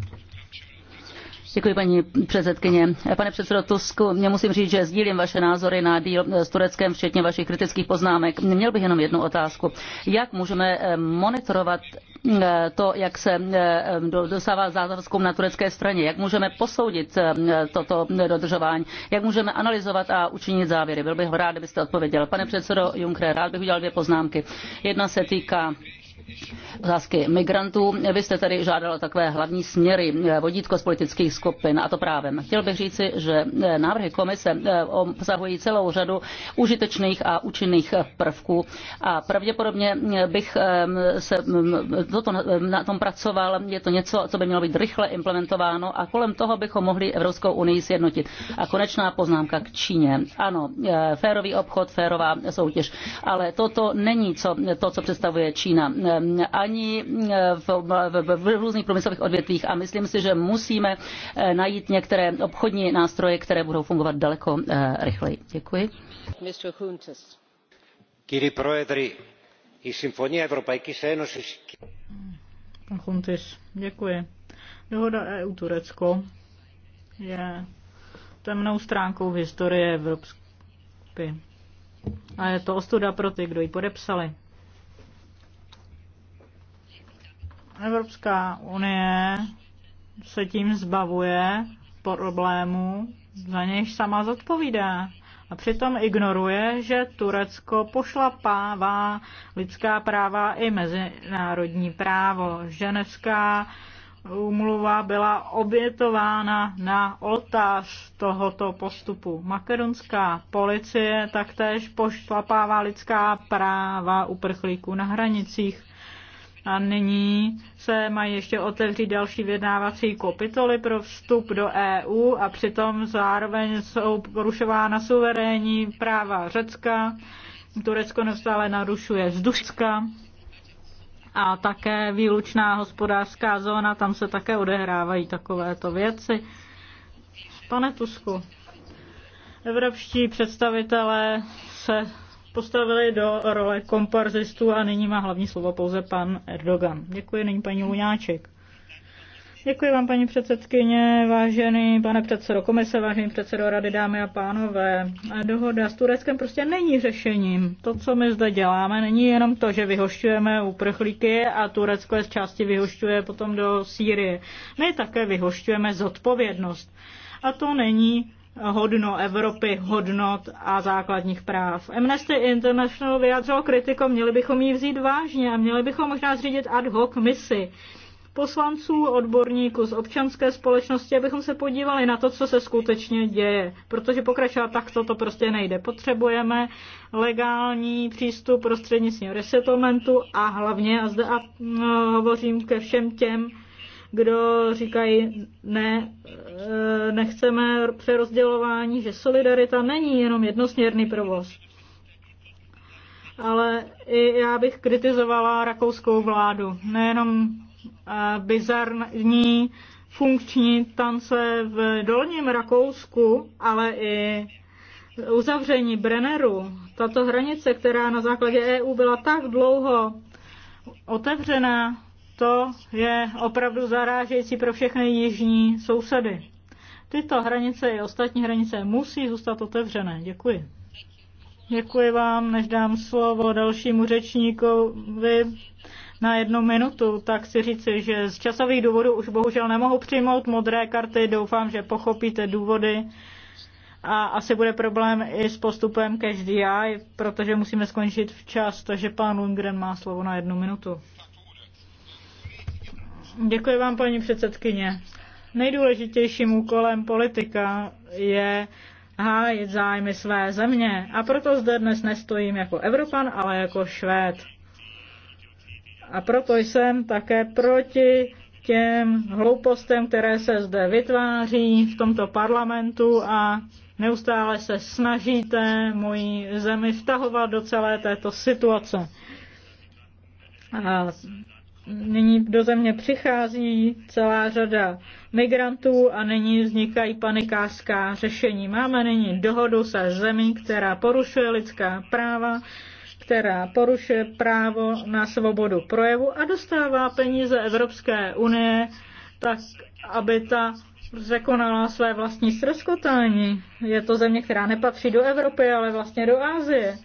Děkuji, paní předsedkyně. Pane předsedo Tusku, mě musím říct, že sdílím vaše názory na díl s Tureckem, včetně vašich kritických poznámek. Měl bych jenom jednu otázku. Jak můžeme eh, monitorovat eh, to, jak se eh, dostává závazkům na turecké straně? Jak můžeme posoudit toto dodržování? Jak můžeme analyzovat a učinit závěry? Byl bych rád, kdybyste odpověděl. Pane předsedo Juncker, rád bych udělal dvě poznámky. Jedna se týká otázky migrantů. Vy jste tady žádala takové hlavní směry, eh, vodítko z politických skupin a to právem. Chtěl bych říci, že eh, návrhy komise eh, obsahují celou řadu užitečných a účinných prvků a pravděpodobně bych ehm, se toto, na tom pracoval. Je to něco, co by mělo být rychle implementováno a kolem toho bychom mohli Evropskou unii sjednotit. A konečná poznámka k Číně. Ano, férový obchod, férová soutěž, ale toto není co, to, co představuje Čína ani eh, v, v, v různých průmyslových odvětvích a myslím si, že musíme eh, najít některé obchodní nástroje, které budou fungovat daleko eh, rychleji. Děkuji. Pan Chuntis, děkuji. Dohoda EU-Turecko je temnou stránkou v historii Evropské a je to ostuda pro ty, kdo ji podepsali. Evropská unie se tím zbavuje problémů, za nějž sama zodpovídá. A přitom ignoruje, že Turecko pošlapává lidská práva i mezinárodní právo. Ženevská úmluva byla obětována na oltář tohoto postupu. Makedonská policie taktéž pošlapává lidská práva uprchlíků na hranicích. A nyní se mají ještě otevřít další vyjednávací kapitoly pro vstup do EU a přitom zároveň jsou porušována suverénní práva Řecka. Turecko neustále narušuje vzduška a také výlučná hospodářská zóna, tam se také odehrávají takovéto věci. Pane Tusku, evropští představitelé se postavili do role komparzistů a nyní má hlavní slovo pouze pan Erdogan. Děkuji, nyní paní Luňáček. Děkuji vám, paní předsedkyně, vážený pane předsedo komise, vážený předsedo rady, dámy a pánové. Dohoda s Tureckem prostě není řešením. To, co my zde děláme, není jenom to, že vyhošťujeme uprchlíky a Turecko je z části vyhošťuje potom do Sýrie. My také vyhošťujeme zodpovědnost. A to není hodno Evropy, hodnot a základních práv. Amnesty International vyjádřilo kritiku, měli bychom ji vzít vážně a měli bychom možná zřídit ad hoc misi poslanců, odborníků z občanské společnosti, abychom se podívali na to, co se skutečně děje. Protože pokračovat takto to prostě nejde. Potřebujeme legální přístup prostřednictvím resettlementu a hlavně, a zde a, no, hovořím ke všem těm, kdo říkají, ne, eh, nechceme přerozdělování, že solidarita není jenom jednosměrný provoz. Ale i já bych kritizovala rakouskou vládu. Nejenom eh, bizarní funkční tance v Dolním Rakousku, ale i uzavření Brenneru, tato hranice, která na základě EU byla tak dlouho otevřená, to je opravdu zarážející pro všechny jižní sousedy. Tyto hranice i ostatní hranice musí zůstat otevřené. Děkuji. Děkuji vám, než dám slovo dalšímu řečníkovi na jednu minutu, tak si říci, že z časových důvodů už bohužel nemohu přijmout modré karty. Doufám, že pochopíte důvody. A asi bude problém i s postupem každý, protože musíme skončit včas, takže pán Lundgren má slovo na jednu minutu. Děkuji vám, paní předsedkyně. Nejdůležitějším úkolem politika je hájit zájmy své země a proto zde dnes nestojím jako Evropan, ale jako Švéd. A proto jsem také proti těm hloupostem, které se zde vytváří v tomto parlamentu a neustále se snažíte moji zemi vtahovat do celé této situace. A nyní do země přichází celá řada migrantů a nyní vznikají panikářská řešení. Máme nyní dohodu se zemí, která porušuje lidská práva, která porušuje právo na svobodu projevu a dostává peníze Evropské unie tak, aby ta překonala své vlastní sreskotání. Je to země, která nepatří do Evropy, ale vlastně do Asie.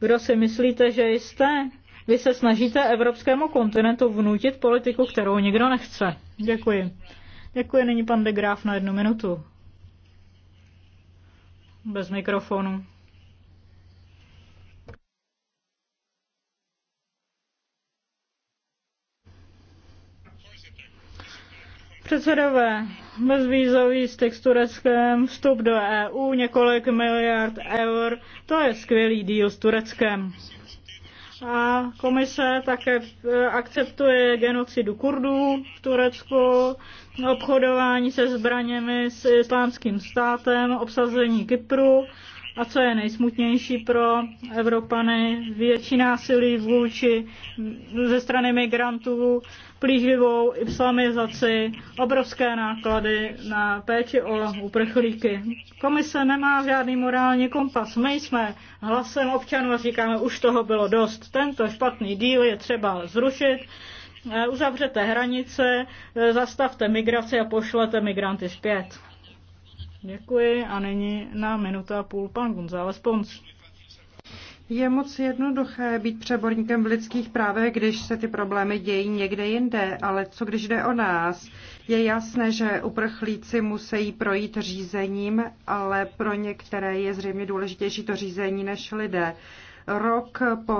Kdo si myslíte, že jste? Vy se snažíte evropskému kontinentu vnutit politiku, kterou nikdo nechce. Děkuji. Děkuji, nyní pan de Graaf na jednu minutu. Bez mikrofonu. Předsedové, bezvýzový styk s Tureckem, vstup do EU, několik miliard eur, to je skvělý díl s Tureckem. A komise také e, akceptuje genocidu Kurdů v Turecku, obchodování se zbraněmi s islámským státem, obsazení Kypru a co je nejsmutnější pro Evropany, větší násilí vůči ze strany migrantů plíživou islamizaci, obrovské náklady na péči o uprchlíky. Komise nemá žádný morální kompas. My jsme hlasem občanů a říkáme, už toho bylo dost. Tento špatný díl je třeba zrušit. Eh, uzavřete hranice, eh, zastavte migraci a pošlete migranty zpět. Děkuji a nyní na minutu a půl pan González Pons. Je moc jednoduché být přeborníkem v lidských právech, když se ty problémy dějí někde jinde, ale co když jde o nás? Je jasné, že uprchlíci musí projít řízením, ale pro některé je zřejmě důležitější to řízení než lidé. Rok po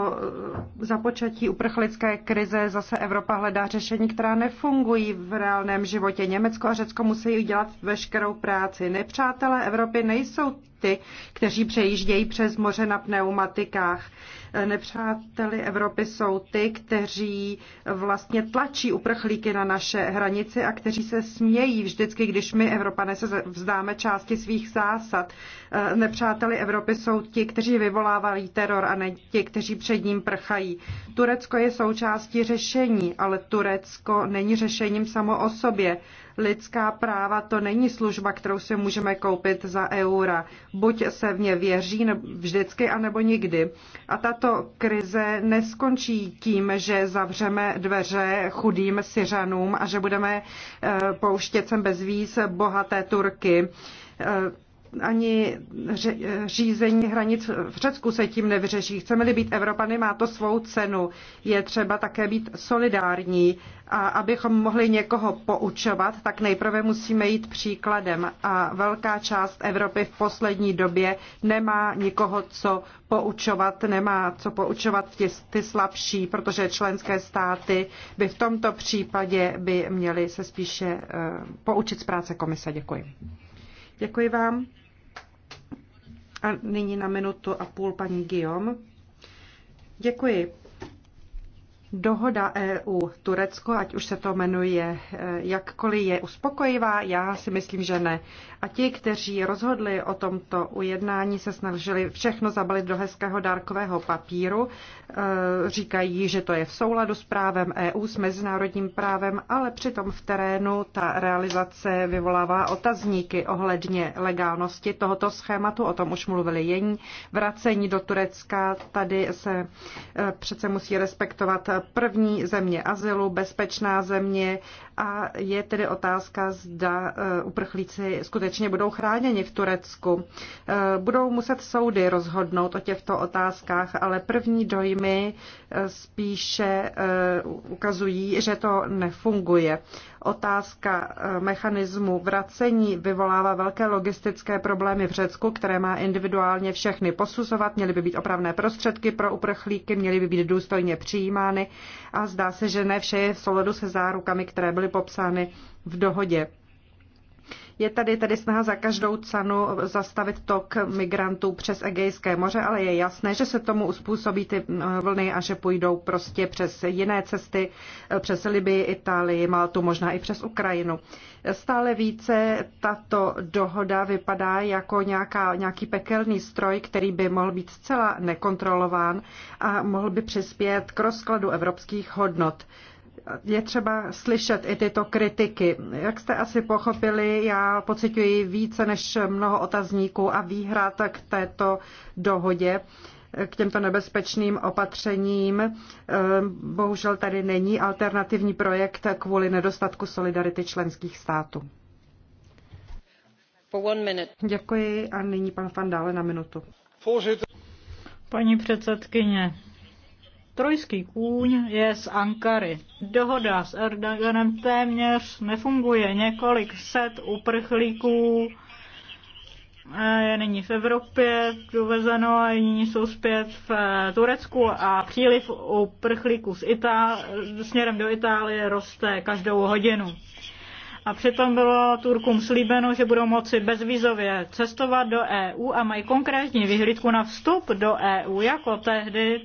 započatí uprchlické krize zase Evropa hledá řešení, která nefungují v reálném životě. Německo a Řecko musí udělat veškerou práci. Nepřátelé Evropy nejsou ty, kteří přejíždějí přes moře na pneumatikách. E, nepřáteli Evropy jsou ty, kteří vlastně tlačí uprchlíky na naše hranice a kteří se smějí vždycky, když my Evropané se vzdáme části svých zásad. E, nepřáteli Evropy jsou ti, kteří vyvolávají teror a ne ti, kteří před ním prchají. Turecko je součástí řešení, ale Turecko není řešením samo o sobě. Lidská práva to není služba, kterou si můžeme koupit za eura. Buď se v ně věří vždycky, anebo nikdy. A tato krize neskončí tím, že zavřeme dveře chudým Syřanům a že budeme eh, pouštět sem bez víz bohaté Turky eh, ani řízení hranic v Řecku se tím nevyřeší. Chceme-li být Evropany, má to svou cenu. Je třeba také být solidární a abychom mohli někoho poučovat, tak nejprve musíme jít příkladem. A velká část Evropy v poslední době nemá nikoho, co poučovat, nemá co poučovat ty, ty slabší, protože členské státy by v tomto případě by měly se spíše uh, poučit z práce komise. Děkuji. Děkuji vám. A nyní na minutu a půl paní Guillaume. Děkuji. Dohoda EU-Turecko, ať už se to jmenuje eh, jakkoliv, je uspokojivá? Já si myslím, že ne. A ti, kteří rozhodli o tomto ujednání, se snažili všechno zabalit do hezkého dárkového papíru. E, říkají, že to je v souladu s právem EU, s mezinárodním právem, ale přitom v terénu ta realizace vyvolává otazníky ohledně legálnosti tohoto schématu. O tom už mluvili jení. Vracení do Turecka, tady se e, přece musí respektovat první země azylu, bezpečná země, a je tedy otázka, zda eh, uprchlíci skutečně budou chráněni v Turecku. Eh, budou muset soudy rozhodnout o těchto otázkách, ale první dojmy spíše eh, ukazují, že to nefunguje. Otázka eh, mechanismu vracení vyvolává velké logistické problémy v Řecku, které má individuálně všechny posuzovat. Měly by být opravné prostředky pro uprchlíky, měly by být důstojně přijímány a zdá se, že ne vše je v souladu se zárukami, které byly popsány v dohodě. Je tady tedy snaha za každou cenu zastavit tok migrantů přes Egejské moře, ale je jasné, že se tomu uspůsobí ty eh, vlny a že půjdou prostě přes jiné cesty, eh, přes Libii, Itálii, Maltu, možná i přes Ukrajinu. Stále více tato dohoda vypadá jako nějaká, nějaký pekelný stroj, který by mohl být zcela nekontrolován a mohl by přispět k rozkladu evropských hodnot je třeba slyšet i tyto kritiky. Jak jste asi pochopili, já pocituji více než mnoho otazníků a výhrad k této dohodě k těmto nebezpečným opatřením. Bohužel tady není alternativní projekt kvůli nedostatku solidarity členských států. Děkuji a nyní pan Fandále na minutu. Paní předsedkyně, Trojský kůň je z Ankary. Dohoda s Erdoganem téměř nefunguje. Několik set uprchlíků eh, je nyní v Evropě dovezeno a jiní jsou zpět v eh, Turecku a příliv uprchlíků z Itálie, směrem do Itálie roste každou hodinu. A přitom bylo Turkům slíbeno, že budou moci bezvízově cestovat do EU a mají konkrétní vyhlídku na vstup do EU, jako tehdy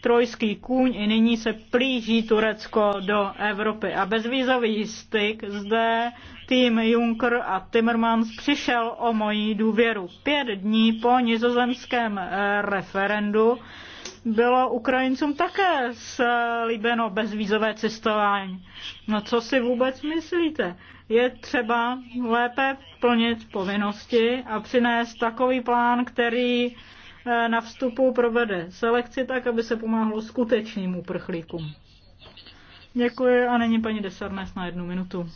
trojský kůň i nyní se plíží Turecko do Evropy. A bezvýzový styk zde tým Juncker a Timmermans přišel o moji důvěru. Pět dní po nizozemském eh, referendu bylo Ukrajincům také slíbeno bezvýzové cestování. No co si vůbec myslíte? Je třeba lépe plnit povinnosti a přinést takový plán, který Eh, na vstupu provede selekci tak, aby se pomáhlo skutečným uprchlíkům. Děkuji a není paní Desarnes na jednu minutu.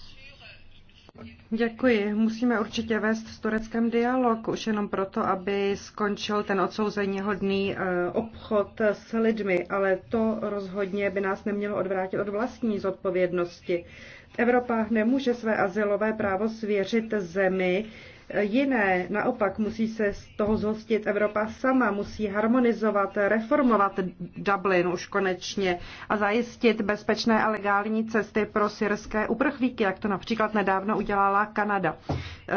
Děkuji. Musíme určitě vést s Tureckem dialog, už jenom proto, aby skončil ten hodný eh, obchod s lidmi, ale to rozhodně by nás nemělo odvrátit od vlastní zodpovědnosti. Evropa nemůže své asilové právo svěřit zemi, jiné. Naopak musí se z toho zhostit Evropa sama, musí harmonizovat, reformovat Dublin už konečně a zajistit bezpečné a legální cesty pro syrské uprchlíky, jak to například nedávno udělala Kanada.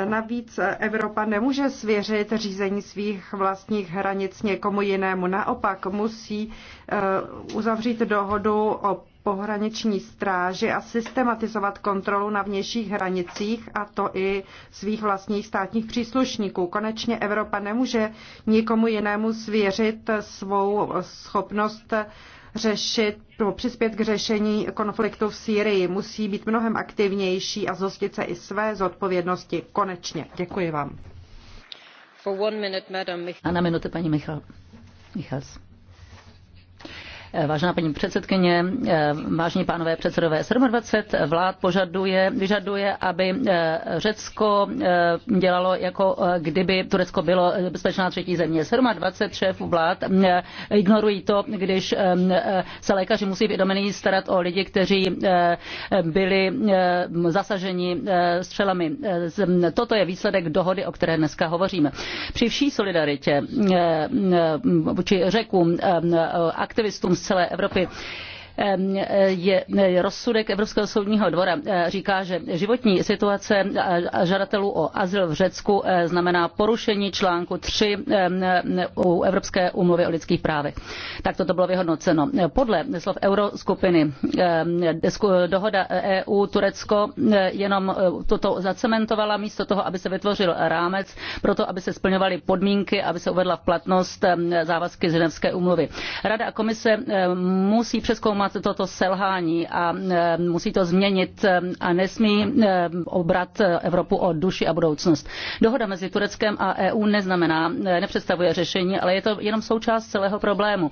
Navíc Evropa nemůže svěřit řízení svých vlastních hranic někomu jinému. Naopak musí eh, uzavřít dohodu o pohraniční stráži a systematizovat kontrolu na vnějších hranicích a to i svých vlastních státních příslušníků. Konečně Evropa nemůže nikomu jinému svěřit svou schopnost řešit nebo přispět k řešení konfliktu v Sýrii. Musí být mnohem aktivnější a zhostit se i své zodpovědnosti. Konečně. Děkuji vám. A na minutu paní Michal. Michals. Vážená paní předsedkyně, eh, vážení pánové předsedové, 27 vlád požaduje, vyžaduje, aby eh, Řecko eh, dělalo jako kdyby Turecko bylo bezpečná třetí země. 27 šéfů vlád ignorují to, když se lékaři musí vědomený starat o lidi, kteří byli zasaženi střelami. Toto je výsledek dohody, o které dneska hovoříme. Při vší solidaritě či řekům, aktivistům, celé Evropy je rozsudek Evropského soudního dvora. Eh, říká, že životní situace žadatelů o azyl v Řecku eh, znamená porušení článku 3 u Evropské úmluvy o lidských právech. Tak toto bylo vyhodnoceno. Podle slov euroskupiny dohoda EU Turecko eh, jenom toto zacementovala místo toho, aby se vytvořil rámec pro to, aby se splňovaly podmínky, aby se uvedla v platnost závazky z Ženevské úmluvy. Rada a komise musí přeskoumat přeskoumat toto selhání a e, musí to změnit e, a nesmí e, obrat Evropu o duši a budoucnost. Dohoda mezi Tureckem a EU neznamená, nepředstavuje řešení, ale je to jenom součást celého problému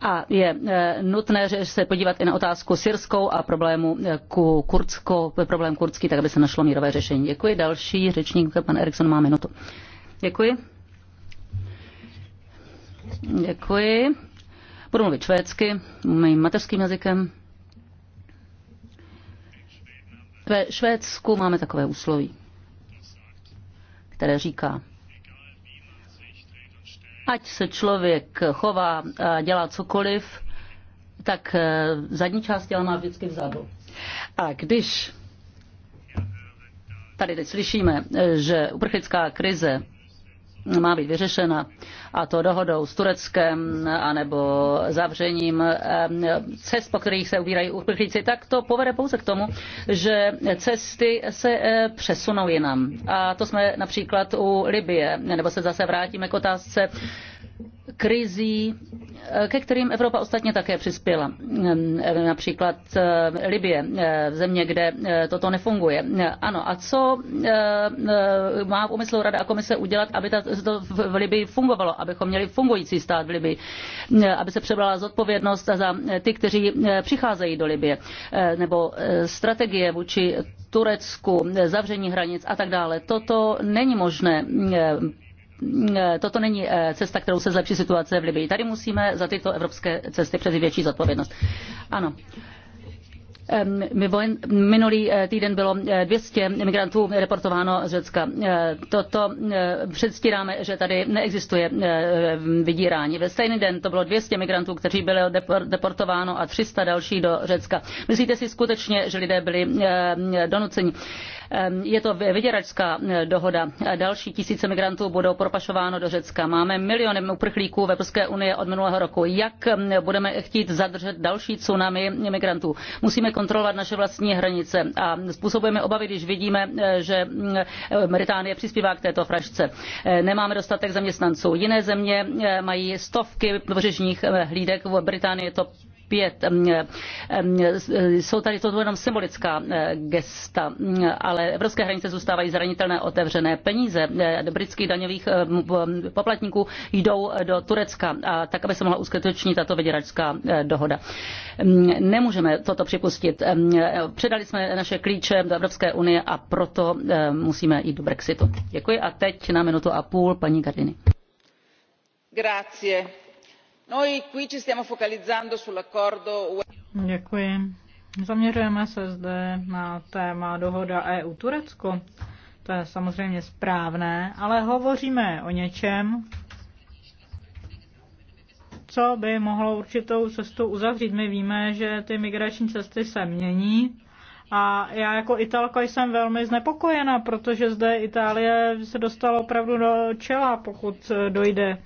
a je nutné že se podívat i na otázku syrskou a problému ku kurdsko, problém kurdský, tak aby se našlo mírové řešení. Děkuji. Další řečník, pan Erikson má minutu. Děkuji. Děkuji. Budu mluvit švédsky, mým mateřským jazykem. Ve Švédsku máme takové úsloví, které říká, ať se člověk chová a dělá cokoliv, tak eh, zadní část těla má vždycky vzadu. A když tady teď slyšíme, eh, že uprchlická krize má být vyřešena, a to dohodou s Tureckem anebo zavřením cest, po kterých se ubírají uprchlíci, tak to povede pouze k tomu, že cesty se eh, přesunou jinam. A to jsme například u Libie, nebo se zase vrátíme k otázce krizí, eh, ke kterým Evropa ostatně také přispěla. Eh, například eh, Libie, země, kde toto nefunguje. Ano, a co má v úmyslu Rada a komise udělat, aby to v Libii fungovalo, abychom měli fungující stát v Libii, aby se přebrala zodpovědnost za ty, kteří přicházejí do Libie, nebo strategie vůči Turecku, zavření hranic a tak dále. Toto není možné toto není eh, cesta, kterou se zlepší situace v Libii. Tady musíme za tyto evropské cesty převzít větší zodpovědnost. Ano. Minulý eh, týden bylo 200 eh, migrantů reportováno z Řecka. Toto předstíráme, že tady neexistuje vydírání. Ve stejný den to bylo 200 migrantů, kteří byli deportováno a 300 další do Řecka. Myslíte si skutečně, že lidé byli donuceni? Je to vyděračská eh, dohoda. Další tisíce migrantů budou propašováno do Řecka. Máme miliony uprchlíků v Evropské unii od minulého roku. Jak budeme chtít zadržet další tsunami migrantů? Musíme kontrolovat naše vlastní hranice a způsobujeme obavy, když vidíme, eh, že mm, eh, Británie přispívá k této frašce. Nemáme dostatek zaměstnanců. Jiné země mají stovky pobřežních hlídek. V Británii je to pět. Jsou tady toto jenom symbolická eh, gesta, mm, ale evropské hranice zůstávají zranitelné otevřené. Peníze eh, britských daňových eh, poplatníků jdou do Turecka, a tak aby se mohla uskutečnit tato vyděračská dohoda. Nemůžeme toto připustit. Předali jsme naše klíče do Evropské unie a proto musíme jít do Brexitu. Děkuji a teď na minutu a půl paní Gardini. Grazie noi qui ci stiamo focalizzando sull'accordo ue. Zaměřujeme se zde na téma dohoda EU-Turecko. To je samozřejmě správné, ale hovoříme o něčem, co by mohlo určitou cestu uzavřít. My víme, že ty migrační cesty se mění a já jako Italka jsem velmi znepokojena, protože zde Itálie se dostala opravdu do čela, pokud dojde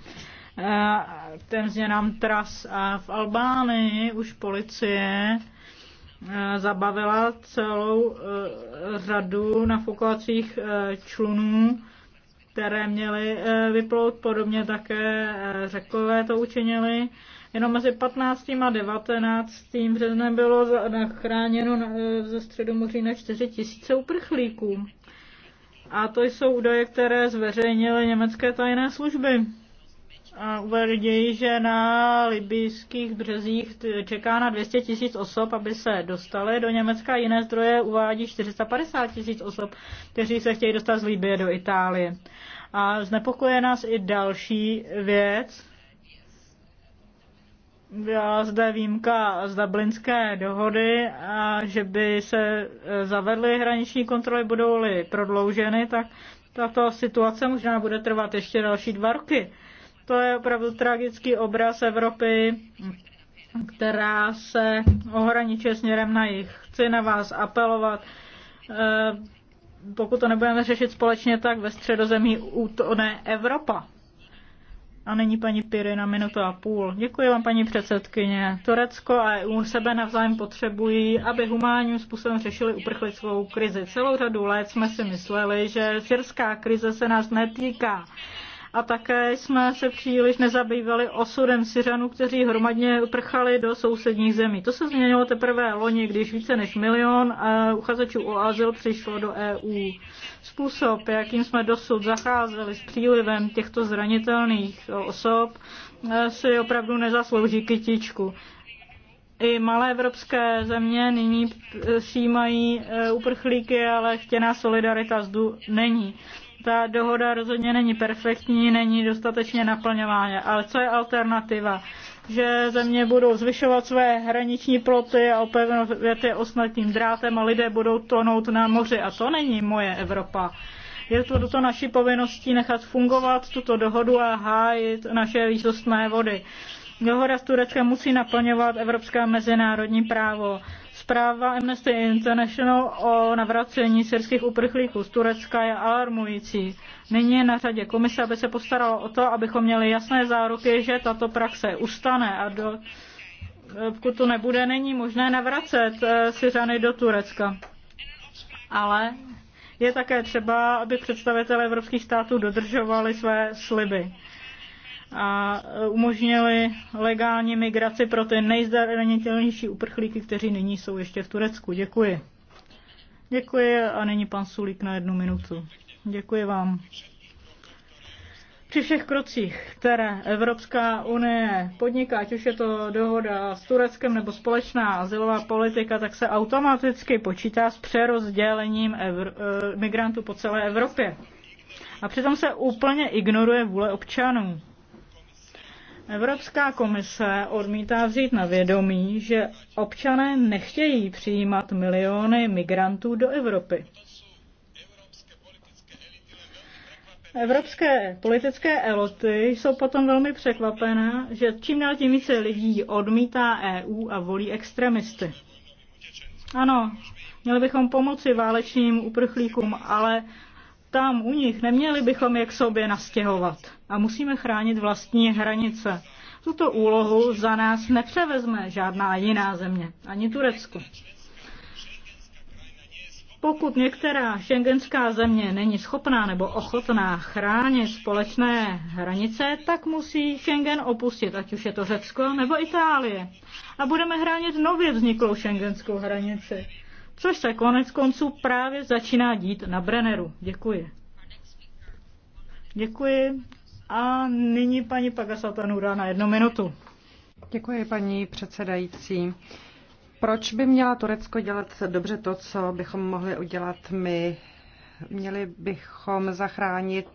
Eh, ten změnám tras. A v Albánii už policie eh, zabavila celou eh, řadu nafukovacích člunů, které měly vyplout, podobně také řekové to učinili. Jenom mezi 15. a 19. březnem bylo chráněno ze středu moří na 4 tisíce uprchlíků. A to jsou údaje, které zveřejnily německé tajné služby. A uvedli, že na libijských březích čeká na 200 tisíc osob, aby se dostali do Německa. Jiné zdroje uvádí 450 tisíc osob, kteří se chtějí dostat z Libie do Itálie. A znepokuje nás i další věc. Byla zde výjimka z Dublinské dohody, a že by se e, zavedly hraniční kontroly, budou-li prodlouženy, tak tato situace možná bude trvat ještě další dva roky. To je opravdu tragický obraz Evropy, která se ohraničuje směrem na jich. Chci na vás apelovat. Eh, pokud to nebudeme řešit společně, tak ve středozemí útone Evropa. A není paní Piry na minutu a půl. Děkuji vám, paní předsedkyně. Turecko a EU sebe navzájem potřebují, aby humánním způsobem řešili uprchlickou krizi. Celou řadu let jsme si mysleli, že syrská krize se nás netýká. A také jsme se příliš nezabývali osudem Syřanů, kteří hromadně prchali do sousedních zemí. To se změnilo teprve loni, když více než milion eh, uchazečů o azyl přišlo do EU. Způsob, jakým jsme dosud zacházeli s přílivem těchto zranitelných osob, eh, si opravdu nezaslouží kytičku. I malé evropské země nyní eh, přijímají uprchlíky, ale chtěná solidarita zdu není ta dohoda rozhodně není perfektní, není dostatečně naplňována. Ale co je alternativa? Že země budou zvyšovat své hraniční ploty a opevnovat je osnatým drátem a lidé budou tonout na moři. A to není moje Evropa. Je to do naší povinností nechat fungovat tuto dohodu a hájit naše výsostné vody. Dohoda s Tureckem musí naplňovat evropské mezinárodní právo. Zpráva Amnesty International o navracení syrských uprchlíků z Turecka je alarmující. Nyní je na řadě komise, aby se postaralo o to, abychom měli jasné záruky, že tato praxe ustane a do, pokud to nebude, není možné navracet eh, Syřany do Turecka. Ale je také třeba, aby představitelé evropských států dodržovali své sliby a umožnili legální migraci pro ty nejzranitelnější uprchlíky, kteří nyní jsou ještě v Turecku. Děkuji. Děkuji a nyní pan Sulík na jednu minutu. Děkuji vám. Při všech krocích, které Evropská unie podniká, ať už je to dohoda s Tureckem nebo společná asilová politika, tak se automaticky počítá s přerozdělením eh, migrantů po celé Evropě. A přitom se úplně ignoruje vůle občanů. Evropská komise odmítá vzít na vědomí, že občané nechtějí přijímat miliony migrantů do Evropy. Evropské politické elity jsou potom velmi překvapené, že čím dál tím více lidí odmítá EU a volí extremisty. Ano, měli bychom pomoci válečným uprchlíkům, ale tam u nich, neměli bychom je k sobě nastěhovat. A musíme chránit vlastní hranice. Tuto úlohu za nás nepřevezme žádná jiná země, ani Turecko. Pokud některá šengenská země není schopná nebo ochotná chránit společné hranice, tak musí Schengen opustit, ať už je to Řecko nebo Itálie. A budeme hránit nově vzniklou šengenskou hranici což se konec konců právě začíná dít na Brenneru. Děkuji. Děkuji. A nyní paní Pagasatanura na jednu minutu. Děkuji, paní předsedající. Proč by měla Turecko dělat dobře to, co bychom mohli udělat my? Měli bychom zachránit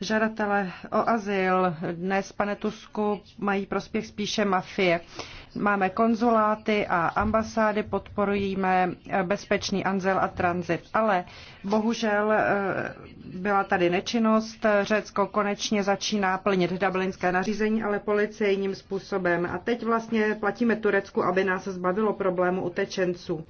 žadatele o azyl dnes, pane Tusku, mají prospěch spíše mafie. Máme konzuláty a ambasády, podporujeme bezpečný anzel a tranzit. Ale bohužel eh, byla tady nečinnost. Řecko konečně začíná plnit dublinské nařízení, ale policejním způsobem. A teď vlastně platíme Turecku, aby nás zbavilo problému utečenců.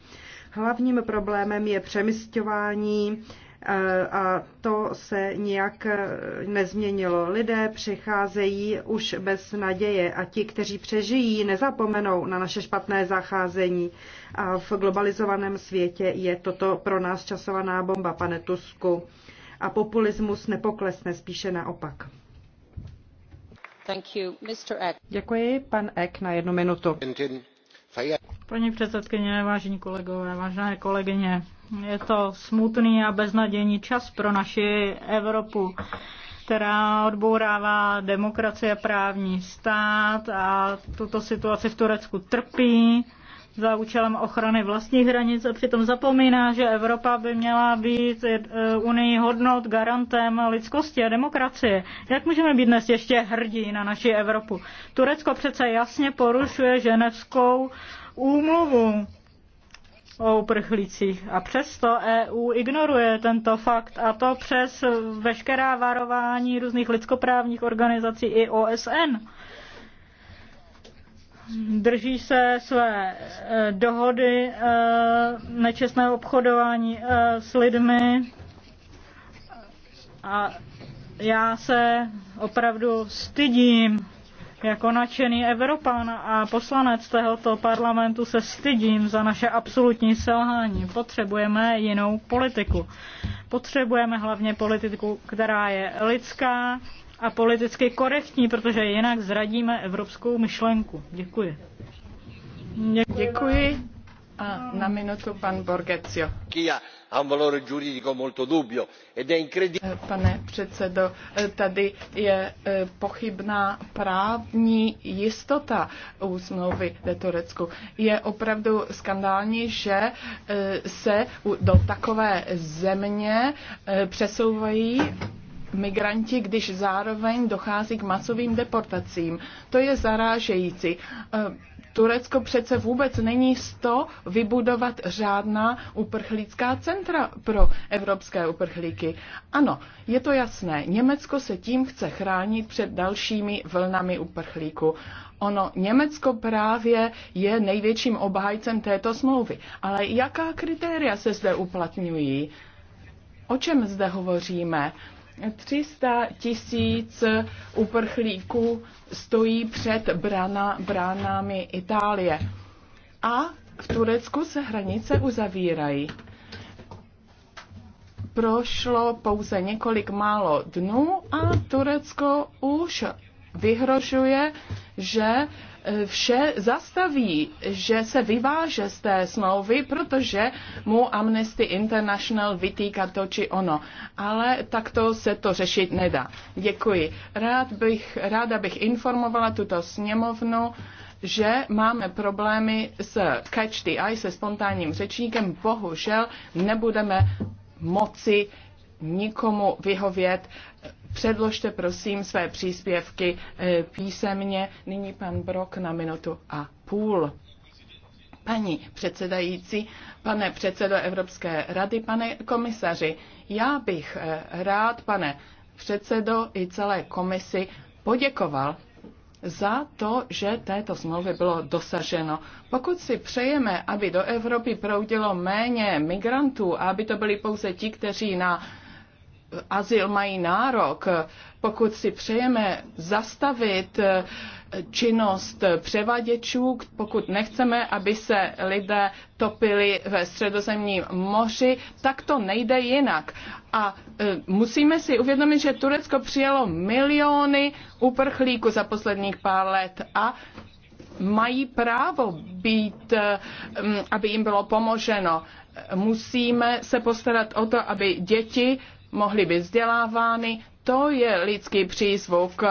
Hlavním problémem je přemysťování Eh, a to se nijak eh, nezměnilo. Lidé přicházejí už bez naděje a ti, kteří přežijí, nezapomenou na naše špatné zacházení. A v globalizovaném světě je toto pro nás časovaná bomba, pane Tusku. A populismus nepoklesne, spíše naopak. Thank you. Mr. Děkuji, pan Eck, na jednu minutu. Paní předsedkyně, vážení kolegové, vážené kolegyně, je to smutný a beznadějný čas pro naši Evropu, která odbourává demokracie, právní stát a tuto situaci v Turecku trpí za účelem ochrany vlastních hranic a přitom zapomíná, že Evropa by měla být eh, unii hodnot garantem lidskosti a demokracie. Jak můžeme být dnes ještě hrdí na naši Evropu? Turecko přece jasně porušuje ženevskou úmluvu o uprchlících. A přesto EU ignoruje tento fakt a to přes veškerá varování různých lidskoprávních organizací i OSN. Drží se své e, dohody e, nečestného obchodování e, s lidmi a já se opravdu stydím jako nadšený Evropan a poslanec tohoto parlamentu se stydím za naše absolutní selhání. Potřebujeme jinou politiku. Potřebujeme hlavně politiku, která je lidská a politicky korektní, protože jinak zradíme evropskou myšlenku. Děkuji. Děkuji. Děkuji. A na minutu pan Borgezio. Kia. Eh, pane předsedo, eh, tady je eh, pochybná právní jistota u smlouvy o Turecku. Je opravdu skandální, že se do takové země přesouvají migranti, když zároveň dochází k masovým deportacím. To je zarážející Turecko přece vůbec není z to vybudovat řádná uprchlícká centra pro evropské uprchlíky. Ano, je to jasné. Německo se tím chce chránit před dalšími vlnami uprchlíků. Ono, Německo právě je největším obhájcem této smlouvy. Ale jaká kritéria se zde uplatňují? O čem zde hovoříme? 300 tisíc uprchlíků stojí před brana, bránami Itálie. A v Turecku se hranice uzavírají. Prošlo pouze několik málo dnů a Turecko už vyhrožuje že eh, vše zastaví, že se vyváže z té smlouvy, protože mu Amnesty International vytýká to či ono. Ale takto se to řešit nedá. Děkuji. Rád bych, ráda bych informovala tuto sněmovnu, že máme problémy s catch the eye, se spontánním řečníkem. Bohužel nebudeme moci nikomu vyhovět Předložte prosím své příspěvky e, písemně. Nyní pan Brok na minutu a půl. Paní předsedající, pane předsedo Evropské rady, pane komisaři, já bych e, rád, pane předsedo i celé komisi, poděkoval za to, že této smlouvy bylo dosaženo. Pokud si přejeme, aby do Evropy proudilo méně migrantů a aby to byli pouze ti, kteří na azyl mají nárok, pokud si přejeme zastavit eh, činnost převaděčů, pokud nechceme, aby se lidé topili ve středozemním moři, tak to nejde jinak. A eh, musíme si uvědomit, že Turecko přijelo miliony uprchlíků za posledních pár let a mají právo být, eh, mm, aby jim bylo pomoženo. Musíme se postarat o to, aby děti mohly být vzdělávány. To je lidský přízvuk.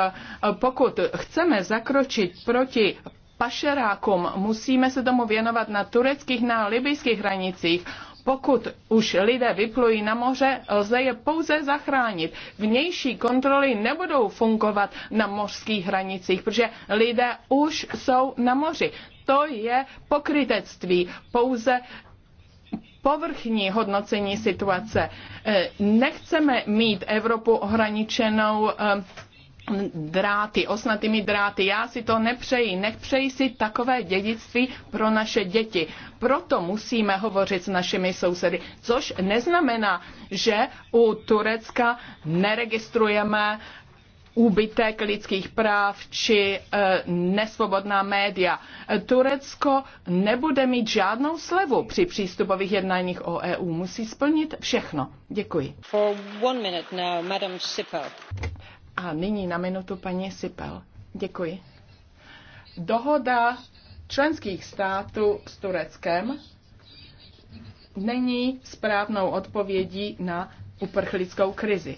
Pokud chceme zakročit proti pašerákům, musíme se tomu věnovat na tureckých, na libijských hranicích. Pokud už lidé vyplují na moře, lze je pouze zachránit. Vnější kontroly nebudou fungovat na mořských hranicích, protože lidé už jsou na moři. To je pokrytectví. Pouze povrchní hodnocení situace. E, nechceme mít Evropu ohraničenou e, dráty, osnatými dráty. Já si to nepřeji. Nepřeji si takové dědictví pro naše děti. Proto musíme hovořit s našimi sousedy, což neznamená, že u Turecka neregistrujeme úbytek lidských práv či e, nesvobodná média. Turecko nebude mít žádnou slevu při přístupových jednáních o EU. Musí splnit všechno. Děkuji. For one minute now, Madam Sipel. A nyní na minutu paní Sipel. Děkuji. Dohoda členských států s Tureckem není správnou odpovědí na uprchlickou krizi.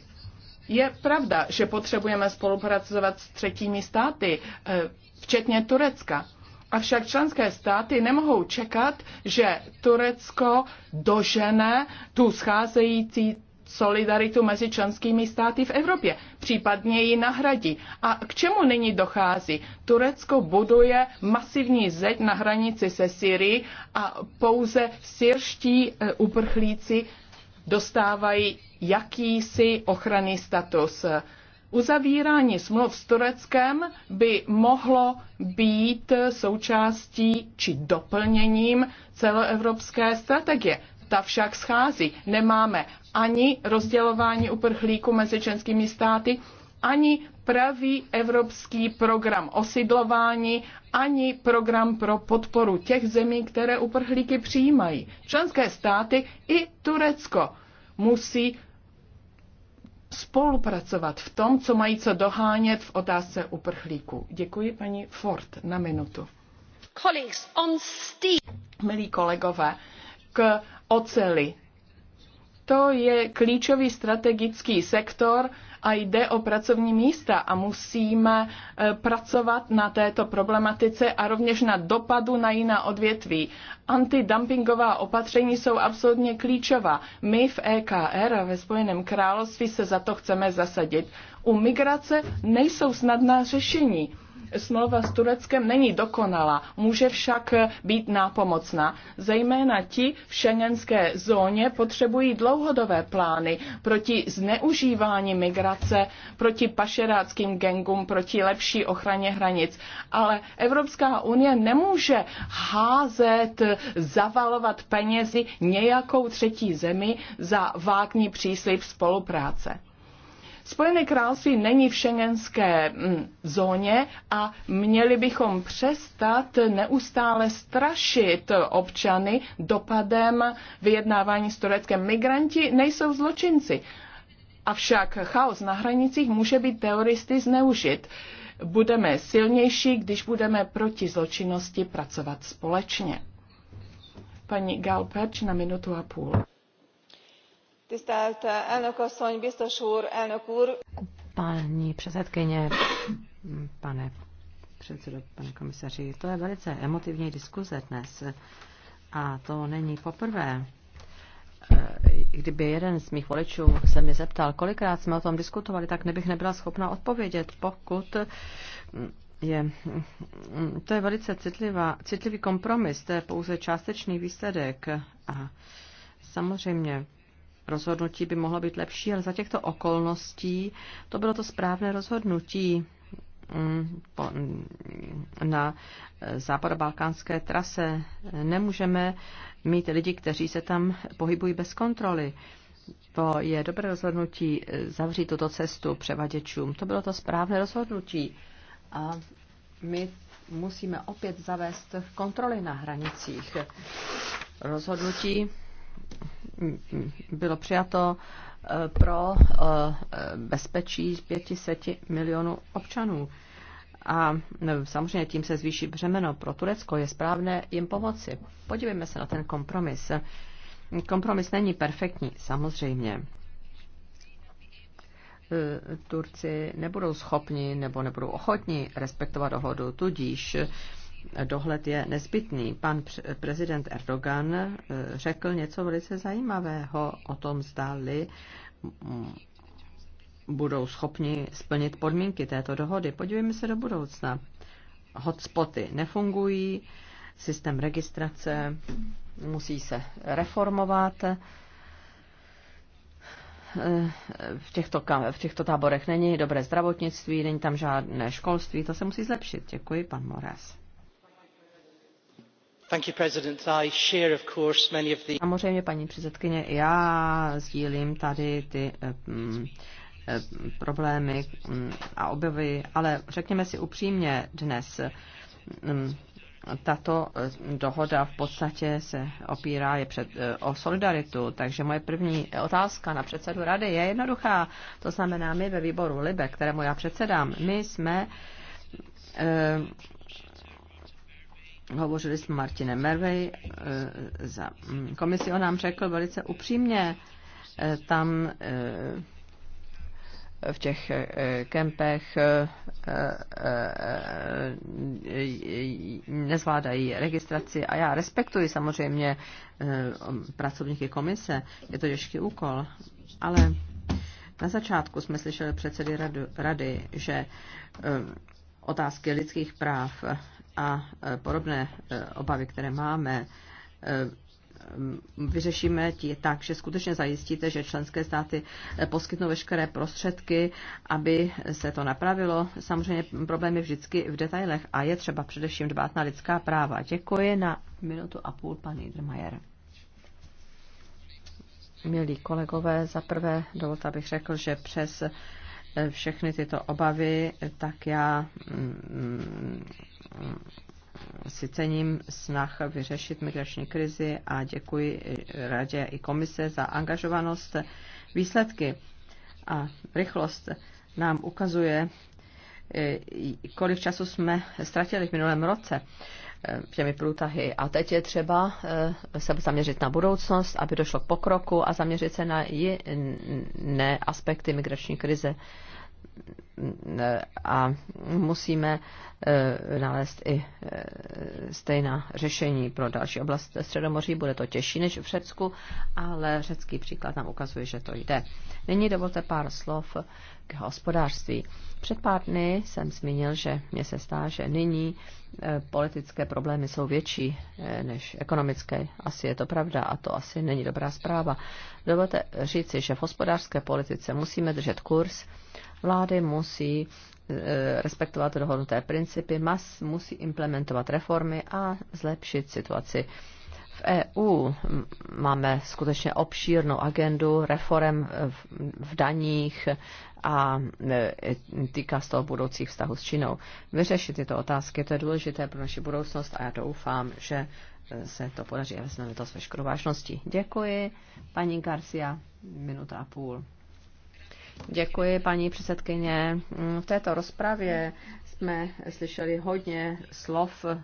Je pravda, že potřebujeme spolupracovat s třetími státy, eh, včetně Turecka. Avšak členské státy nemohou čekat, že Turecko dožene tu scházející solidaritu mezi členskými státy v Evropě, případně ji nahradí. A k čemu nyní dochází? Turecko buduje masivní zeď na hranici se Syrií a pouze syrští eh, uprchlíci dostávají jakýsi ochranný status. Uzavírání smluv s Tureckem by mohlo být součástí či doplněním celoevropské strategie. Ta však schází. Nemáme ani rozdělování uprchlíků mezi členskými státy, ani pravý evropský program osidlování, ani program pro podporu těch zemí, které uprchlíky přijímají. Členské státy i Turecko musí spolupracovat v tom, co mají co dohánět v otázce uprchlíků. Děkuji paní Ford na minutu. Milí kolegové, k oceli. To je klíčový strategický sektor, a jde o pracovní místa a musíme e, pracovat na této problematice a rovněž na dopadu na jiná odvětví. Antidumpingová opatření jsou absolutně klíčová. My v EKR a ve Spojeném království se za to chceme zasadit. U migrace nejsou snadná řešení smlouva s Tureckem není dokonalá, může však být nápomocná. Zejména ti v šengenské zóně potřebují dlouhodobé plány proti zneužívání migrace, proti pašeráckým gengům, proti lepší ochraně hranic. Ale Evropská unie nemůže házet, zavalovat penězi nějakou třetí zemi za vágní příslip spolupráce. Spojené království není v šengenské mm, zóně a měli bychom přestat neustále strašit občany dopadem vyjednávání s Tureckem. Migranti nejsou zločinci. Avšak chaos na hranicích může být teoristy zneužit. Budeme silnější, když budeme proti zločinnosti pracovat společně. Paní Galperč na minutu a půl tisztelt elnök asszony biztos úr elnök úr! paní předsedkyně pane předsedo pane komisaři to je velice emotivní diskuze dnes a to není poprvé eh, kdyby jeden z mých voličů se mě zeptal, kolikrát jsme o tom diskutovali, tak nebych nebyla schopna odpovědět, pokud je, to je velice citlivá, citlivý kompromis, to je pouze částečný výsledek a samozřejmě rozhodnutí by mohlo být lepší, ale za těchto okolností to bylo to správné rozhodnutí mm, mm, na eh, západobalkánské trase. Nemůžeme mít lidi, kteří se tam pohybují bez kontroly. To je dobré rozhodnutí eh, zavřít tuto cestu převaděčům. To bylo to správné rozhodnutí. A my musíme opět zavést kontroly na hranicích. Rozhodnutí bylo přijato eh, pro eh, bezpečí 500 milionů občanů. A no, samozřejmě tím se zvýší břemeno pro Turecko. Je správné jim pomoci. Podívejme se na ten kompromis. Kompromis není perfektní, samozřejmě. Eh, Turci nebudou schopni nebo nebudou ochotni respektovat dohodu, tudíž dohled je nezbytný. Pan prezident Erdogan eh, řekl něco velice zajímavého o tom, zdáli budou schopni splnit podmínky této dohody. Podívejme se do budoucna. Hotspoty nefungují, systém registrace musí se reformovat. Eh, v těchto, v těchto táborech není dobré zdravotnictví, není tam žádné školství, to se musí zlepšit. Děkuji, pan Moras. Samozřejmě, paní předsedkyně, já sdílím tady ty um, problémy mm, a objevy, ale řekněme si upřímně dnes, mm, tato eh, dohoda v podstatě se opírá je před, o solidaritu, takže moje první otázka na předsedu rady je jednoduchá. To znamená, my ve výboru Libe, kterému já předsedám, my jsme Hovořili jsme Martinem Mervej eh, za komisi, on nám řekl velice upřímně, eh, tam eh, v těch kempech nezvládají registraci a já respektuji samozřejmě pracovníky komise, je to těžký úkol, ale na začátku jsme slyšeli předsedy rady, že otázky lidských práv a e, podobné e, obavy, které máme, e, vyřešíme ti tak, že skutečně zajistíte, že členské státy poskytnou veškeré prostředky, aby se to napravilo. Samozřejmě problém je vždycky v detailech a je třeba především dbát na lidská práva. Děkuji na minutu a půl, pan Niedermayer. Milí kolegové, za prvé dovolte, abych řekl, že přes všechny tyto obavy, tak já si cením snah vyřešit migrační krizi a děkuji radě i komise za angažovanost. Výsledky a rychlost nám ukazuje, kolik času jsme ztratili v minulém roce těmi průtahy. A teď je třeba eh, se zaměřit na budoucnost, aby došlo k pokroku a zaměřit se na jiné aspekty migrační krize a musíme e, nalézt i e, stejná řešení pro další oblast Středomoří. Bude to těžší než v Řecku, ale řecký příklad nám ukazuje, že to jde. Nyní dovolte pár slov k hospodářství. Před pár dny jsem zmínil, že mě se stá, že nyní e, politické problémy jsou větší než ekonomické. Asi je to pravda a to asi není dobrá zpráva. Dovolte říci, že v hospodářské politice musíme držet kurz Vlády musí e, respektovat dohodnuté principy, mas musí implementovat reformy a zlepšit situaci. V EU máme skutečně obšírnou agendu reform v daních a e, týká z toho budoucích vztahů s Čínou. Vyřešit tyto otázky, to je důležité pro naši budoucnost a já doufám, že e, se to podaří a vezmeme to s veškerou vážností. Děkuji, paní Garcia, minuta a půl. Děkuji, paní předsedkyně. V této rozpravě jsme slyšeli hodně slov, eh,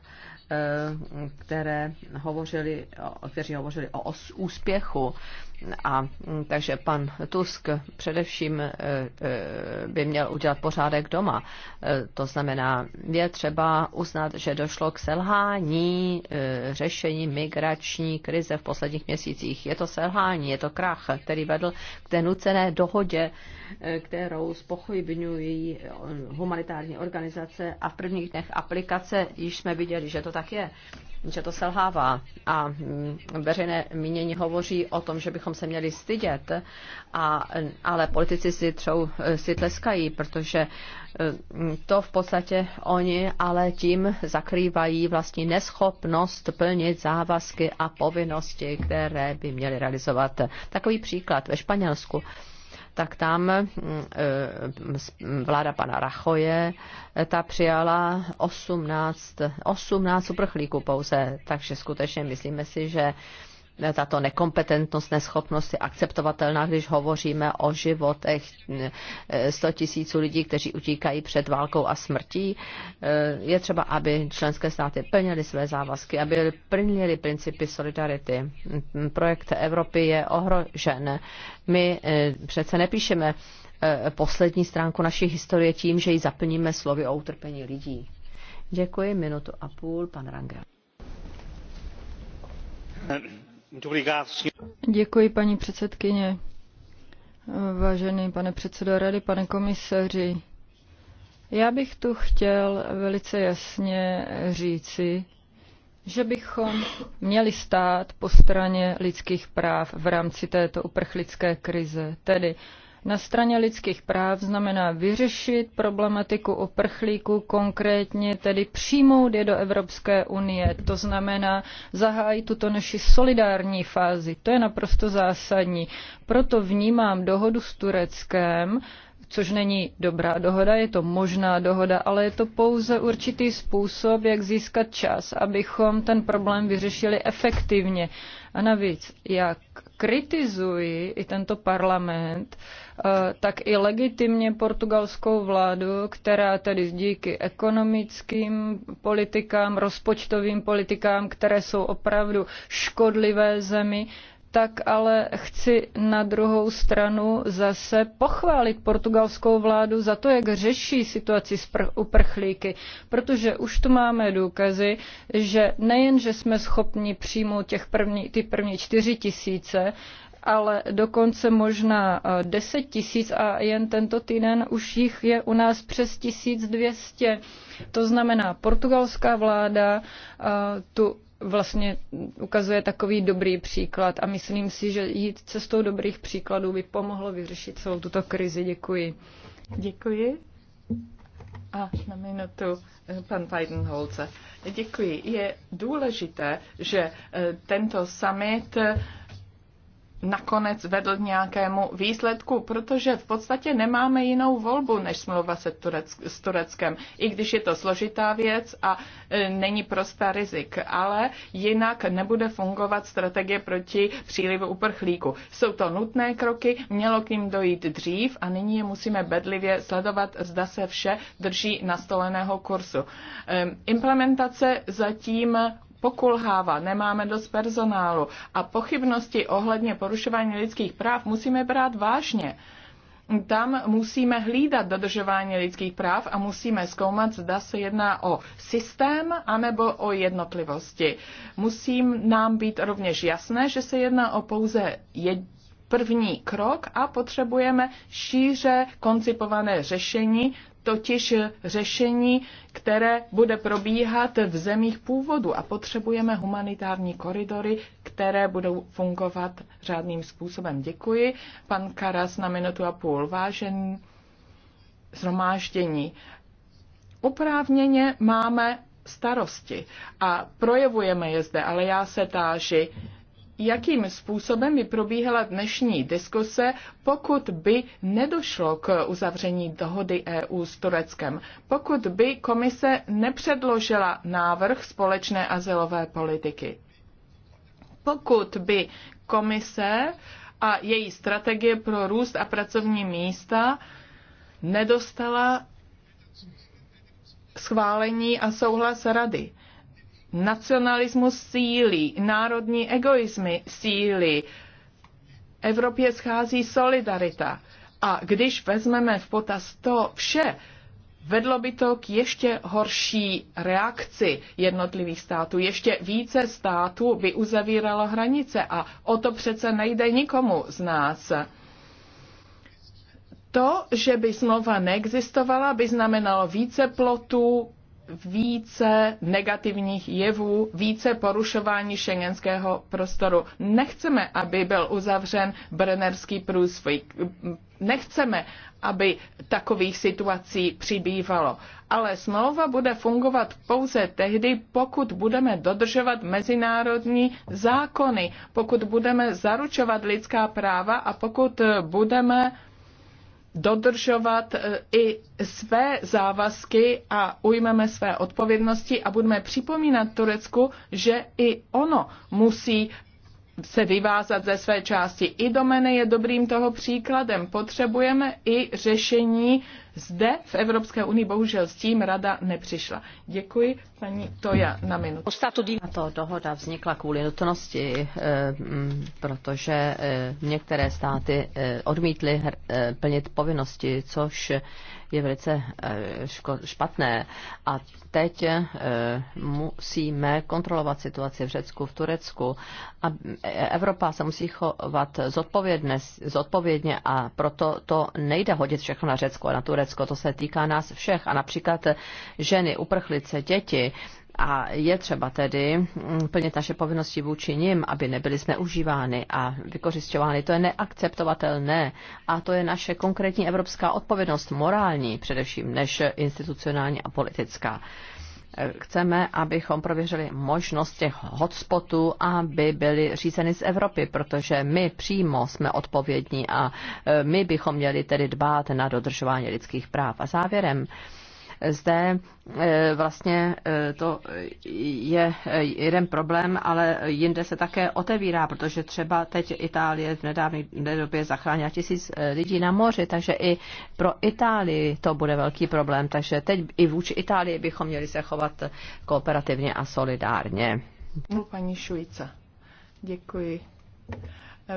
které hovořili, kteří hovořili o úspěchu a mm, takže pan Tusk především e, e, by měl udělat pořádek doma. E, to znamená, je třeba uznat, že došlo k selhání řešení migrační krize v posledních měsících. Je to selhání, je to krach, který vedl k té nucené dohodě, kterou spochybňují humanitární organizace a v prvních dnech aplikace již jsme viděli, že to tak je že to selhává a mm, veřejné mínění hovoří o tom, že bychom se měli stydět, a, ale politici si, třou, si tleskají, protože mm, to v podstatě oni ale tím zakrývají vlastní neschopnost plnit závazky a povinnosti, které by měli realizovat. Takový příklad ve Španělsku tak tam mm, e, mm, vláda pana Rachoje, e, ta přijala 18, 18 uprchlíků pouze, takže skutečně myslíme si, že tato nekompetentnost, neschopnost je akceptovatelná, když hovoříme o životech 100 eh, tisíců lidí, kteří utíkají před válkou a smrtí. Eh, je třeba, aby členské státy plnily své závazky, aby plnily principy solidarity. Projekt Evropy je ohrožen. My eh, přece nepíšeme poslední stránku naší historie tím, že ji zaplníme slovy o utrpení lidí. Děkuji, minutu a půl, pan Rangel Děkuji, paní předsedkyně. Vážený pane předsedo rady, pane komisaři, já bych tu chtěl velice jasně říci, že bychom měli stát po straně lidských práv v rámci této uprchlické krize. Tedy na straně lidských práv znamená vyřešit problematiku uprchlíků, konkrétně tedy přijmout je do Evropské unie. To znamená zahájit tuto naši solidární fázi. To je naprosto zásadní. Proto vnímám dohodu s Tureckem, což není dobrá dohoda, je to možná dohoda, ale je to pouze určitý způsob, jak získat čas, abychom ten problém vyřešili efektivně. A navíc, jak kritizuji i tento parlament, Eh, tak i legitimně portugalskou vládu, která tedy díky ekonomickým politikám, rozpočtovým politikám, které jsou opravdu škodlivé zemi, tak ale chci na druhou stranu zase pochválit portugalskou vládu za to, jak řeší situaci s uprchlíky, protože už tu máme důkazy, že nejen, že jsme schopni přijmout těch první, ty první čtyři tisíce, ale dokonce možná 10 eh, tisíc a jen tento týden už jich je u nás přes 1200. To znamená, portugalská vláda eh, tu vlastně ukazuje takový dobrý příklad a myslím si, že jít cestou dobrých příkladů by pomohlo vyřešit celou tuto krizi. Děkuji. Děkuji. A na minutu eh, pan Weidenholzer. Děkuji. Je důležité, že tento summit nakonec vedl k nějakému výsledku, protože v podstatě nemáme jinou volbu, než smlouva se Tureck- s Tureckem, i když je to složitá věc a e, není prostá rizik, ale jinak nebude fungovat strategie proti přílivu uprchlíku. Jsou to nutné kroky, mělo k ním dojít dřív a nyní je musíme bedlivě sledovat, zda se vše drží nastoleného kursu. E, implementace zatím pokulhává, nemáme dost personálu a pochybnosti ohledně porušování lidských práv musíme brát vážně. Tam musíme hlídat dodržování lidských práv a musíme zkoumat, zda se jedná o systém anebo o jednotlivosti. Musím nám být rovněž jasné, že se jedná o pouze jed první krok a potřebujeme šíře koncipované řešení totiž řešení, které bude probíhat v zemích původu a potřebujeme humanitární koridory, které budou fungovat řádným způsobem. Děkuji. Pan Karas na minutu a půl. Vážený zhromáždění. Oprávněně máme starosti a projevujeme je zde, ale já se táži, jakým způsobem by probíhala dnešní diskuse, pokud by nedošlo k uzavření dohody EU s Tureckem, pokud by komise nepředložila návrh společné azylové politiky. Pokud by komise a její strategie pro růst a pracovní místa nedostala schválení a souhlas rady Nacionalismus sílí, národní egoismy sílí. Evropě schází solidarita. A když vezmeme v potaz to vše, vedlo by to k ještě horší reakci jednotlivých států. Ještě více států by uzavíralo hranice a o to přece nejde nikomu z nás. To, že by smlouva neexistovala, by znamenalo více plotů, více negativních jevů, více porušování šengenského prostoru. Nechceme, aby byl uzavřen brnerský průsvík. Nechceme, aby takových situací přibývalo. Ale smlouva bude fungovat pouze tehdy, pokud budeme dodržovat mezinárodní zákony, pokud budeme zaručovat lidská práva a pokud budeme dodržovat e, i své závazky a ujmeme své odpovědnosti a budeme připomínat Turecku, že i ono musí se vyvázat ze své části. I domene je dobrým toho příkladem. Potřebujeme i řešení zde v Evropské unii bohužel s tím rada nepřišla. Děkuji, paní Toja, na minutu. to dohoda vznikla kvůli nutnosti, eh, protože eh, některé státy eh, odmítly plnit povinnosti, což je velice špatné. A teď musíme kontrolovat situaci v Řecku, v Turecku. A Evropa se musí chovat zodpovědně a proto to nejde hodit všechno na Řecko a na Turecku. Turecko, to se týká nás všech a například ženy, uprchlice, děti, a je třeba tedy mm, plnit naše povinnosti vůči nim, aby nebyly zneužívány a vykořišťovány. To je neakceptovatelné a to je naše konkrétní evropská odpovědnost, morální především, než institucionální a politická chceme, abychom prověřili možnost těch hotspotů, aby byly řízeny z Evropy, protože my přímo jsme odpovědní a e, my bychom měli tedy dbát na dodržování lidských práv. A závěrem, zde eh, vlastně eh, to je eh, jeden problém, ale jinde se také otevírá, protože třeba teď Itálie v nedávné době zachránila tisíc lidí na moři, takže i pro Itálii to bude velký problém. Takže teď i vůči Itálii bychom měli se chovat kooperativně a solidárně. Paní Šujice, děkuji.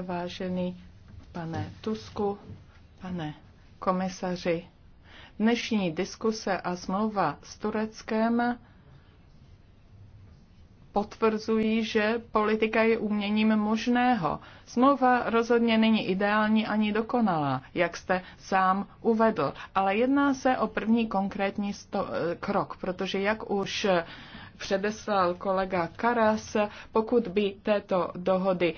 Vážený pane Tusku, pane komisaři, Dnešní diskuse a smlouva s Tureckem potvrzují, že politika je uměním možného. Smlouva rozhodně není ideální ani dokonalá, jak jste sám uvedl, ale jedná se o první konkrétní eh, krok, protože jak už předeslal kolega Karas, pokud by této dohody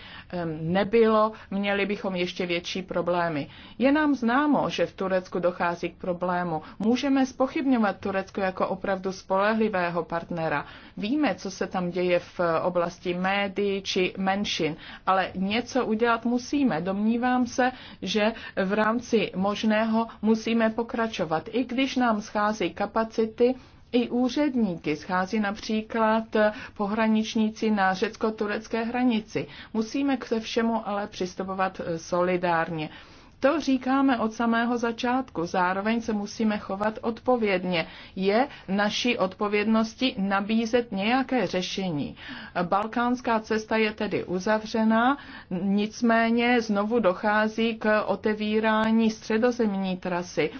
nebylo, měli bychom ještě větší problémy. Je nám známo, že v Turecku dochází k problému. Můžeme spochybňovat Turecko jako opravdu spolehlivého partnera. Víme, co se tam děje v oblasti médií či menšin, ale něco udělat musíme. Domnívám se, že v rámci možného musíme pokračovat, i když nám schází kapacity, i úředníky. Schází například pohraničníci na řecko-turecké hranici. Musíme k všemu ale přistupovat eh, solidárně. To říkáme od samého začátku. Zároveň se musíme chovat odpovědně. Je naší odpovědnosti nabízet nějaké řešení. Balkánská cesta je tedy uzavřená, nicméně znovu dochází k otevírání středozemní trasy.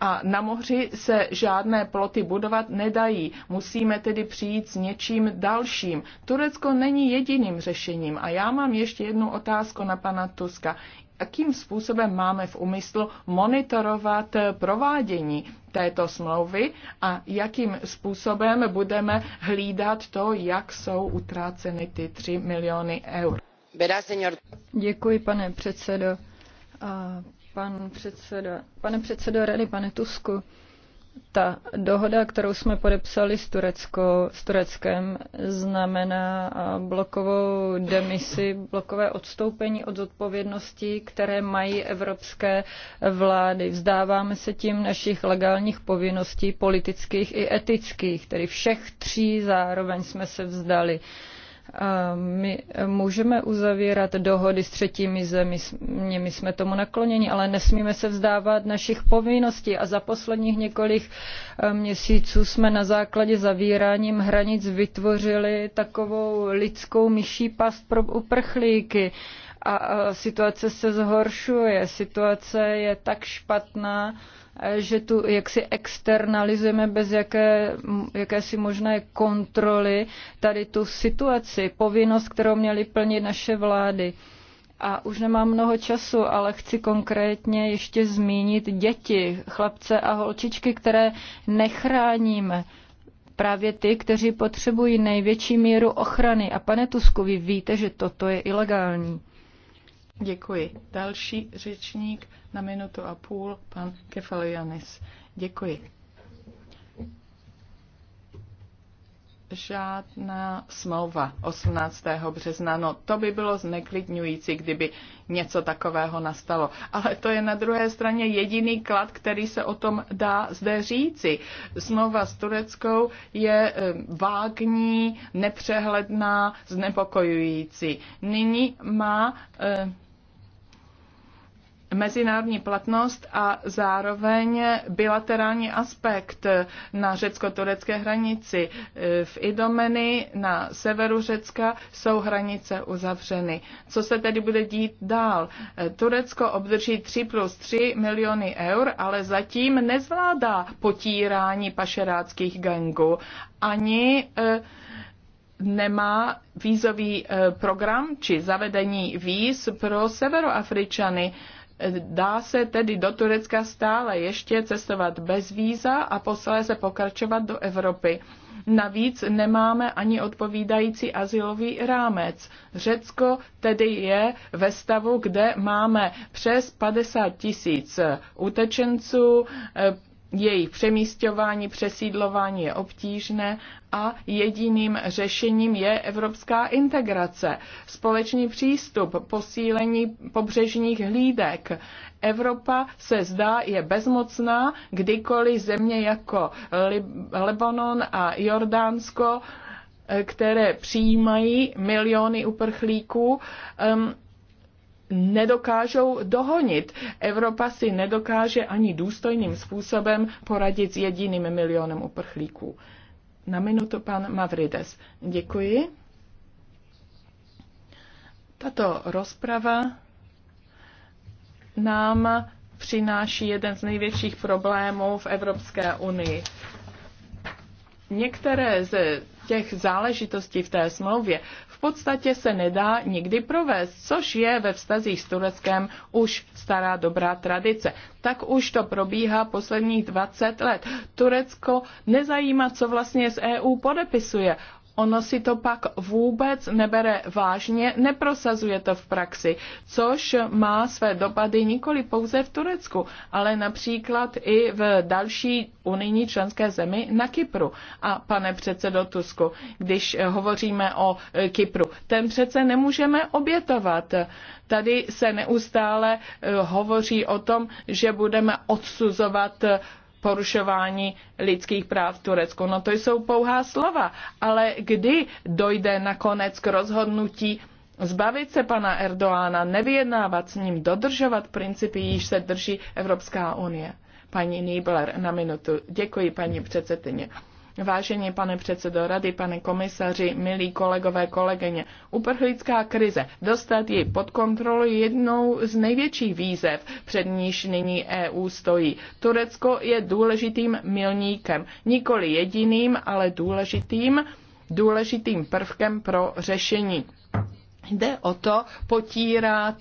A na moři se žádné ploty budovat nedají. Musíme tedy přijít s něčím dalším. Turecko není jediným řešením. A já mám ještě jednu otázku na pana Tuska jakým způsobem máme v úmyslu monitorovat provádění této smlouvy a jakým způsobem budeme hlídat to, jak jsou utráceny ty 3 miliony eur. Děkuji, pane předsedo. Pan předsedo. pane předsedo rady, pane Tusku, ta dohoda, kterou jsme podepsali s, Turecko, s Tureckem, znamená blokovou demisi, blokové odstoupení od zodpovědnosti, které mají evropské vlády. Vzdáváme se tím našich legálních povinností politických i etických, tedy všech tří zároveň jsme se vzdali. Uh, my můžeme uzavírat dohody s třetími zeměmi, jsme tomu nakloněni, ale nesmíme se vzdávat našich povinností a za posledních několik eh, měsíců jsme na základě zavíráním hranic vytvořili takovou lidskou myší past pro uprchlíky a situace se zhoršuje. Situace je tak špatná, eh, že tu jaksi externalizujeme bez jaké, jakési možné kontroly tady tu situaci, povinnost, kterou měly plnit naše vlády. A už nemám mnoho času, ale chci konkrétně ještě zmínit děti, chlapce a holčičky, které nechráníme. Právě ty, kteří potřebují největší míru ochrany. A pane Tusku, vy víte, že toto je ilegální. Děkuji. Další řečník na minutu a půl, pan Kefalianis. Děkuji. žádná smlouva 18. března. No, to by bylo zneklidňující, kdyby něco takového nastalo. Ale to je na druhé straně jediný klad, který se o tom dá zde říci. Smlouva s Tureckou je eh, vágní, nepřehledná, znepokojující. Nyní má eh, mezinárodní platnost a zároveň bilaterální aspekt na řecko-turecké hranici. V Idomeny na severu Řecka jsou hranice uzavřeny. Co se tedy bude dít dál? Turecko obdrží 3 plus 3 miliony eur, ale zatím nezvládá potírání pašeráckých gangů ani eh, nemá vízový eh, program či zavedení víz pro severoafričany Dá se tedy do Turecka stále ještě cestovat bez víza a posléze pokračovat do Evropy. Navíc nemáme ani odpovídající asilový rámec. Řecko tedy je ve stavu, kde máme přes 50 tisíc utečenců, jejich přemístování, přesídlování je obtížné a jediným řešením je evropská integrace, společný přístup, posílení pobřežních hlídek. Evropa se zdá je bezmocná, kdykoliv země jako Libanon a Jordánsko eh, které přijímají miliony uprchlíků, um, nedokážou dohonit. Evropa si nedokáže ani důstojným způsobem poradit s jediným milionem uprchlíků. Na minutu pan Mavrides. Děkuji. Tato rozprava nám přináší jeden z největších problémů v Evropské unii. Některé ze těch záležitostí v té smlouvě v podstatě se nedá nikdy provést, což je ve vztazích s Tureckem už stará dobrá tradice. Tak už to probíhá posledních 20 let. Turecko nezajímá, co vlastně z EU podepisuje ono si to pak vůbec nebere vážně, neprosazuje to v praxi, což má své dopady nikoli pouze v Turecku, ale například i v další unijní členské zemi na Kypru. A pane předsedo Tusku, když hovoříme o e, Kypru, ten přece nemůžeme obětovat. Tady se neustále e, hovoří o tom, že budeme odsuzovat e, porušování lidských práv v Turecku. No to jsou pouhá slova, ale kdy dojde nakonec k rozhodnutí zbavit se pana Erdoána, nevyjednávat s ním, dodržovat principy, již se drží Evropská unie? Paní Niebler na minutu. Děkuji, paní předsedkyně. Vážený pane předsedo rady, pane komisaři, milí kolegové, kolegyně, uprchlická krize, dostat ji pod kontrolu je jednou z největších výzev, před níž nyní EU stojí. Turecko je důležitým milníkem, nikoli jediným, ale důležitým, důležitým prvkem pro řešení Jde o to potírat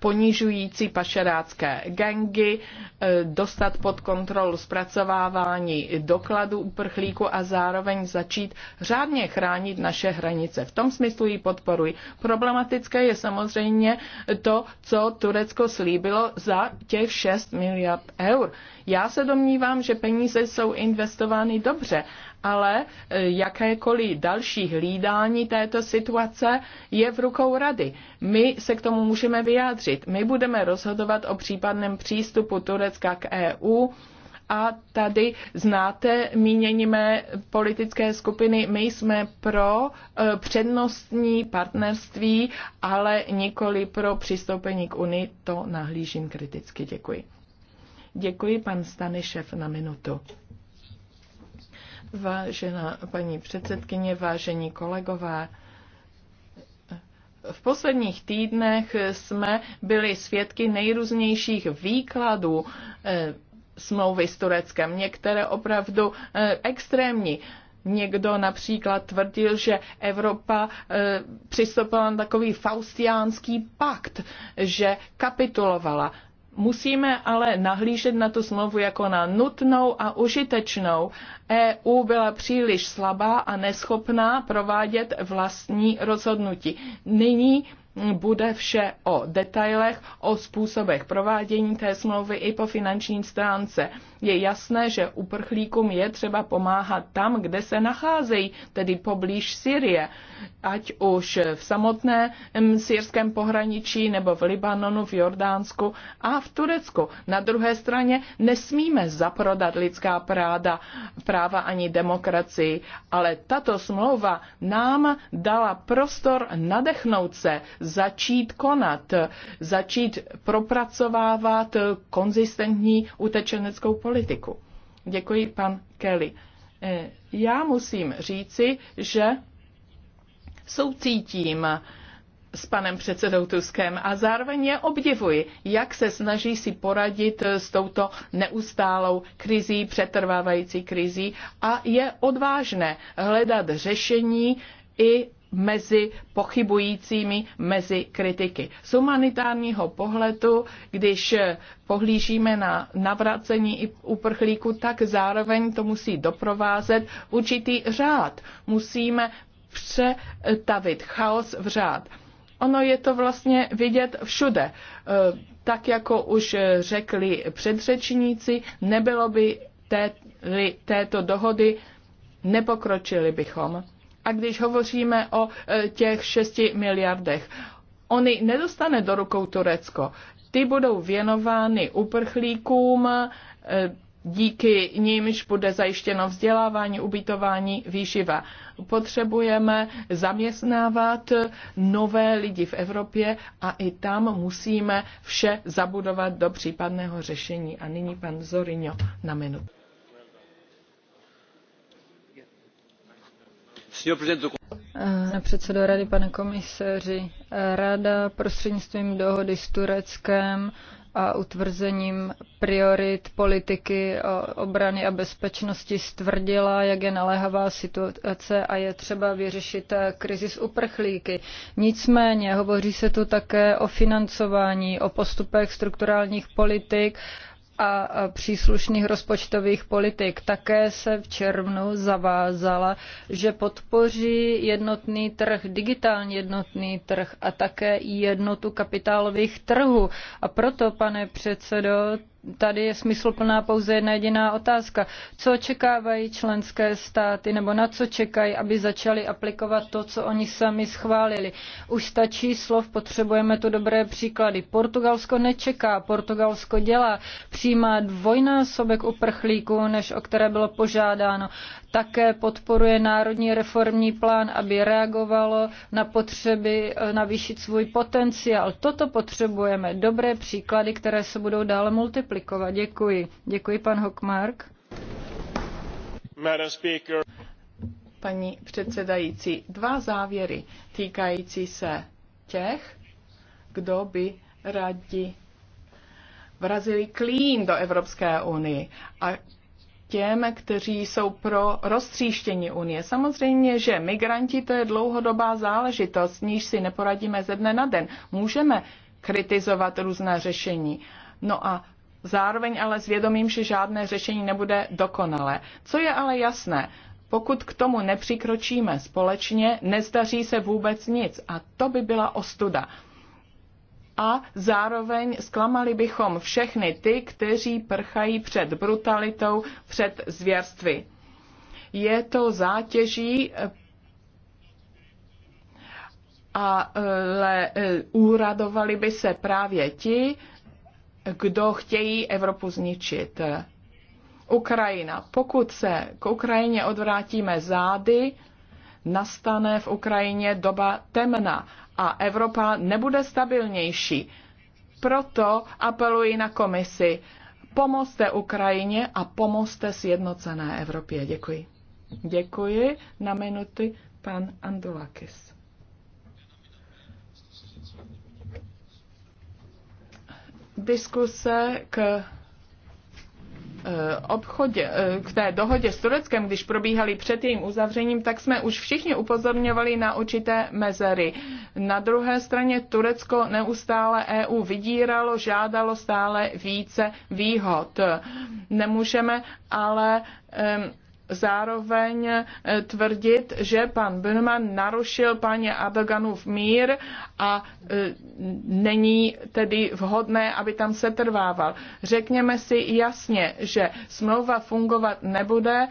ponižující pašerácké gengy, eh, dostat pod kontrolu zpracovávání dokladů uprchlíku a zároveň začít řádně chránit naše hranice. V tom smyslu ji podporuji. Problematické je samozřejmě to, co Turecko slíbilo za těch 6 miliard eur. Já se domnívám, že peníze jsou investovány dobře, ale e, jakékoliv další hlídání této situace je v rukou rady. My se k tomu můžeme vyjádřit. My budeme rozhodovat o případném přístupu Turecka k EU a tady znáte mínění mé politické skupiny. My jsme pro e, přednostní partnerství, ale nikoli pro přistoupení k Unii. To nahlížím kriticky. Děkuji. Děkuji, pan Stanišev, na minutu. Vážená paní předsedkyně, vážení kolegové, v posledních týdnech jsme byli svědky nejrůznějších výkladů eh, smlouvy s Tureckem. Některé opravdu eh, extrémní. Někdo například tvrdil, že Evropa eh, přistoupila na takový faustiánský pakt, že kapitulovala. Musíme ale nahlížet na tu smlouvu jako na nutnou a užitečnou. EU byla příliš slabá a neschopná provádět vlastní rozhodnutí. Nyní bude vše o detailech, o způsobech provádění té smlouvy i po finanční stránce. Je jasné, že uprchlíkům je třeba pomáhat tam, kde se nacházejí, tedy poblíž Syrie, ať už v samotném syrském pohraničí nebo v Libanonu, v Jordánsku a v Turecku. Na druhé straně nesmíme zaprodat lidská práda, práva ani demokracii, ale tato smlouva nám dala prostor nadechnout se, začít konat, začít propracovávat konzistentní utečeneckou politiku. Děkuji, pan Kelly. E, já musím říci, že soucítím s panem předsedou Tuskem a zároveň je obdivuji, jak se snaží si poradit s touto neustálou krizí, přetrvávající krizí a je odvážné hledat řešení i mezi pochybujícími, mezi kritiky. Z humanitárního pohledu, když pohlížíme na navracení uprchlíku, tak zároveň to musí doprovázet určitý řád. Musíme přetavit chaos v řád. Ono je to vlastně vidět všude. E, tak jako už řekli předřečníci, nebylo by té, této dohody, nepokročili bychom a když hovoříme o e, těch 6 miliardech, oni nedostane do rukou Turecko. Ty budou věnovány uprchlíkům, e, díky nímž bude zajištěno vzdělávání, ubytování, výživa. Potřebujeme zaměstnávat e, nové lidi v Evropě a i tam musíme vše zabudovat do případného řešení. A nyní pan Zorino na minutu. Eh, pane předsedo rady, pane komisaři, rada prostřednictvím dohody s Tureckem a utvrzením priorit politiky obrany a bezpečnosti stvrdila, jak je naléhavá situace a je třeba vyřešit krizi s uprchlíky. Nicméně hovoří se tu také o financování, o postupech strukturálních politik a příslušných rozpočtových politik. Také se v červnu zavázala, že podpoří jednotný trh, digitální jednotný trh a také jednotu kapitálových trhů. A proto, pane předsedo, tady je smysluplná pouze jedna jediná otázka. Co očekávají členské státy nebo na co čekají, aby začali aplikovat to, co oni sami schválili? Už stačí slov, potřebujeme tu dobré příklady. Portugalsko nečeká, Portugalsko dělá, přijímá dvojnásobek uprchlíků, než o které bylo požádáno. Také podporuje národní reformní plán, aby reagovalo na potřeby eh, navýšit svůj potenciál. Toto potřebujeme, dobré příklady, které se budou dále multiplikovat aplikovat. Děkuji. Děkuji, pan Hockmark. Paní předsedající, dva závěry týkající se těch, kdo by rádi vrazili klín do Evropské unie a těm, kteří jsou pro roztříštění Unie. Samozřejmě, že migranti to je dlouhodobá záležitost, níž si neporadíme ze dne na den. Můžeme kritizovat různá řešení. No a Zároveň ale zvědomím, že žádné řešení nebude dokonalé. Co je ale jasné, pokud k tomu nepřikročíme společně, nezdaří se vůbec nic a to by byla ostuda. A zároveň zklamali bychom všechny ty, kteří prchají před brutalitou, před zvěrství. Je to zátěží eh, ale eh, eh, úradovali by se právě ti, kdo chtějí Evropu zničit. Ukrajina. Pokud se k Ukrajině odvrátíme zády, nastane v Ukrajině doba temna a Evropa nebude stabilnější. Proto apeluji na komisi, pomozte Ukrajině a pomozte sjednocené Evropě. Děkuji. Děkuji. Na minuty pan Andulakis. diskuse k eh, obchodě, eh, k té dohodě s Tureckem, když probíhaly před jejím uzavřením, tak jsme už všichni upozorňovali na určité mezery. Na druhé straně Turecko neustále EU vydíralo, žádalo stále více výhod. Nemůžeme ale um, zároveň eh, tvrdit, že pan Böhman narušil paně Erdoganův mír a eh, není tedy vhodné, aby tam se trvával. Řekněme si jasně, že smlouva fungovat nebude,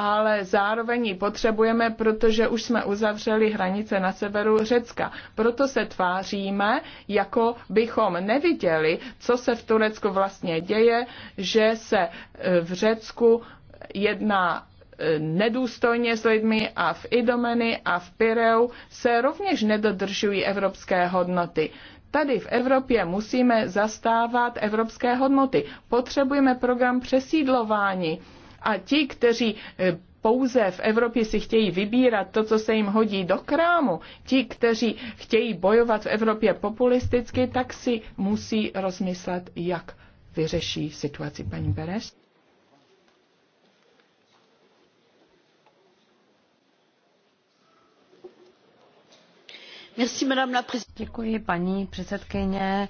ale zároveň ji potřebujeme, protože už jsme uzavřeli hranice na severu Řecka. Proto se tváříme, jako bychom neviděli, co se v Turecku vlastně děje, že se eh, v Řecku jedná e, nedůstojně s lidmi a v Idomeni a v Pireu se rovněž nedodržují evropské hodnoty. Tady v Evropě musíme zastávat evropské hodnoty. Potřebujeme program přesídlování a ti, kteří e, pouze v Evropě si chtějí vybírat to, co se jim hodí do krámu, ti, kteří chtějí bojovat v Evropě populisticky, tak si musí rozmyslet, jak vyřeší situaci paní Bereš. Děkuji, paní předsedkyně.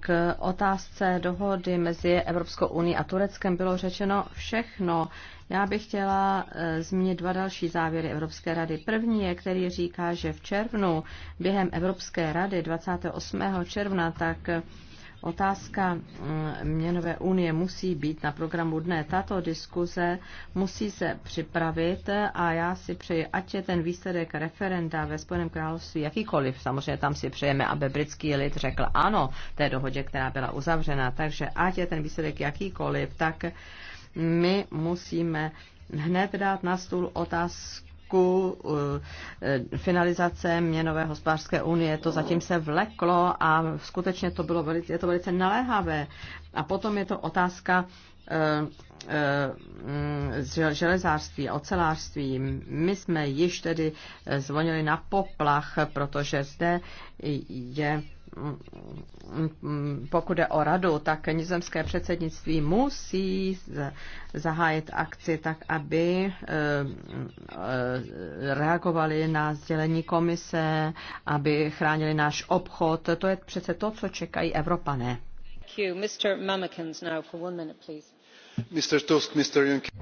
K otázce dohody mezi Evropskou unii a Tureckem bylo řečeno všechno. Já bych chtěla eh, zmínit dva další závěry Evropské rady. První je, který říká, že v červnu během Evropské rady 28. června tak Otázka mm, měnové unie musí být na programu dne. Tato diskuze musí se připravit a já si přeji, ať je ten výsledek referenda ve Spojeném království jakýkoliv. Samozřejmě tam si přejeme, aby britský lid řekl ano té dohodě, která byla uzavřena. Takže ať je ten výsledek jakýkoliv, tak my musíme hned dát na stůl otázku, balíčku eh, finalizace měnové hospodářské unie. To zatím se vleklo a skutečně to bylo velice, je to velice naléhavé. A potom je to otázka eh, eh, mm, železářství, ocelářství. My jsme již tedy zvonili na poplach, protože zde je pokud jde o radu, tak nizozemské předsednictví musí zahájit akci tak, aby eh, reagovali na sdělení komise, aby chránili náš obchod. To je přece to, co čekají Evropané.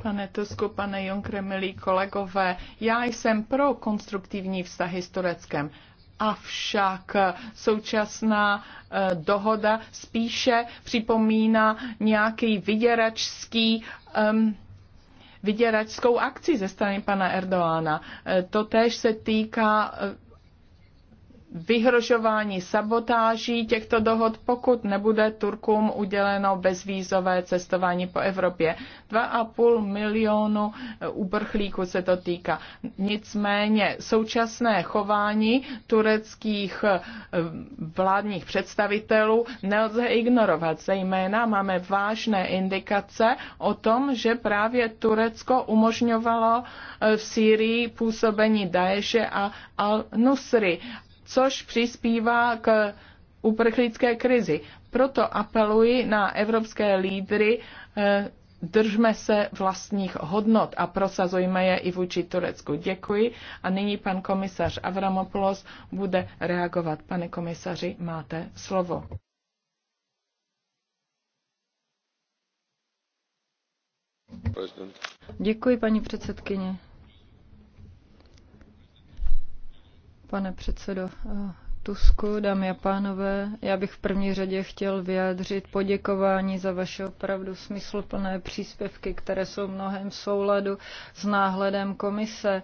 Pane Tusku, pane Junkre, milí kolegové, já jsem pro konstruktivní vztahy s Tureckem Avšak současná eh, dohoda spíše připomíná nějaký vyděračský um, vyděračskou akci ze strany pana Erdoána. Eh, to též se týká eh, vyhrožování sabotáží těchto dohod, pokud nebude Turkům uděleno bezvízové cestování po Evropě. 2,5 milionu eh, uprchlíků se to týká. Nicméně současné chování tureckých eh, vládních představitelů nelze ignorovat. Zejména máme vážné indikace o tom, že právě Turecko umožňovalo eh, v Sýrii působení Daeše a al Nusry což přispívá k uprchlické krizi. Proto apeluji na evropské lídry, eh, držme se vlastních hodnot a prosazujme je i vůči Turecku. Děkuji. A nyní pan komisař Avramopoulos bude reagovat. Pane komisaři, máte slovo. Děkuji, paní předsedkyně. Pane předsedo eh, Tusku, dámy a pánové, já bych v první řadě chtěl vyjádřit poděkování za vaše opravdu smysluplné příspěvky, které jsou mnohem v souladu s náhledem komise.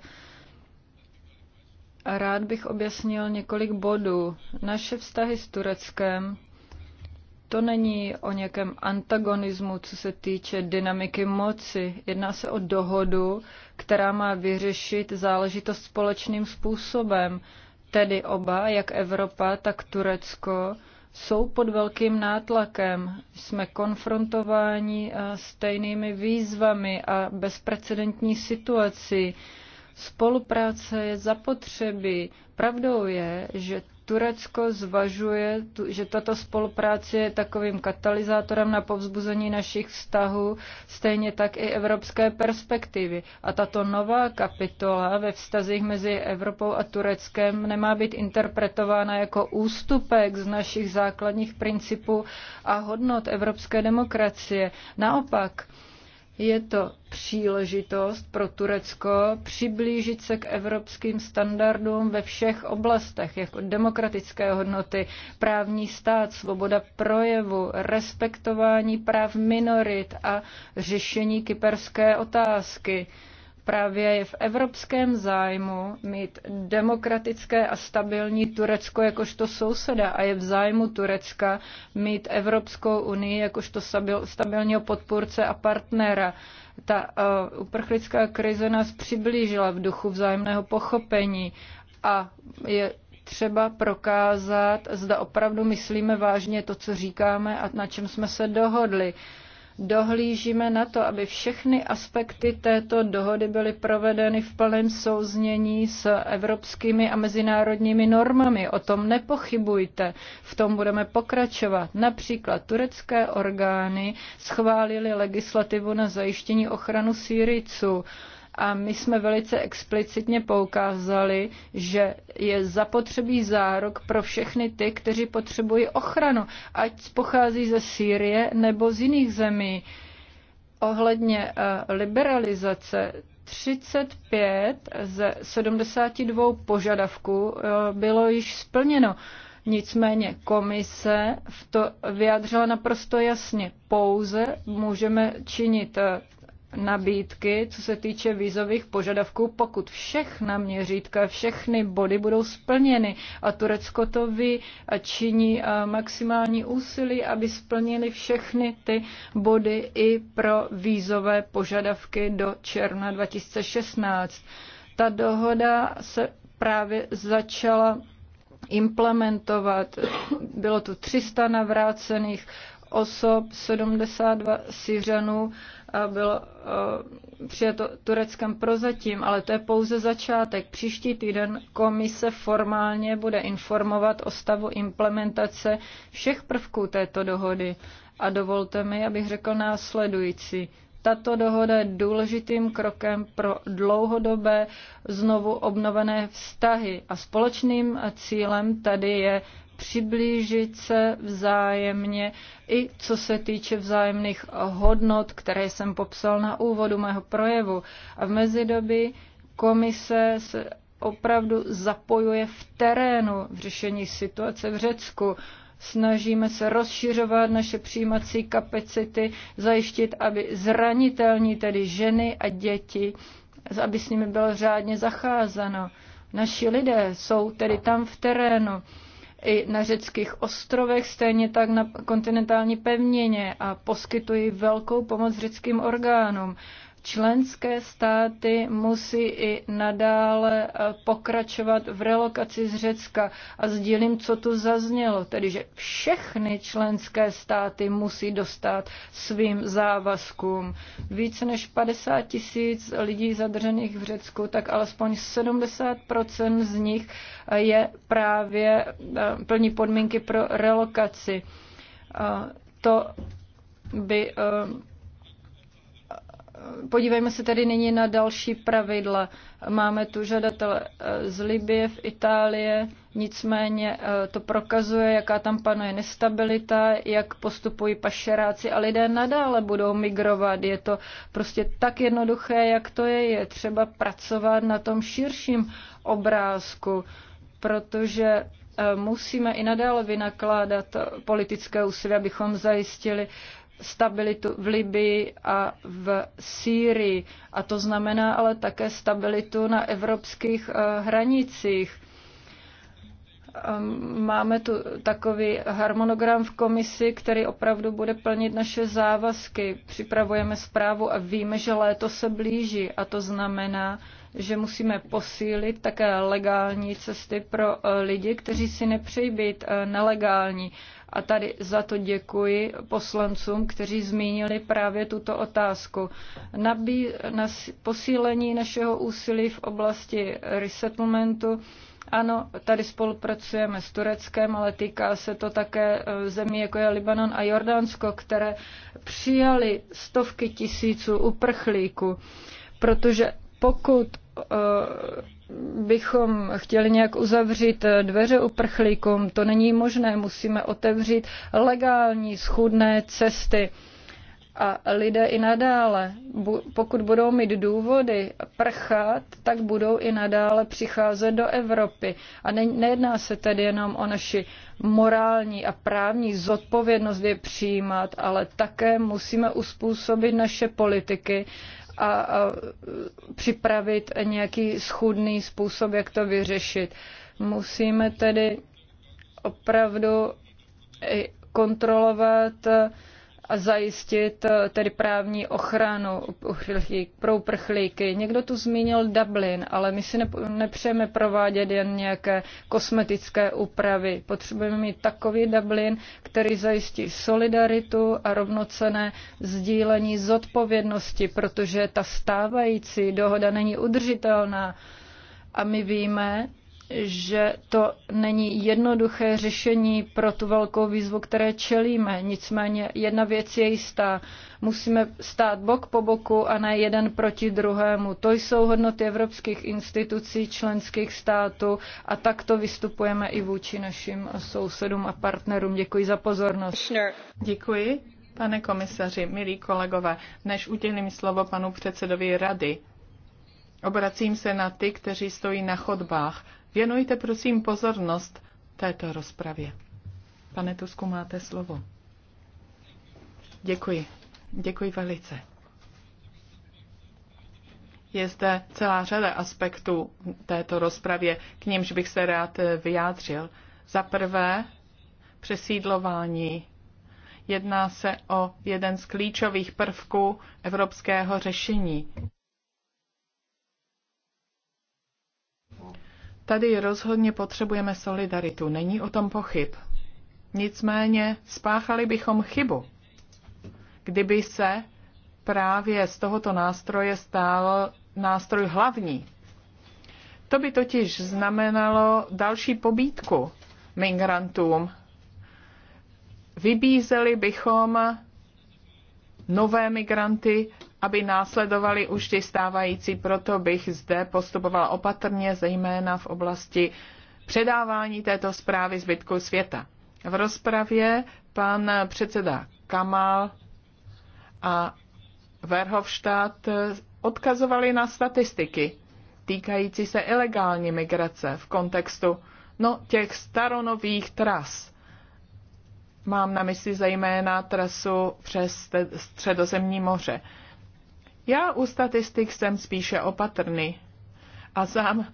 rád bych objasnil několik bodů. Naše vztahy s Tureckem to není o nějakém antagonismu, co se týče dynamiky moci. Jedná se o dohodu, která má vyřešit záležitost společným způsobem. Tedy oba, jak Evropa, tak Turecko, jsou pod velkým nátlakem. Jsme konfrontováni eh, stejnými výzvami a bezprecedentní situací. Spolupráce je zapotřebí. Pravdou je, že Turecko zvažuje, že tato spolupráce je takovým katalyzátorem na povzbuzení našich vztahů, stejně tak i evropské perspektivy. A tato nová kapitola ve vztazích mezi Evropou a Tureckem nemá být interpretována jako ústupek z našich základních principů a hodnot evropské demokracie. Naopak, je to příležitost pro Turecko přiblížit se k evropským standardům ve všech oblastech, jako demokratické hodnoty, právní stát, svoboda projevu, respektování práv minorit a řešení kyperské otázky. Právě je v evropském zájmu mít demokratické a stabilní Turecko jakožto souseda a je v zájmu Turecka mít Evropskou unii jakožto stabilního podpůrce a partnera. Ta uh, uprchlická krize nás přiblížila v duchu vzájemného pochopení a je třeba prokázat, zda opravdu myslíme vážně to, co říkáme a na čem jsme se dohodli. Uh, dohlížíme na to, aby všechny aspekty této dohody byly provedeny v plném souznění s evropskými a mezinárodními normami. O tom nepochybujte. V tom budeme pokračovat. Například turecké orgány schválili legislativu na zajištění ochranu Sýriců. A my jsme velice explicitně poukázali, že je zapotřebí zárok pro všechny ty, kteří potřebují ochranu, ať pochází ze Sýrie nebo z jiných zemí. Ohledně eh, liberalizace 35 ze 72 požadavků eh, bylo již splněno. Nicméně komise v to vyjádřila naprosto jasně. Pouze můžeme činit eh, nabídky, co se týče vízových požadavků, pokud všechna měřítka, všechny body budou splněny. A Turecko to ví a činí eh, maximální úsilí, aby splnili všechny ty body i pro vízové požadavky do června 2016. Ta dohoda se právě začala implementovat. Bylo tu 300 navrácených osob, 72 Syřanů bylo přijato Tureckem prozatím, ale to je pouze začátek. Příští týden komise formálně bude informovat o stavu implementace všech prvků této dohody. A dovolte mi, abych řekl následující. Tato dohoda je důležitým krokem pro dlouhodobé znovu obnovené vztahy a společným cílem tady je přiblížit se vzájemně i co se týče vzájemných hodnot, které jsem popsal na úvodu mého projevu. A v mezidobí komise se opravdu zapojuje v terénu v řešení situace v Řecku snažíme se rozšiřovat naše přijímací kapacity, zajištit, aby zranitelní, tedy ženy a děti, aby s nimi bylo řádně zacházeno. Naši lidé jsou tedy tam v terénu i na řeckých ostrovech, stejně tak na kontinentální pevnině a poskytují velkou pomoc řeckým orgánům. Členské státy musí i nadále eh, pokračovat v relokaci z Řecka a sdílím, co tu zaznělo, tedy že všechny členské státy musí dostat svým závazkům. Více než 50 tisíc lidí zadržených v Řecku, tak alespoň 70% z nich eh, je právě eh, plní podmínky pro relokaci. To by Podívejme se tedy nyní na další pravidla. Máme tu žadatele eh, z Libie v Itálie, nicméně eh, to prokazuje, jaká tam panuje nestabilita, jak postupují pašeráci a lidé nadále budou migrovat. Je to prostě tak jednoduché, jak to je. Je třeba pracovat na tom širším obrázku, protože eh, musíme i nadále vynakládat politické úsilí, abychom zajistili stabilitu v Libii a v Sýrii. A to znamená ale také stabilitu na evropských eh, hranicích. Ehm, máme tu takový harmonogram v komisi, který opravdu bude plnit naše závazky. Připravujeme zprávu a víme, že léto se blíží a to znamená, že musíme posílit také legální cesty pro eh, lidi, kteří si nepřejí být eh, nelegální. A tady za to děkuji poslancům, kteří zmínili právě tuto otázku. Nabí, na posílení našeho úsilí v oblasti resettlementu ano, tady spolupracujeme s Tureckem, ale týká se to také eh, zemí, jako je Libanon a Jordánsko, které přijali stovky tisíců uprchlíků, protože pokud Eh, bychom chtěli nějak uzavřít dveře uprchlíkům, to není možné. Musíme otevřít legální, schudné cesty. A lidé i nadále, pokud budou mít důvody prchat, tak budou i nadále přicházet do Evropy. A ne, nejedná se tedy jenom o naši morální a právní zodpovědnost je přijímat, ale také musíme uspůsobit naše politiky a připravit nějaký schůdný způsob, jak to vyřešit. Musíme tedy opravdu kontrolovat a zajistit eh, tedy právní ochranu pro uprchlíky. Někdo tu zmínil Dublin, ale my si nepřejeme provádět jen nějaké kosmetické úpravy. Potřebujeme mít takový Dublin, který zajistí solidaritu a rovnocené sdílení zodpovědnosti, protože ta stávající dohoda není udržitelná. A my víme, že to není jednoduché řešení pro tu velkou výzvu, které čelíme. Nicméně jedna věc je jistá. Musíme stát bok po boku a ne jeden proti druhému. To jsou hodnoty evropských institucí, členských států a takto vystupujeme i vůči našim sousedům a partnerům. Děkuji za pozornost. Děkuji. Pane komisaři, milí kolegové, než udělím slovo panu předsedovi rady, obracím se na ty, kteří stojí na chodbách Věnujte prosím pozornost této rozpravě. Pane Tusku, máte slovo. Děkuji. Děkuji velice. Je zde celá řada aspektů této rozpravě, k nímž bych se rád vyjádřil. Za prvé, přesídlování. Jedná se o jeden z klíčových prvků evropského řešení. Tady rozhodně potřebujeme solidaritu, není o tom pochyb. Nicméně spáchali bychom chybu, kdyby se právě z tohoto nástroje stál nástroj hlavní. To by totiž znamenalo další pobídku migrantům. Vybízeli bychom nové migranty aby následovali už ti stávající. Proto bych zde postupovala opatrně, zejména v oblasti předávání této zprávy zbytku světa. V rozpravě pan předseda Kamal a Verhofstadt odkazovali na statistiky týkající se ilegální migrace v kontextu no, těch staronových tras. Mám na mysli zejména trasu přes středozemní moře. Já u statistik jsem spíše opatrný a sám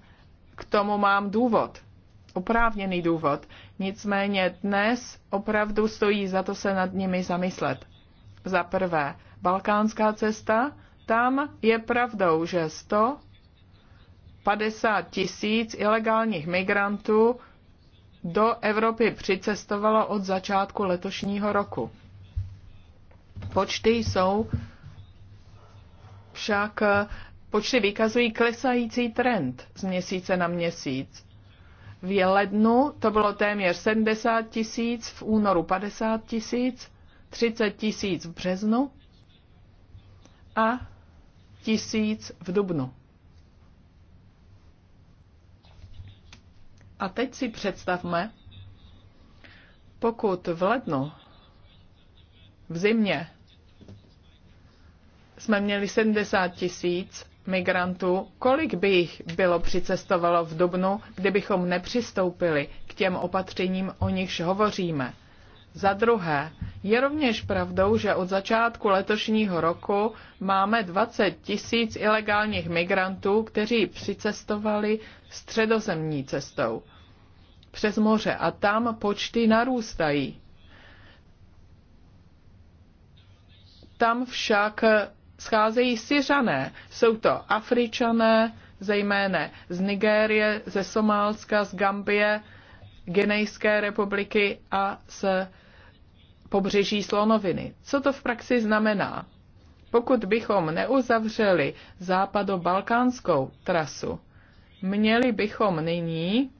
k tomu mám důvod, oprávněný důvod. Nicméně dnes opravdu stojí za to se nad nimi zamyslet. Za prvé, balkánská cesta, tam je pravdou, že 150 tisíc ilegálních migrantů do Evropy přicestovalo od začátku letošního roku. Počty jsou však eh, počty vykazují klesající trend z měsíce na měsíc. V lednu to bylo téměř 70 tisíc, v únoru 50 tisíc, 30 tisíc v březnu a tisíc v dubnu. A teď si představme, pokud v lednu, v zimě jsme měli 70 tisíc migrantů, kolik by jich bylo přicestovalo v Dubnu, kdybychom nepřistoupili k těm opatřením, o nichž hovoříme. Za druhé, je rovněž pravdou, že od začátku letošního roku máme 20 tisíc ilegálních migrantů, kteří přicestovali středozemní cestou přes moře a tam počty narůstají. Tam však scházejí Syřané. Jsou to Afričané, zejména z Nigérie, ze Somálska, z Gambie, Genejské republiky a z pobřeží Slonoviny. Co to v praxi znamená? Pokud bychom neuzavřeli západobalkánskou trasu, měli bychom nyní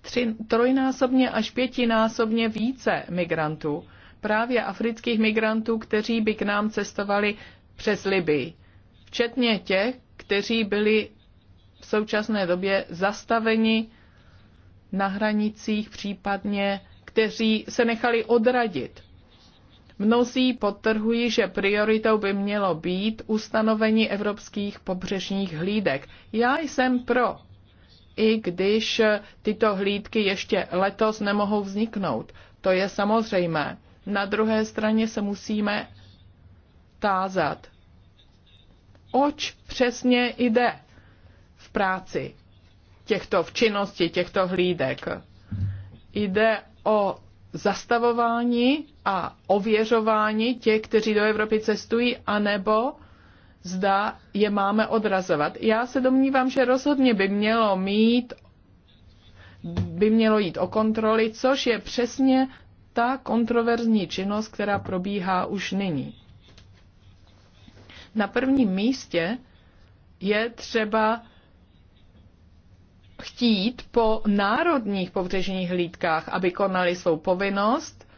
tři, trojnásobně až pětinásobně více migrantů právě afrických migrantů, kteří by k nám cestovali přes Libii. Včetně těch, kteří byli v současné době zastaveni na hranicích, případně kteří se nechali odradit. Mnozí podtrhují, že prioritou by mělo být ustanovení evropských pobřežních hlídek. Já jsem pro, i když tyto hlídky ještě letos nemohou vzniknout. To je samozřejmé. Na druhé straně se musíme tázat, oč přesně jde v práci těchto, v činnosti těchto hlídek. Jde o zastavování a ověřování těch, kteří do Evropy cestují, anebo zda je máme odrazovat. Já se domnívám, že rozhodně by mělo mít by mělo jít o kontroly, což je přesně ta kontroverzní činnost, která probíhá už nyní. Na prvním místě je třeba chtít po národních pobřežních hlídkách, aby konali svou povinnost,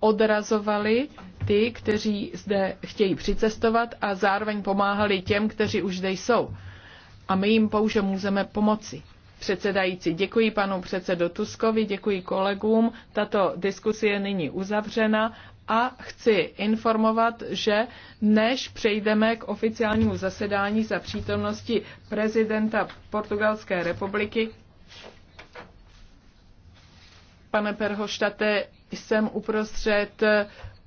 odrazovali ty, kteří zde chtějí přicestovat a zároveň pomáhali těm, kteří už zde jsou. A my jim pouze můžeme pomoci. Předsedající, děkuji panu předsedu Tuskovi, děkuji kolegům. Tato diskusie je nyní uzavřena a chci informovat, že než přejdeme k oficiálnímu zasedání za přítomnosti prezidenta Portugalské republiky, pane Perhoštate, jsem uprostřed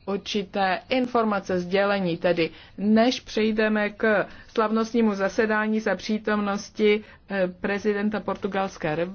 určité informace, sdělení, tedy než přejdeme k slavnostnímu zasedání za přítomnosti eh, prezidenta Portugalské